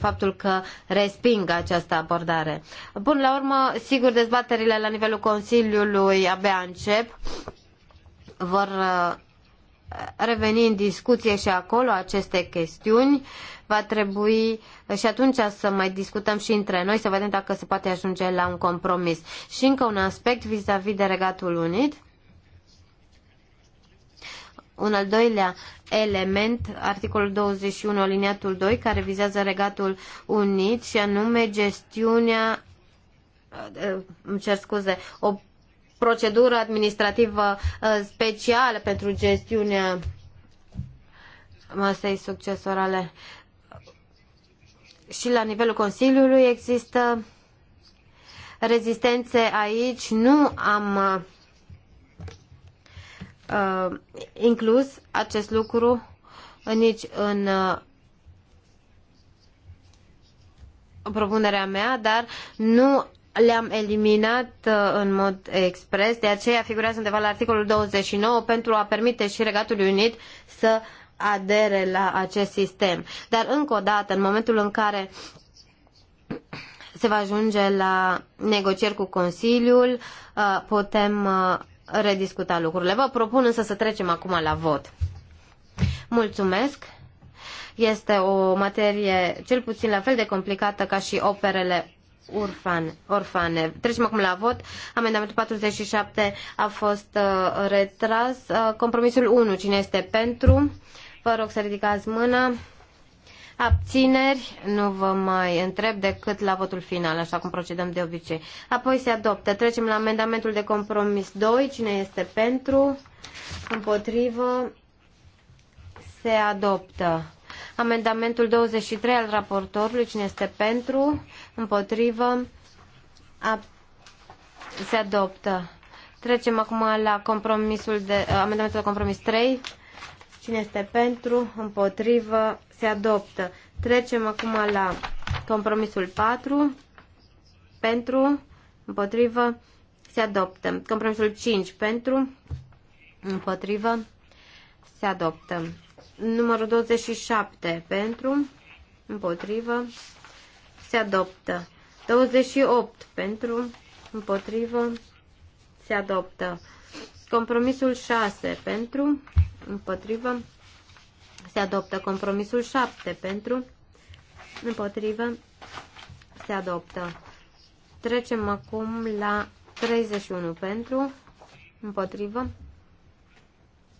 faptul că resping această abordare. Până la urmă, sigur, dezbaterile la nivelul Consiliului abia încep. Vor uh, reveni în discuție și acolo aceste chestiuni. Va trebui și atunci să mai discutăm și între noi, să vedem dacă se poate ajunge la un compromis. Și încă un aspect vis-a-vis -vis de Regatul Unit. Un al doilea element, articolul 21, aliniatul 2, care vizează Regatul Unit și anume gestiunea îmi cer scuze, o procedură administrativă uh, specială pentru gestiunea masei succesorale. Și la nivelul Consiliului există rezistențe aici. Nu am uh, inclus acest lucru nici în uh, propunerea mea, dar nu le-am eliminat uh, în mod expres, de aceea figurează undeva la articolul 29 pentru a permite și Regatului Unit să adere la acest sistem. Dar încă o dată, în momentul în care se va ajunge la negocieri cu Consiliul, uh, putem uh, rediscuta lucrurile. Vă propun însă să trecem acum la vot. Mulțumesc! Este o materie cel puțin la fel de complicată ca și operele orfan, orfane. Trecem acum la vot. Amendamentul 47 a fost uh, retras. Uh, compromisul 1. Cine este pentru? Vă rog să ridicați mâna. Abțineri, nu vă mai întreb decât la votul final, așa cum procedăm de obicei. Apoi se adoptă. Trecem la amendamentul de compromis 2. Cine este pentru? Împotrivă? Se adoptă. Amendamentul 23 al raportorului. Cine este pentru? împotrivă, a, se adoptă. Trecem acum la compromisul de, amendamentul de compromis 3. Cine este pentru, împotrivă, se adoptă. Trecem acum la compromisul 4. Pentru, împotrivă, se adoptă. Compromisul 5 pentru, împotrivă, se adoptă. Numărul 27 pentru, împotrivă, se adoptă. 28 pentru, împotrivă, se adoptă. Compromisul 6 pentru, împotrivă, se adoptă. Compromisul 7 pentru, împotrivă, se adoptă. Trecem acum la 31 pentru, împotrivă,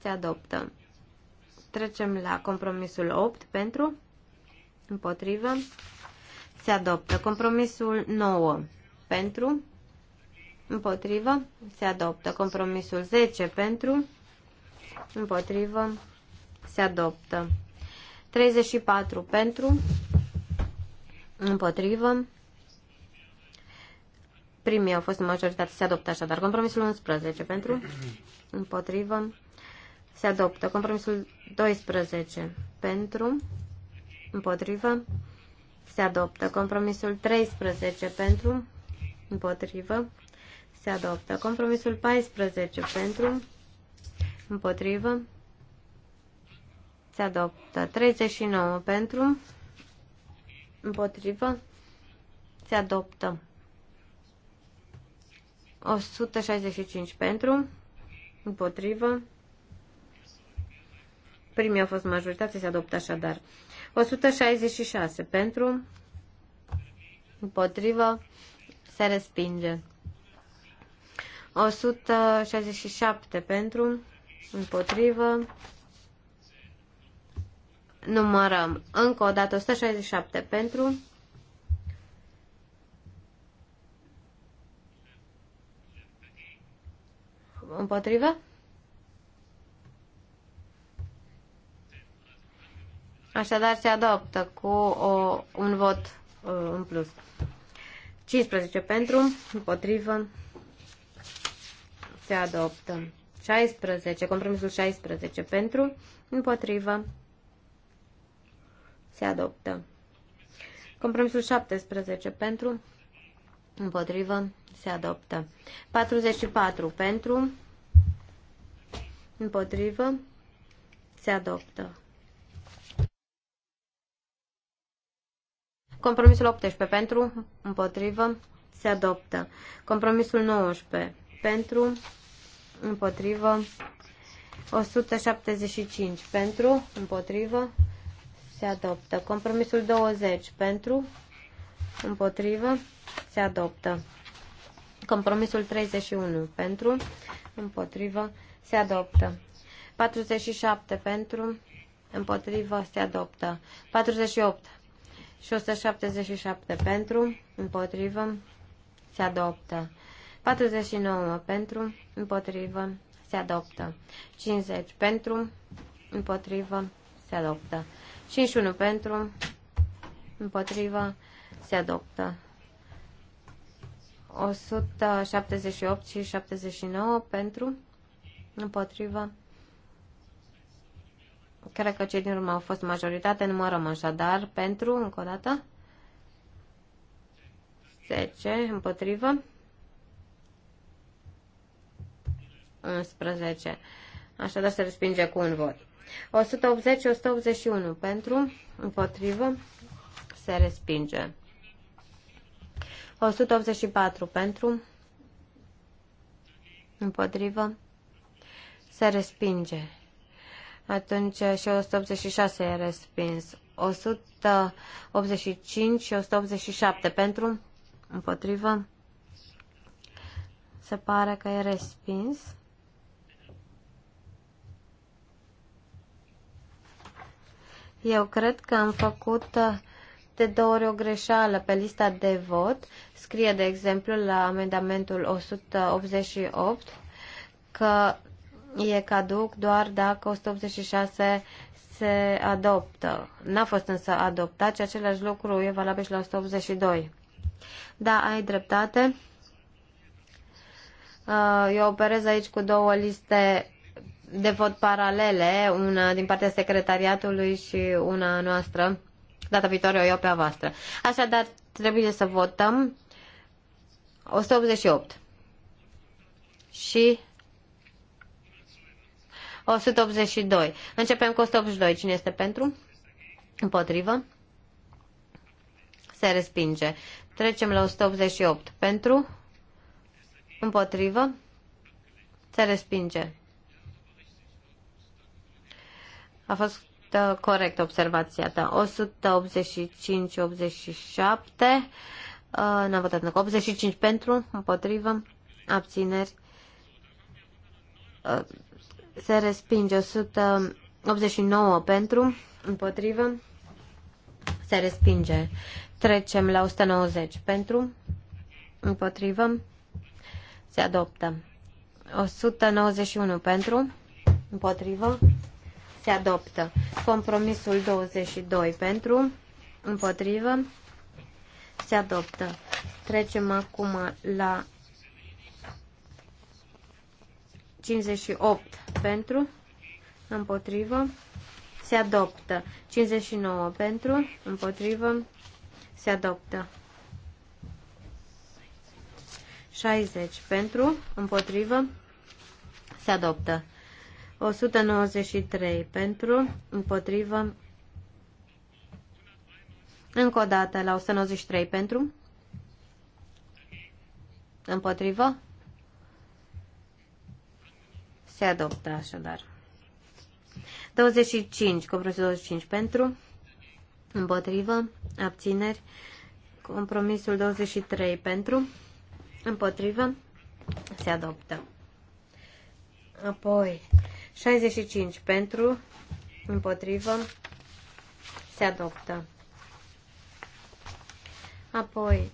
se adoptă. Trecem la compromisul 8 pentru, împotrivă, se adoptă. Compromisul 9 pentru, împotrivă, se adoptă. Compromisul 10 pentru, împotrivă, se adoptă. 34 pentru, împotrivă, primii au fost în majoritate, se adoptă așadar. Compromisul 11 pentru, împotrivă, se adoptă. Compromisul 12 pentru, împotrivă, se adoptă. Compromisul 13 pentru, împotrivă, se adoptă. Compromisul 14 pentru, împotrivă, se adoptă. 39 pentru, împotrivă, se adoptă. 165 pentru, împotrivă. Primii au fost majoritate, se adoptă așadar. 166 pentru, împotrivă, se respinge. 167 pentru, împotrivă, numărăm încă o dată 167 pentru, împotrivă, Așadar se adoptă cu o, un vot uh, în plus. 15 pentru, împotrivă, se adoptă. 16, compromisul 16 pentru, împotrivă, se adoptă. Compromisul 17 pentru, împotrivă, se adoptă. 44 pentru, împotrivă, se adoptă. Compromisul 18 pentru, împotrivă, se adoptă. Compromisul 19 pentru, împotrivă, 175 pentru, împotrivă, se adoptă. Compromisul 20 pentru, împotrivă, se adoptă. Compromisul 31 pentru, împotrivă, se adoptă. 47 pentru, împotrivă, se adoptă. 48 și 177 pentru, împotrivă, se adoptă. 49 pentru, împotrivă, se adoptă. 50 pentru, împotrivă, se adoptă. 51 pentru, împotrivă, se adoptă. 178 și 79 pentru, împotrivă, Cred că cei din urmă au fost majoritate, numărăm așadar pentru, încă o dată, 10 împotrivă, 11. Așadar se respinge cu un vot. 180-181 pentru, împotrivă, se respinge. 184 pentru, împotrivă, se respinge atunci și 186 e respins. 185 și 187 pentru, împotrivă, se pare că e respins. Eu cred că am făcut uh, de două ori o greșeală pe lista de vot. Scrie, de exemplu, la amendamentul 188 că e caduc doar dacă 186 se adoptă. N-a fost însă adoptat și același lucru e valabil și la 182. Da, ai dreptate. Uh, eu operez aici cu două liste de vot paralele, una din partea secretariatului și una noastră. Data viitoare o iau pe a voastră. Așadar, trebuie să votăm 188 și 182. Începem cu 182. Cine este pentru? Împotrivă? Se respinge. Trecem la 188. Pentru? Împotrivă? Se respinge. A fost uh, corect observația ta. 185-87. Uh, N-am votat încă. 85 pentru, împotrivă, abțineri. Uh, se respinge 189 pentru, împotrivă, se respinge. Trecem la 190 pentru, împotrivă, se adoptă. 191 pentru, împotrivă, se adoptă. Compromisul 22 pentru, împotrivă, se adoptă. Trecem acum la 58 pentru, împotrivă, se adoptă. 59 pentru, împotrivă, se adoptă. 60 pentru, împotrivă, se adoptă. 193 pentru, împotrivă, încă o dată la 193 pentru, împotrivă, se adoptă așadar. 25, compromisul 25 pentru, împotrivă, abțineri, compromisul 23 pentru, împotrivă, se adoptă. Apoi, 65 pentru, împotrivă, se adoptă. Apoi,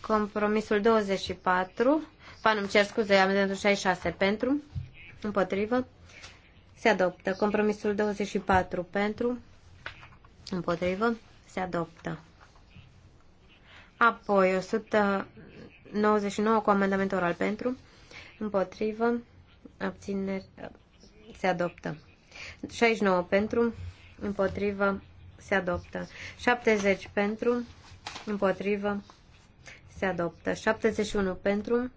compromisul 24 ba, cer scuze, amendamentul 66 pentru, împotrivă, se adoptă. Compromisul 24 pentru, împotrivă, se adoptă. Apoi 199 cu amendament oral pentru, împotrivă, abțineri, se adoptă. 69 pentru, împotrivă, se adoptă. 70 pentru, împotrivă, se adoptă. 71 pentru,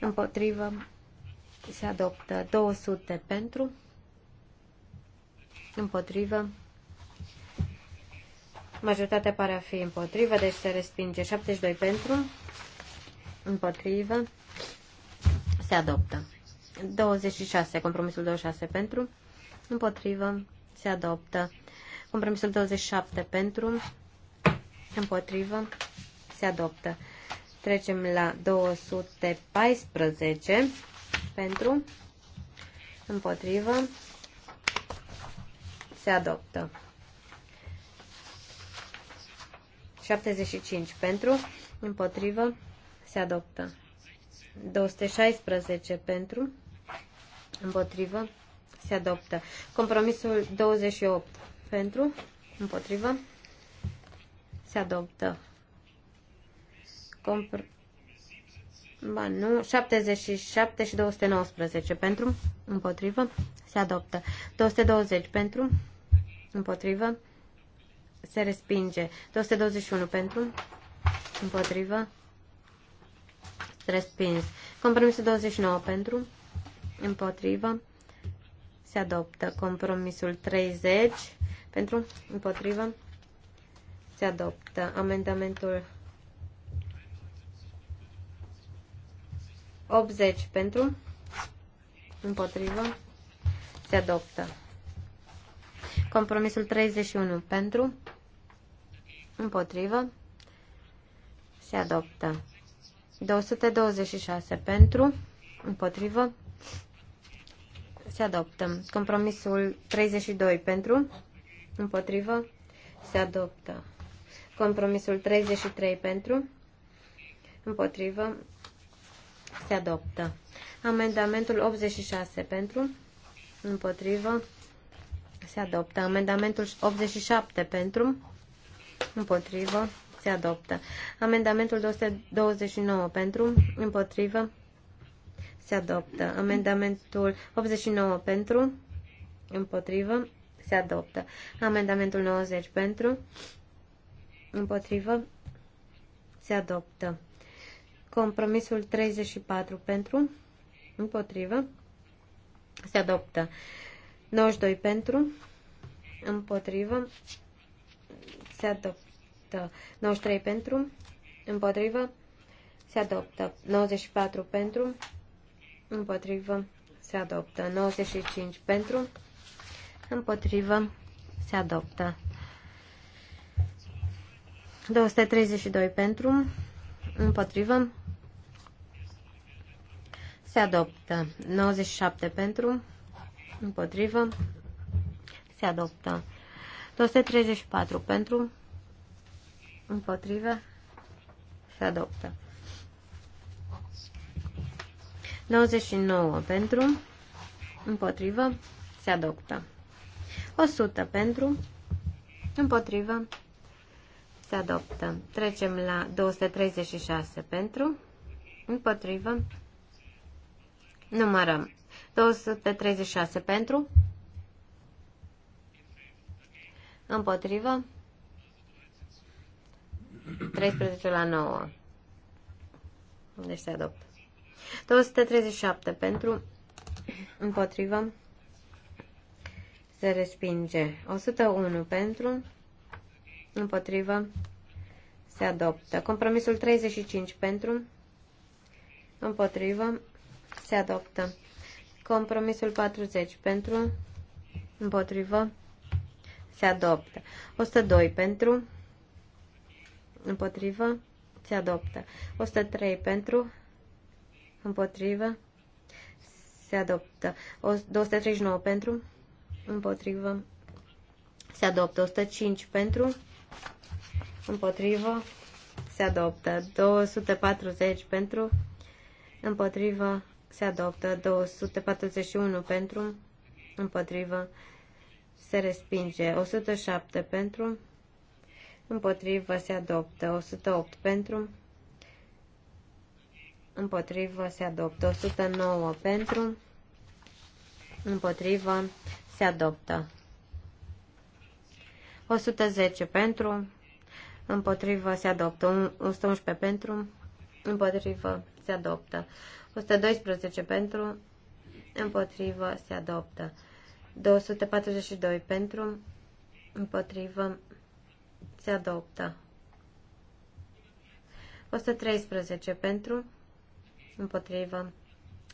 Împotrivă. Se adoptă 200 pentru. Împotrivă. Majoritatea pare a fi împotrivă, deci se respinge 72 pentru. Împotrivă. Se adoptă. 26. Compromisul 26 pentru. Împotrivă. Se adoptă. Compromisul 27 pentru. Împotrivă. Se adoptă. Trecem la 214 pentru, împotrivă, se adoptă. 75 pentru, împotrivă, se adoptă. 216 pentru, împotrivă, se adoptă. Compromisul 28 pentru, împotrivă, se adoptă. Compr- ba nu, 77 și 219 pentru, împotrivă, se adoptă. 220 pentru, împotrivă, se respinge. 221 pentru, împotrivă, respinge Compromisul 29 pentru, împotrivă, se adoptă. Compromisul 30 pentru, împotrivă, se adoptă. Amendamentul 80 pentru, împotrivă, se adoptă. Compromisul 31 pentru, împotrivă, se adoptă. 226 pentru, împotrivă, se adoptă. Compromisul 32 pentru, împotrivă, se adoptă. Compromisul 33 pentru, împotrivă, se adoptă. Amendamentul 86 pentru, împotrivă, se adoptă. Amendamentul 87 pentru, împotrivă, se adoptă. Amendamentul 229 pentru, împotrivă, se adoptă. Amendamentul 89 pentru, împotrivă, se adoptă. Amendamentul 90 pentru, împotrivă, se adoptă. Compromisul 34 pentru, împotrivă, se adoptă. 92 pentru, împotrivă, se adoptă. 93 pentru, împotrivă, se adoptă. 94 pentru, împotrivă, se adoptă. 95 pentru, împotrivă, se adoptă. 232 pentru, împotrivă, se adoptă. 97 pentru. Împotrivă. Se adoptă. 234 pentru. Împotrivă. Se adoptă. 99 pentru. Împotrivă. Se adoptă. 100 pentru. Împotrivă. Se adoptă. Trecem la 236 pentru. Împotrivă. Numărăm. 236 pentru. Împotrivă. 13 la 9. Deci se adoptă. 237 pentru. Împotrivă. Se respinge. 101 pentru. Împotrivă. Se adoptă. Compromisul 35 pentru. Împotrivă se adoptă. Compromisul 40 pentru, împotrivă, se adoptă. 102 pentru, împotrivă, se adoptă. 103 pentru, împotrivă, se adoptă. 239 pentru, împotrivă, se adoptă. 105 pentru, împotrivă, se adoptă. 240 pentru, împotrivă, se adoptă 241 pentru, împotrivă, se respinge 107 pentru, împotrivă, se adoptă 108 pentru, împotrivă, se adoptă 109 pentru, împotrivă, se adoptă 110 pentru, împotrivă, se adoptă 111 pentru, împotrivă, se adoptă. 112 pentru, împotrivă, se adoptă. 242 pentru, împotrivă, se adoptă. 113 pentru, împotrivă,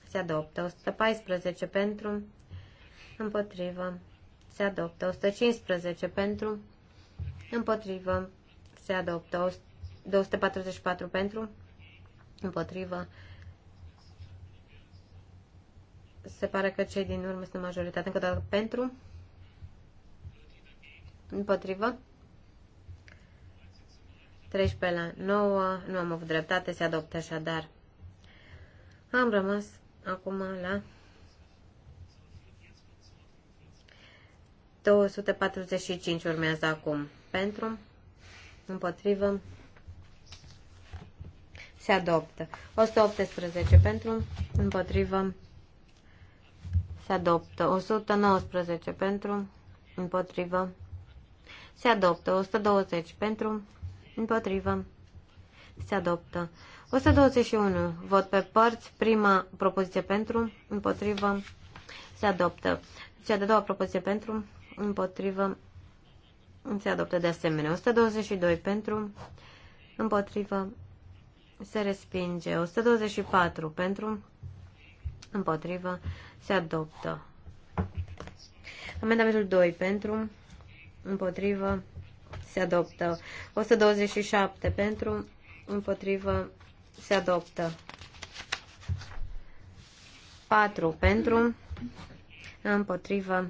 se adoptă. 114 pentru, împotrivă, se adoptă. 115 pentru, împotrivă, se adoptă. 244 pentru, Împotrivă. Se pare că cei din urmă sunt majoritate. Încă dată, pentru. Împotrivă. 13 la 9. Nu am avut dreptate. Se adoptă așadar. Am rămas acum la 245 urmează acum. Pentru, împotrivă, se adoptă. 118 pentru, împotrivă, se adoptă. 119 pentru, împotrivă, se adoptă. 120 pentru, împotrivă, se adoptă. 121. Vot pe părți. Prima propoziție pentru, împotrivă, se adoptă. Cea de doua propoziție pentru, împotrivă, se adoptă de asemenea. 122 pentru, împotrivă, se respinge. 124 pentru, împotrivă, se adoptă. Amendamentul 2 pentru, împotrivă, se adoptă. 127 pentru, împotrivă, se adoptă. 4 pentru, împotrivă,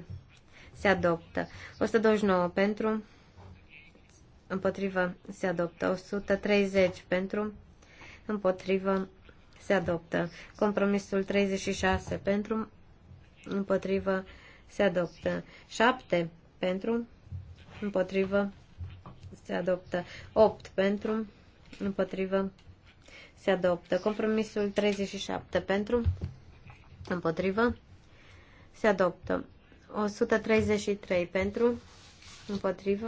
se adoptă. 129 pentru, împotrivă, se adoptă. 130 pentru, împotrivă, se adoptă. Compromisul 36 pentru, împotrivă, se adoptă. 7 pentru, împotrivă, se adoptă. 8 pentru, împotrivă, se adoptă. Compromisul 37 pentru, împotrivă, se adoptă. 133 pentru, împotrivă,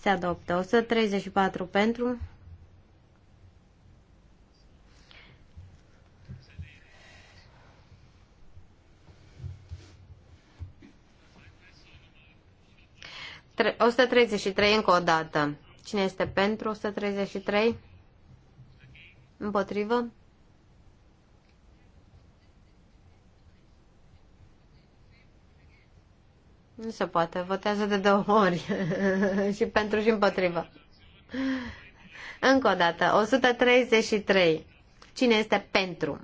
se adoptă. 134 pentru, 133 încă o dată. Cine este pentru 133? Împotrivă? Nu se poate, votează de două ori. și pentru și împotrivă. Încă o dată, 133. Cine este pentru?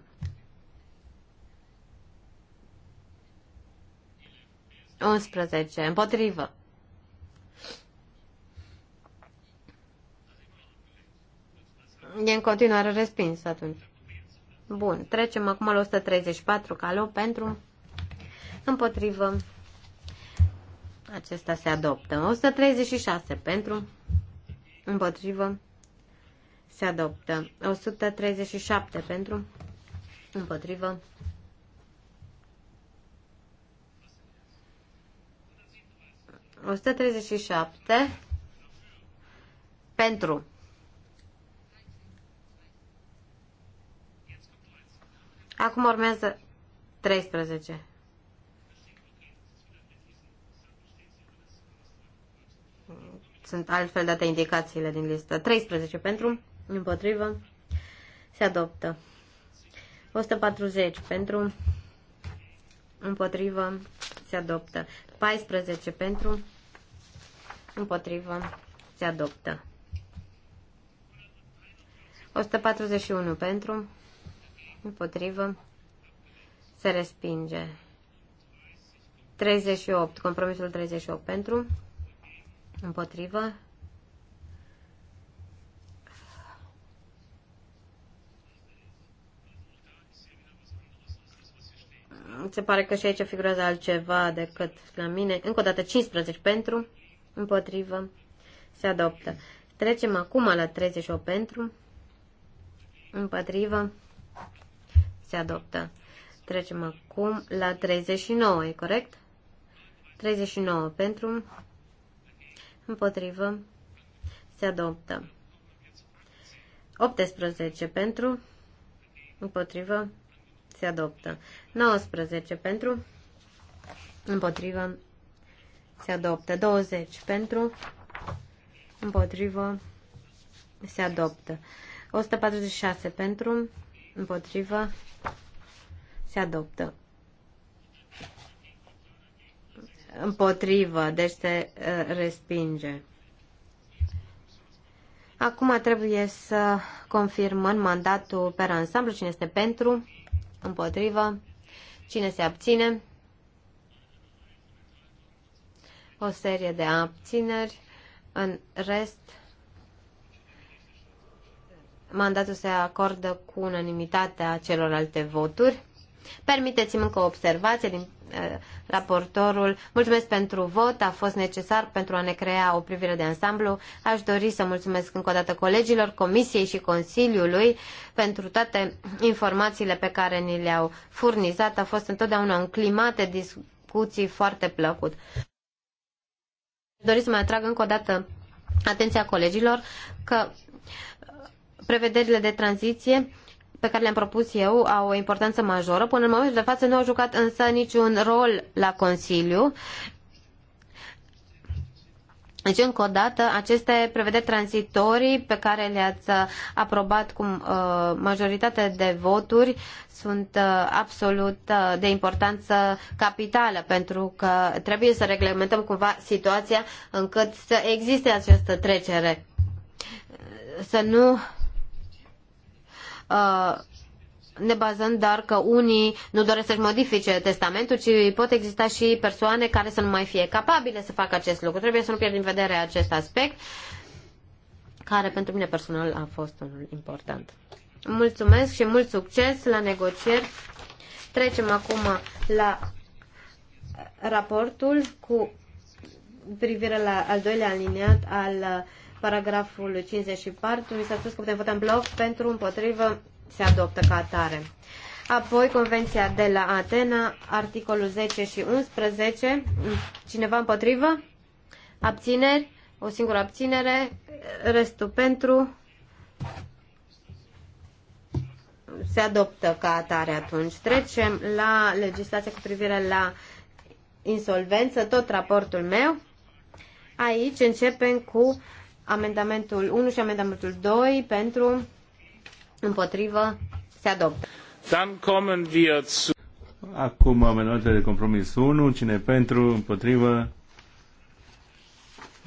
Unsprezece. Împotrivă. E în continuare respins atunci. Bun, trecem acum la 134 calo pentru împotrivă. Acesta se adoptă. 136 pentru împotrivă se adoptă. 137 pentru împotrivă. ...137 pentru Acum urmează 13. Sunt altfel date indicațiile din listă. 13 pentru, împotrivă, se adoptă. 140 pentru, împotrivă, se adoptă. 14 pentru, împotrivă, se adoptă. 141 pentru, împotrivă, se respinge. 38, compromisul 38 pentru, împotrivă, se pare că și aici figurează altceva decât la mine. Încă o dată 15 pentru, împotrivă, se adoptă. Trecem acum la 38 pentru, împotrivă, se adoptă. Trecem acum la 39, e corect? 39 pentru, împotrivă, se adoptă. 18 pentru, împotrivă, se adoptă. 19 pentru, împotrivă, se adoptă. 20 pentru, împotrivă, se adoptă. 146 pentru, Împotriva. Se adoptă. Împotrivă, deci se uh, respinge. Acum trebuie să confirmăm mandatul pe ansamblu, cine este pentru, împotrivă, cine se abține. O serie de abțineri. În rest, mandatul se acordă cu unanimitatea celorlalte voturi. Permiteți-mi încă o observație din eh, raportorul. Mulțumesc pentru vot, a fost necesar pentru a ne crea o privire de ansamblu. Aș dori să mulțumesc încă o dată colegilor, Comisiei și Consiliului pentru toate informațiile pe care ni le-au furnizat. A fost întotdeauna un climat de discuții foarte plăcut. Doriți să mai atrag încă o dată atenția colegilor că prevederile de tranziție pe care le-am propus eu au o importanță majoră. Până în momentul de față nu au jucat însă niciun rol la Consiliu. Deci, încă o dată, aceste prevederi tranzitorii pe care le-ați uh, aprobat cu uh, majoritate de voturi sunt uh, absolut uh, de importanță capitală, pentru că trebuie să reglementăm cumva situația încât să existe această trecere. Să nu Uh, ne bazând doar că unii nu doresc să-și modifice testamentul, ci pot exista și persoane care să nu mai fie capabile să facă acest lucru. Trebuie să nu pierdem vedere acest aspect, care pentru mine personal a fost unul important. Mulțumesc și mult succes la negocieri. Trecem acum la raportul cu privire la al doilea aliniat al paragraful 54, mi s-a spus că putem vota în bloc pentru împotrivă se adoptă ca atare. Apoi Convenția de la Atena, articolul 10 și 11. Cineva împotrivă? Abțineri? O singură abținere, restul pentru se adoptă ca atare atunci. Trecem la legislația cu privire la insolvență, tot raportul meu. Aici începem cu Amendamentul 1 și amendamentul 2 pentru, împotrivă, se adoptă. Dann kommen wir zu... Acum amendamentele de compromis 1, cine pentru, împotrivă,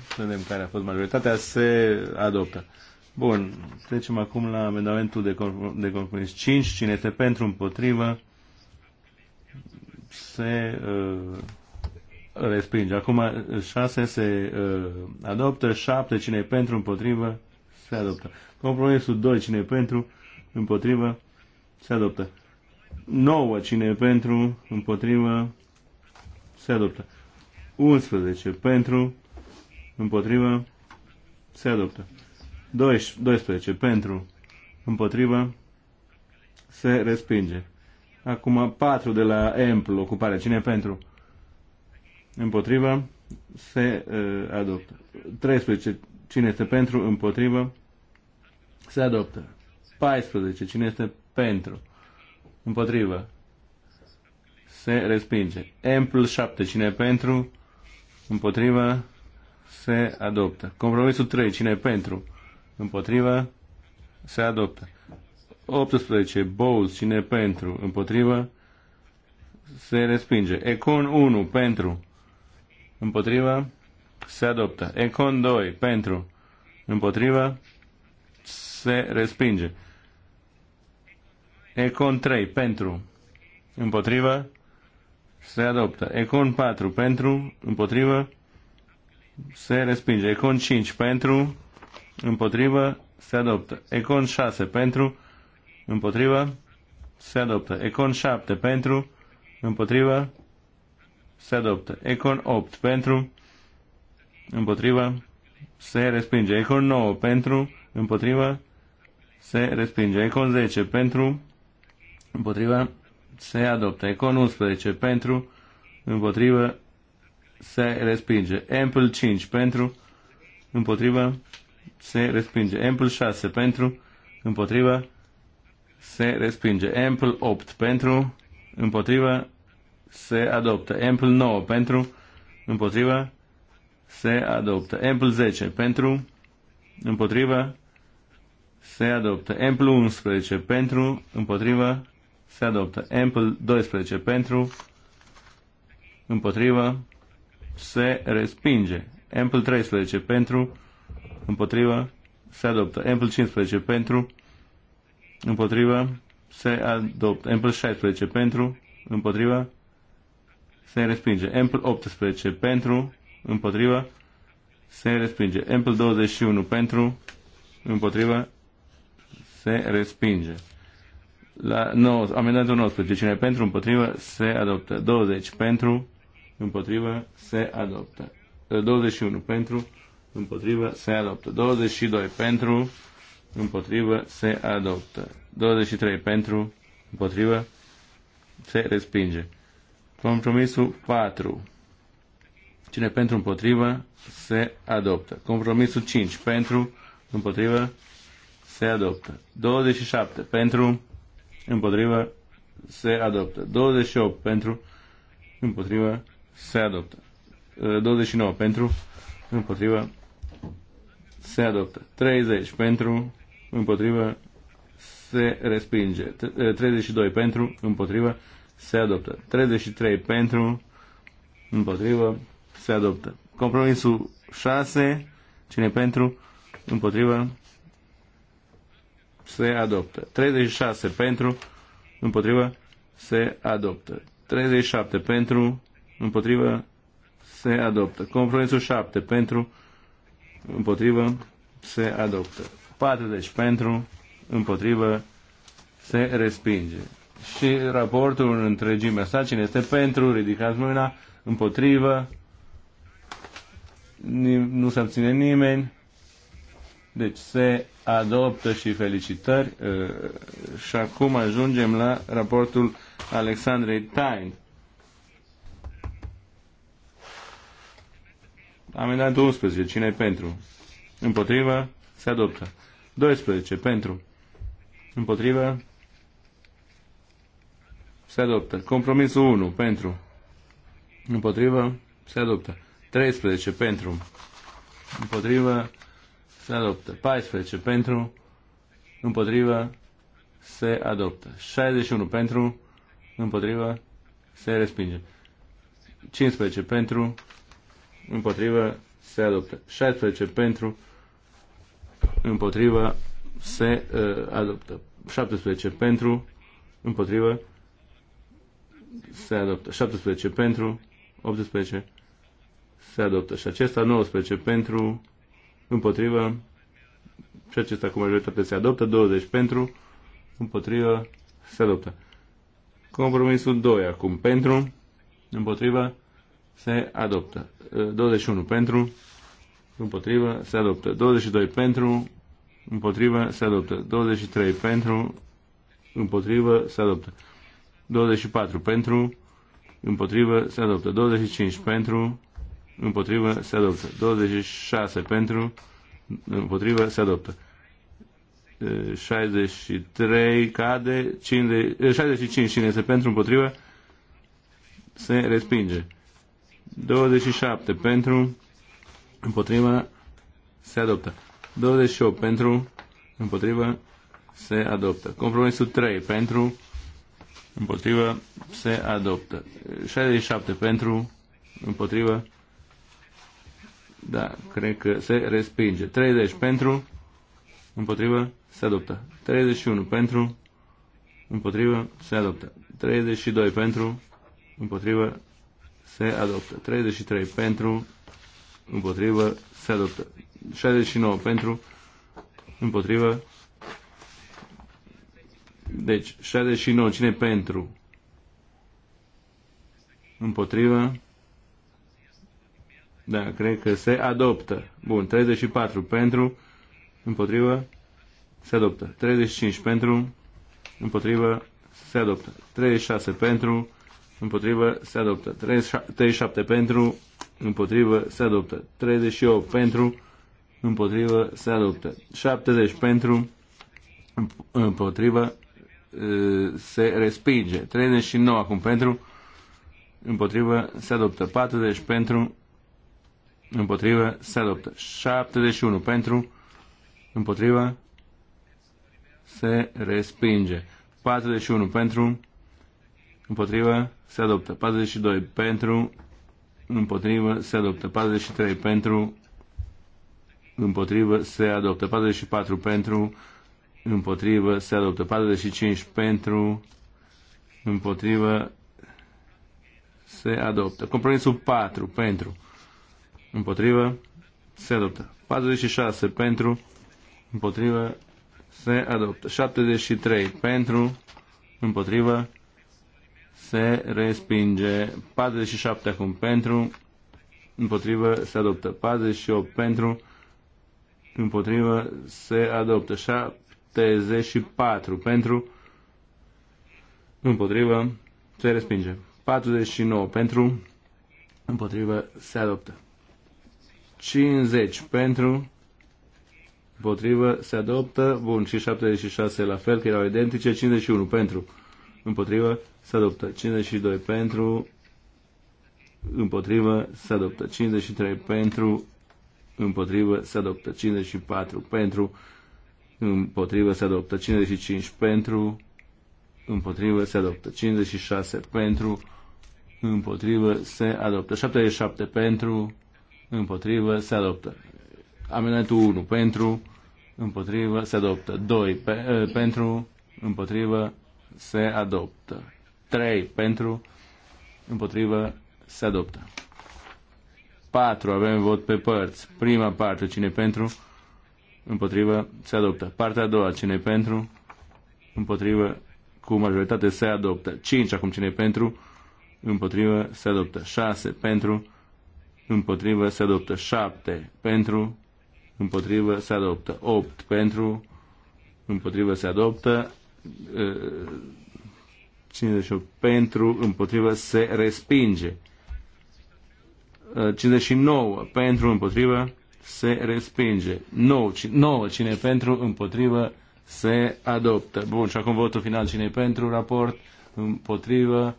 să vedem care a fost majoritatea, se adoptă. Bun, trecem acum la amendamentul de, de compromis 5, cine este pentru, împotrivă, se uh, respinge. Acum 6 se uh, adoptă, 7 cine e pentru, împotrivă, se adoptă. Compromisul 2 cine e pentru, împotrivă, se adoptă. 9 cine e pentru, împotrivă, se adoptă. 11 pentru, împotrivă, se adoptă. 12 pentru, împotrivă, se respinge. Acum 4 de la Emplu, ocupare. Cine e pentru? împotriva, se uh, adoptă. 13. Cine este pentru, împotriva, se adoptă. 14. Cine este pentru, împotriva, se respinge. Ample 7. Cine e pentru, împotriva, se adoptă. Compromisul 3. Cine e pentru, împotriva, se adoptă. 18. Bowles. Cine e pentru, împotriva, se respinge. Econ 1. Pentru, împotriva, se adoptă. Econ 2, pentru, împotriva, se respinge. Econ 3, pentru, împotriva, se adoptă. Econ 4, pentru, împotriva, se respinge. Econ 5, pentru, împotriva, se adoptă. Econ 6, pentru, împotriva, se adoptă. Econ 7, pentru, împotriva, se adoptă. Econ 8 pentru, împotriva, se respinge. Econ 9 pentru, împotriva, se respinge. Econ 10 pentru, împotriva, se adoptă. Econ 11 pentru, împotriva, se respinge. Ample 5 pentru, împotriva, se respinge. Ample 6 pentru, împotriva, se respinge. Ample 8 pentru, împotriva, se adoptă. Ample 9 pentru, împotriva, se adoptă. Ample 10 pentru, împotriva, se adoptă. Ample 11 pentru, împotriva, se adoptă. Ample 12 pentru, împotriva, se respinge. Ample 13 pentru, împotriva, se adoptă. Ample 15 pentru, împotriva, se adoptă. Ample 16 pentru, împotriva, se respinge. Ample 18 pentru, împotriva, se respinge. Ample 21 pentru, împotriva, se respinge. La 9, amendamentul 19, cine pentru, împotriva, se adoptă. 20 pentru, împotriva, se adoptă. 21 pentru, împotriva, se adoptă. 22 pentru, împotrivă, se adoptă. 23 pentru, împotrivă, se respinge. Compromisul 4. Cine pentru împotrivă se adoptă. Compromisul 5. Pentru împotrivă se adoptă. 27. Pentru împotrivă se adoptă. 28. Pentru împotrivă se adoptă. 29. Uh, pentru împotrivă se adoptă. 30. Pentru împotrivă se respinge. 32. Uh, pentru împotrivă se adoptă. 33 pentru, împotrivă, se adoptă. Compromisul 6, cine pentru, împotrivă, se adoptă. 36 pentru, împotrivă, se adoptă. 37 pentru, împotrivă, se adoptă. Compromisul 7 pentru, împotrivă, se adoptă. 40 pentru, împotrivă, se respinge și raportul în întregime sa. Cine este pentru, ridicați mâna, împotrivă, nu se abține nimeni. Deci se adoptă și felicitări. Uh, și acum ajungem la raportul Alexandrei Tain. Amendatul 11. Cine e pentru? Împotrivă? Se adoptă. 12. Pentru. Împotrivă? se adoptă. Compromisul 1 pentru, împotrivă, se adoptă. 13 pentru, împotrivă, se adoptă. 14 pentru, împotrivă, se adoptă. 61 pentru, împotrivă, se respinge. 15 pentru, împotrivă, se adoptă. 16 pentru, împotrivă, se uh, adoptă. 17 pentru, împotrivă, se adoptă. 17 pentru, 18 se adoptă. Și acesta 19 pentru, împotrivă, și acesta cu majoritate se adoptă, 20 pentru, împotrivă, se adoptă. Compromisul 2 acum, pentru, împotrivă, se adoptă. 21 pentru, împotrivă, se adoptă. 22 pentru, împotrivă, se adoptă. 23 pentru, împotrivă, se adoptă. 24 pentru, împotrivă, se adoptă. 25 pentru, împotrivă, se adoptă. 26 pentru, împotrivă, se adoptă. 63 cade, 50, 65 eh, cine este pentru, împotrivă, se respinge. 27 pentru, împotrivă, se adoptă. 28 pentru, împotrivă, se adoptă. Compromisul 3 pentru, împotrivă, se adoptă. 67 pentru, împotrivă, da, cred că se respinge. 30 pentru, împotrivă, se adoptă. 31 pentru, împotrivă, se adoptă. 32 pentru, împotrivă, se adoptă. 33 pentru, împotrivă, se adoptă. 69 pentru, împotrivă, deci, 69. Cine pentru? Împotrivă? Da, cred că se adoptă. Bun, 34 pentru, împotrivă, se adoptă. 35 pentru, împotrivă, se adoptă. 36 pentru, împotrivă, se adoptă. 37 pentru, împotrivă, se adoptă. 38 pentru, împotrivă, se adoptă. 70 pentru, împotrivă, Uh, se respinge. 39 acum pentru, împotrivă, se adoptă. 40 pentru, împotrivă, se adoptă. 71 pentru, împotrivă, se respinge. 41 pentru, împotrivă, se adoptă. 42 pentru, împotrivă, se adoptă. 43 pentru, împotrivă, se adoptă. 44 pentru, împotrivă, se adoptă. 45 pentru, împotrivă, se adoptă. Compromisul 4 pentru, împotrivă, se adoptă. 46 pentru, împotrivă, se adoptă. 73 pentru, împotrivă, se respinge. 47 acum pentru, împotrivă, se adoptă. 48 pentru, împotrivă, se adoptă. 74 pentru, împotrivă, se respinge. 49 pentru, împotrivă, se adoptă. 50 pentru, împotrivă, se adoptă. Bun, și 76 la fel, că erau identice. 51 pentru, împotrivă, se adoptă. 52 pentru, împotrivă, se adoptă. 53 pentru, împotrivă, se adoptă. 54 pentru, împotrivă se adoptă 55 pentru, împotrivă se adoptă 56 pentru, împotrivă se adoptă 77 pentru, împotrivă se adoptă. amenetul 1 pentru, împotrivă se adoptă 2 pe, eh, pentru, împotrivă se adoptă 3 pentru, împotrivă se adoptă. 4. Avem vot pe părți. Prima parte, cine pentru? împotrivă, se adoptă. Partea a doua, cine e pentru, împotrivă, cu majoritate se adoptă. 5 acum cine e pentru, împotrivă, se adoptă. 6 pentru, împotrivă, se adoptă. 7 pentru, împotrivă, se adoptă. 8 pentru, împotrivă, se adoptă. 58 pentru, împotrivă, se respinge. 59 pentru, împotrivă, se respinge. 9, 9 cine pentru, împotrivă, se adoptă. Bun, și acum votul final cine pentru raport, împotrivă,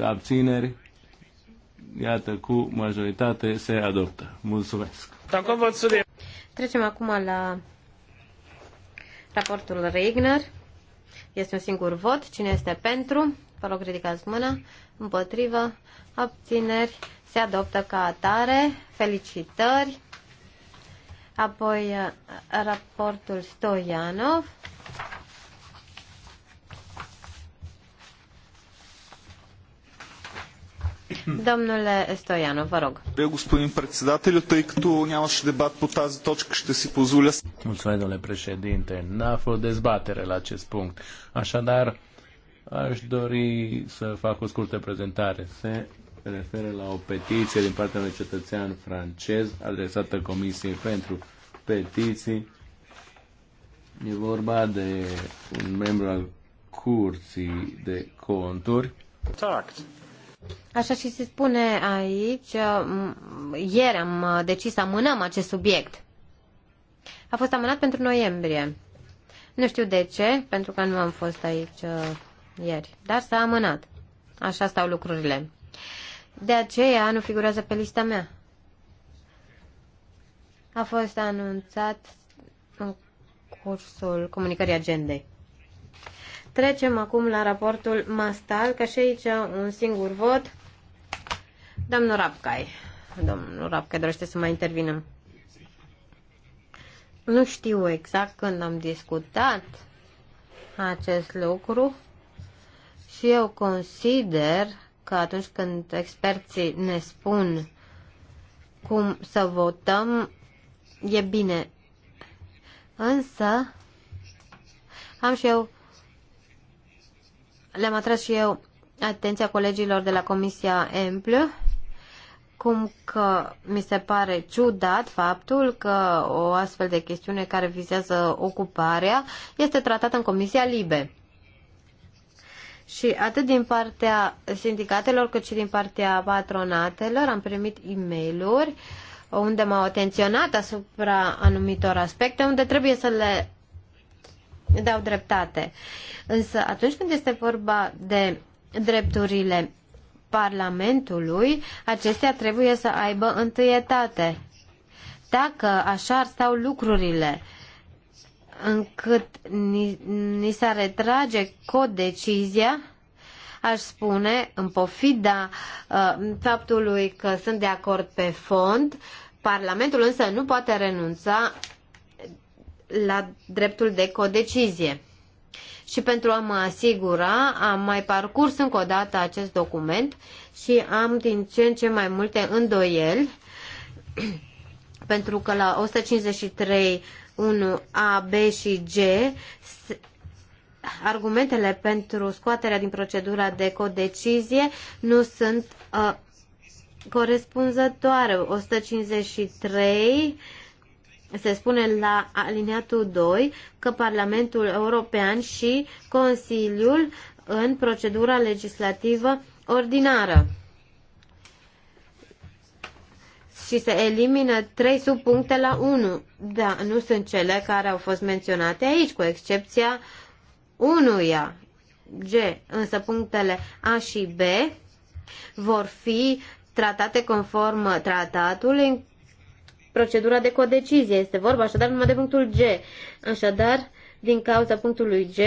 abțineri, iată, cu majoritate se adoptă. Mulțumesc! Trecem acum la raportul Regner. Este un singur vot. Cine este pentru? Vă rog, ridicați mâna. Împotrivă, abțineri, se adoptă ca atare. Felicitări! Apoi uh, raportul Stoianov. Domnule Стоянов, vă rog. Господин председателю, тъй като нямаше дебат по тази точка, ще си позволя. Mulțumesc, domnule președinte. N-a fost dezbatere la acest punct. Așadar, aș dori să fac o scurtă prezentare. Se se referă la o petiție din partea unui cetățean francez adresată Comisiei pentru Petiții. E vorba de un membru al Curții de Conturi. Tact. Așa și se spune aici, ieri am decis să amânăm acest subiect. A fost amânat pentru noiembrie. Nu știu de ce, pentru că nu am fost aici uh, ieri, dar s-a amânat. Așa stau lucrurile. De aceea nu figurează pe lista mea. A fost anunțat în cursul comunicării agendei. Trecem acum la raportul Mastal, că și aici un singur vot. Domnul Rapcai. Domnul Rapcai dorește să mai intervină. Nu știu exact când am discutat acest lucru și eu consider că atunci când experții ne spun cum să votăm, e bine. Însă, am și eu, le-am atras și eu atenția colegilor de la Comisia Emplu, cum că mi se pare ciudat faptul că o astfel de chestiune care vizează ocuparea este tratată în Comisia Libe. Și atât din partea sindicatelor cât și din partea patronatelor am primit e mail unde m-au atenționat asupra anumitor aspecte unde trebuie să le dau dreptate. Însă atunci când este vorba de drepturile Parlamentului, acestea trebuie să aibă întâietate. Dacă așa ar stau lucrurile, încât ni, ni s-ar retrage codecizia, aș spune, în pofida uh, faptului că sunt de acord pe fond, Parlamentul însă nu poate renunța la dreptul de codecizie. Și pentru a mă asigura, am mai parcurs încă o dată acest document și am din ce în ce mai multe îndoieli, pentru că la 153 1, A, B și G, argumentele pentru scoaterea din procedura de codecizie nu sunt uh, corespunzătoare. 153 se spune la aliniatul 2 că Parlamentul European și Consiliul în procedura legislativă ordinară și se elimină trei subpuncte la 1. Da, nu sunt cele care au fost menționate aici, cu excepția unuia. G, însă punctele A și B vor fi tratate conform tratatului în procedura de codecizie. Este vorba așadar numai de punctul G. Așadar, din cauza punctului G,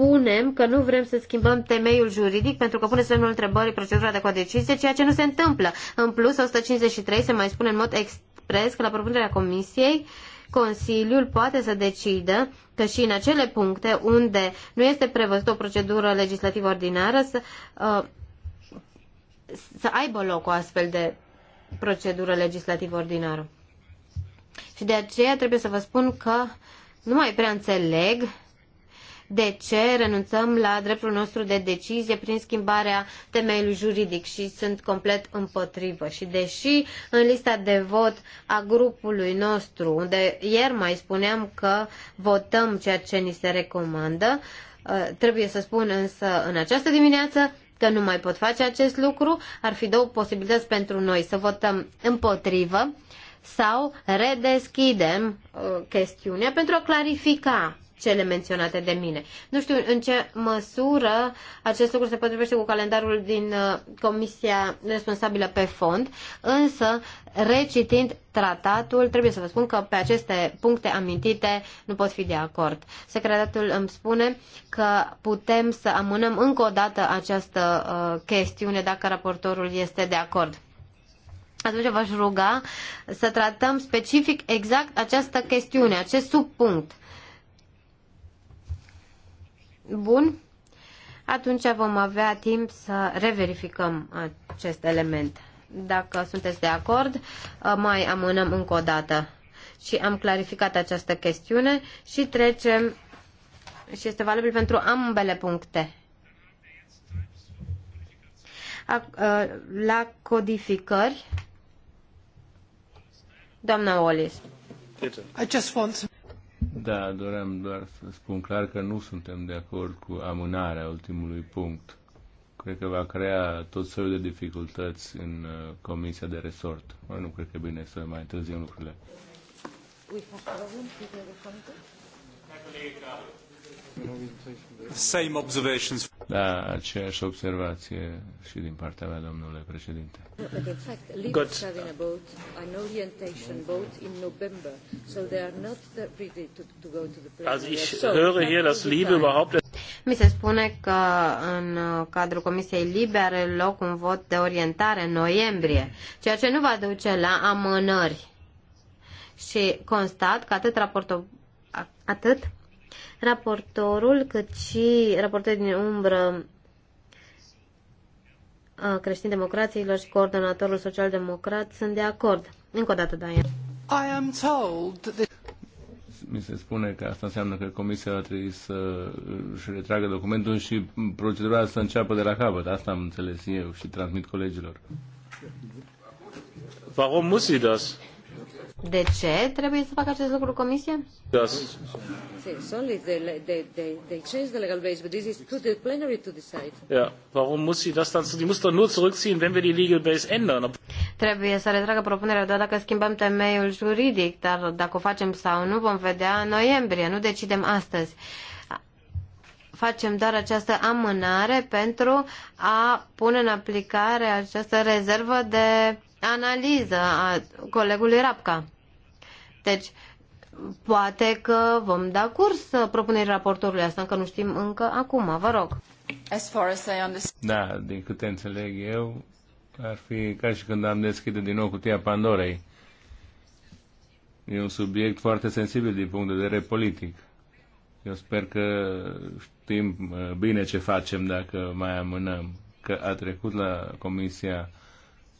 spunem că nu vrem să schimbăm temeiul juridic pentru că pune semnul întrebării procedura de codecizie, ceea ce nu se întâmplă. În plus, 153 se mai spune în mod expres că la propunerea Comisiei Consiliul poate să decidă că și în acele puncte unde nu este prevăzută o procedură legislativă ordinară să, uh, să aibă loc o astfel de procedură legislativă ordinară. Și de aceea trebuie să vă spun că nu mai prea înțeleg de ce renunțăm la dreptul nostru de decizie prin schimbarea temeiului juridic și sunt complet împotrivă. Și deși în lista de vot a grupului nostru, unde ieri mai spuneam că votăm ceea ce ni se recomandă, ă, trebuie să spun însă în această dimineață că nu mai pot face acest lucru, ar fi două posibilități pentru noi să votăm împotrivă sau redeschidem uh, chestiunea pentru a clarifica cele menționate de mine. Nu știu în ce măsură acest lucru se potrivește cu calendarul din uh, comisia responsabilă pe fond, însă recitind tratatul, trebuie să vă spun că pe aceste puncte amintite nu pot fi de acord. Secretatul îmi spune că putem să amânăm încă o dată această uh, chestiune dacă raportorul este de acord. Atunci v-aș ruga să tratăm specific exact această chestiune, acest subpunct bun, atunci vom avea timp să reverificăm acest element. Dacă sunteți de acord, mai amânăm încă o dată. Și am clarificat această chestiune și trecem și este valabil pentru ambele puncte. Ă, la codificări, doamna Olis. I just want da, doream doar să spun clar că nu suntem de acord cu amânarea ultimului punct. Cred că va crea tot felul de dificultăți în uh, comisia de resort. Noi nu cred că e bine să mai întârziem lucrurile. Ui, Same observations. Da, aceeași observație și din partea mea, domnule președinte. mi se spune că în cadrul Comisiei Libere are loc un vot de orientare în noiembrie, ceea ce nu va duce la amânări. Și constat că atât, raportul, atât Raportorul, cât și raportorul din umbră creștin democrațiilor și coordonatorul social-democrat sunt de acord. Încă o dată, Daniel. I am told that mi se spune că asta înseamnă că comisia va trebui să își retragă documentul și procedura să înceapă de la capăt. Asta am înțeles eu și transmit colegilor. Warum muss sie das? De ce trebuie să facă acest lucru Comisia? Yes. It's only they, they, they, they change the legal base, but this is to the plenary to decide. Ja, warum muss sie das dann, die muss doch nur zurückziehen, wenn wir die legal base ändern. Trebuie să retragă propunerea doar dacă schimbăm temeiul juridic, dar dacă o facem sau nu vom vedea în noiembrie, nu decidem astăzi. Facem doar această amânare pentru a pune în aplicare această rezervă de analiză a colegului Rapca. Deci, poate că vom da curs propunerii raportorului asta, încă nu știm încă acum, vă rog. As far as I understand. Da, din câte înțeleg eu, ar fi ca și când am deschide din nou cutia Pandorei. E un subiect foarte sensibil din punct de vedere politic. Eu sper că știm uh, bine ce facem dacă mai amânăm, că a trecut la Comisia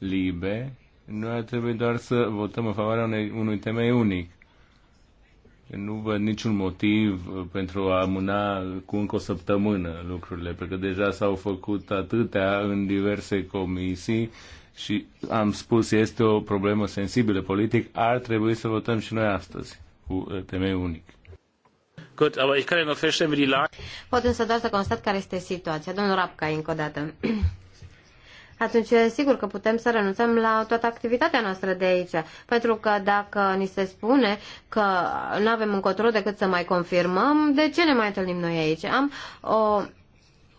libe, noi ar trebui doar să votăm în favoarea unei, unui temei unic. Nu văd niciun motiv uh, pentru a amâna cu încă o săptămână lucrurile, pentru că deja s-au făcut atâtea în diverse comisii și am spus, este o problemă sensibilă politic, ar trebui să votăm și noi astăzi cu uh, temei unic. Gut, aber ich kann ja feststellen, wie die Lage... Pot însă doar să constat care este situația. Domnul Rapca, încă o dată. atunci sigur că putem să renunțăm la toată activitatea noastră de aici. Pentru că dacă ni se spune că nu avem încotro decât să mai confirmăm, de ce ne mai întâlnim noi aici? Am o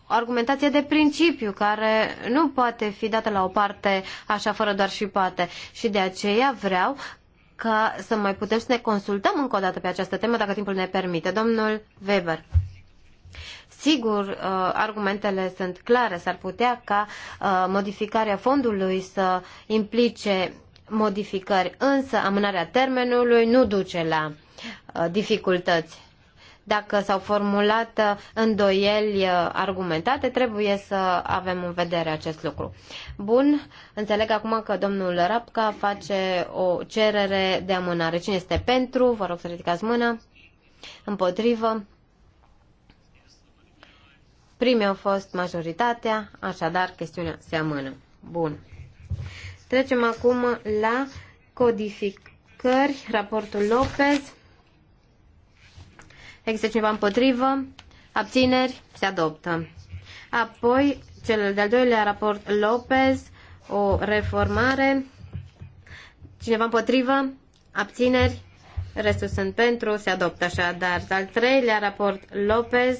argumentație de principiu care nu poate fi dată la o parte așa fără doar și poate. Și de aceea vreau ca să mai putem să ne consultăm încă o dată pe această temă, dacă timpul ne permite. Domnul Weber. Sigur, uh, argumentele sunt clare. S-ar putea ca uh, modificarea fondului să implice modificări, însă amânarea termenului nu duce la uh, dificultăți. Dacă s-au formulat îndoieli argumentate, trebuie să avem în vedere acest lucru. Bun, înțeleg acum că domnul Rapca face o cerere de amânare. Cine este pentru? Vă rog să ridicați mâna. Împotrivă? Prime au fost majoritatea, așadar chestiunea se amână. Bun. Trecem acum la codificări, raportul Lopez. Există cineva împotrivă? Abțineri? Se adoptă. Apoi, cel de-al doilea raport Lopez, o reformare. Cineva împotrivă? Abțineri? Restul sunt pentru, se adoptă așadar. Al treilea raport Lopez,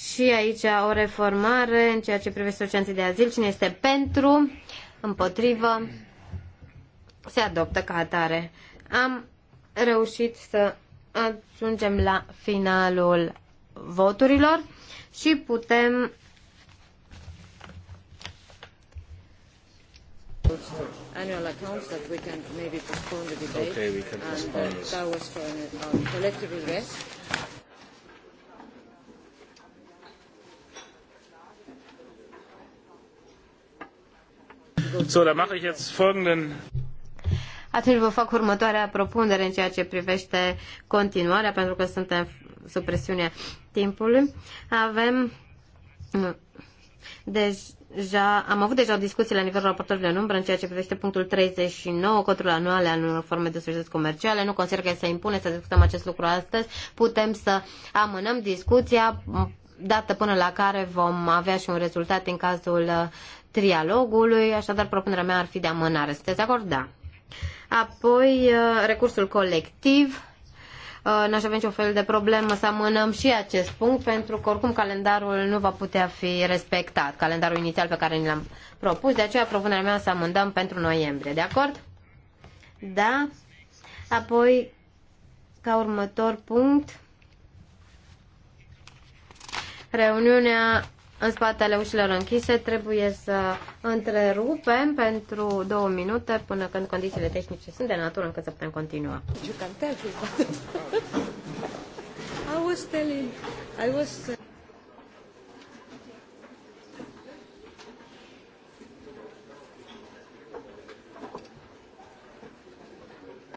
și aici o reformare în ceea ce privește solicitanții de azil. Cine este pentru, împotrivă, se adoptă ca atare. Am reușit să ajungem la finalul voturilor și putem annual accounts that we can maybe postpone the debate. Okay, we can uh, postpone and, this. That was for a, uh, um, collective redress. So, mache ich jetzt folgenden atunci vă fac următoarea propunere în ceea ce privește continuarea, pentru că suntem sub presiunea timpului. Avem mm, deja, am avut deja o discuție la nivelul raportorului în umbră în ceea ce privește punctul 39, codul anual al unor forme de societăți comerciale. Nu consider că se impune să discutăm acest lucru astăzi. Putem să amânăm discuția mm, dată până la care vom avea și un rezultat în cazul trialogului, așadar propunerea mea ar fi de amânare. Sunteți de acord? Da. Apoi, uh, recursul colectiv. Uh, n-aș avea niciun fel de problemă să amânăm și acest punct, pentru că oricum calendarul nu va putea fi respectat, calendarul inițial pe care ni l-am propus, de aceea propunerea mea să amândăm pentru noiembrie. De acord? Da. Apoi, ca următor punct, reuniunea în spatele ușilor închise trebuie să întrerupem pentru două minute până când condițiile tehnice sunt de natură încât să putem continua. I was telling, I was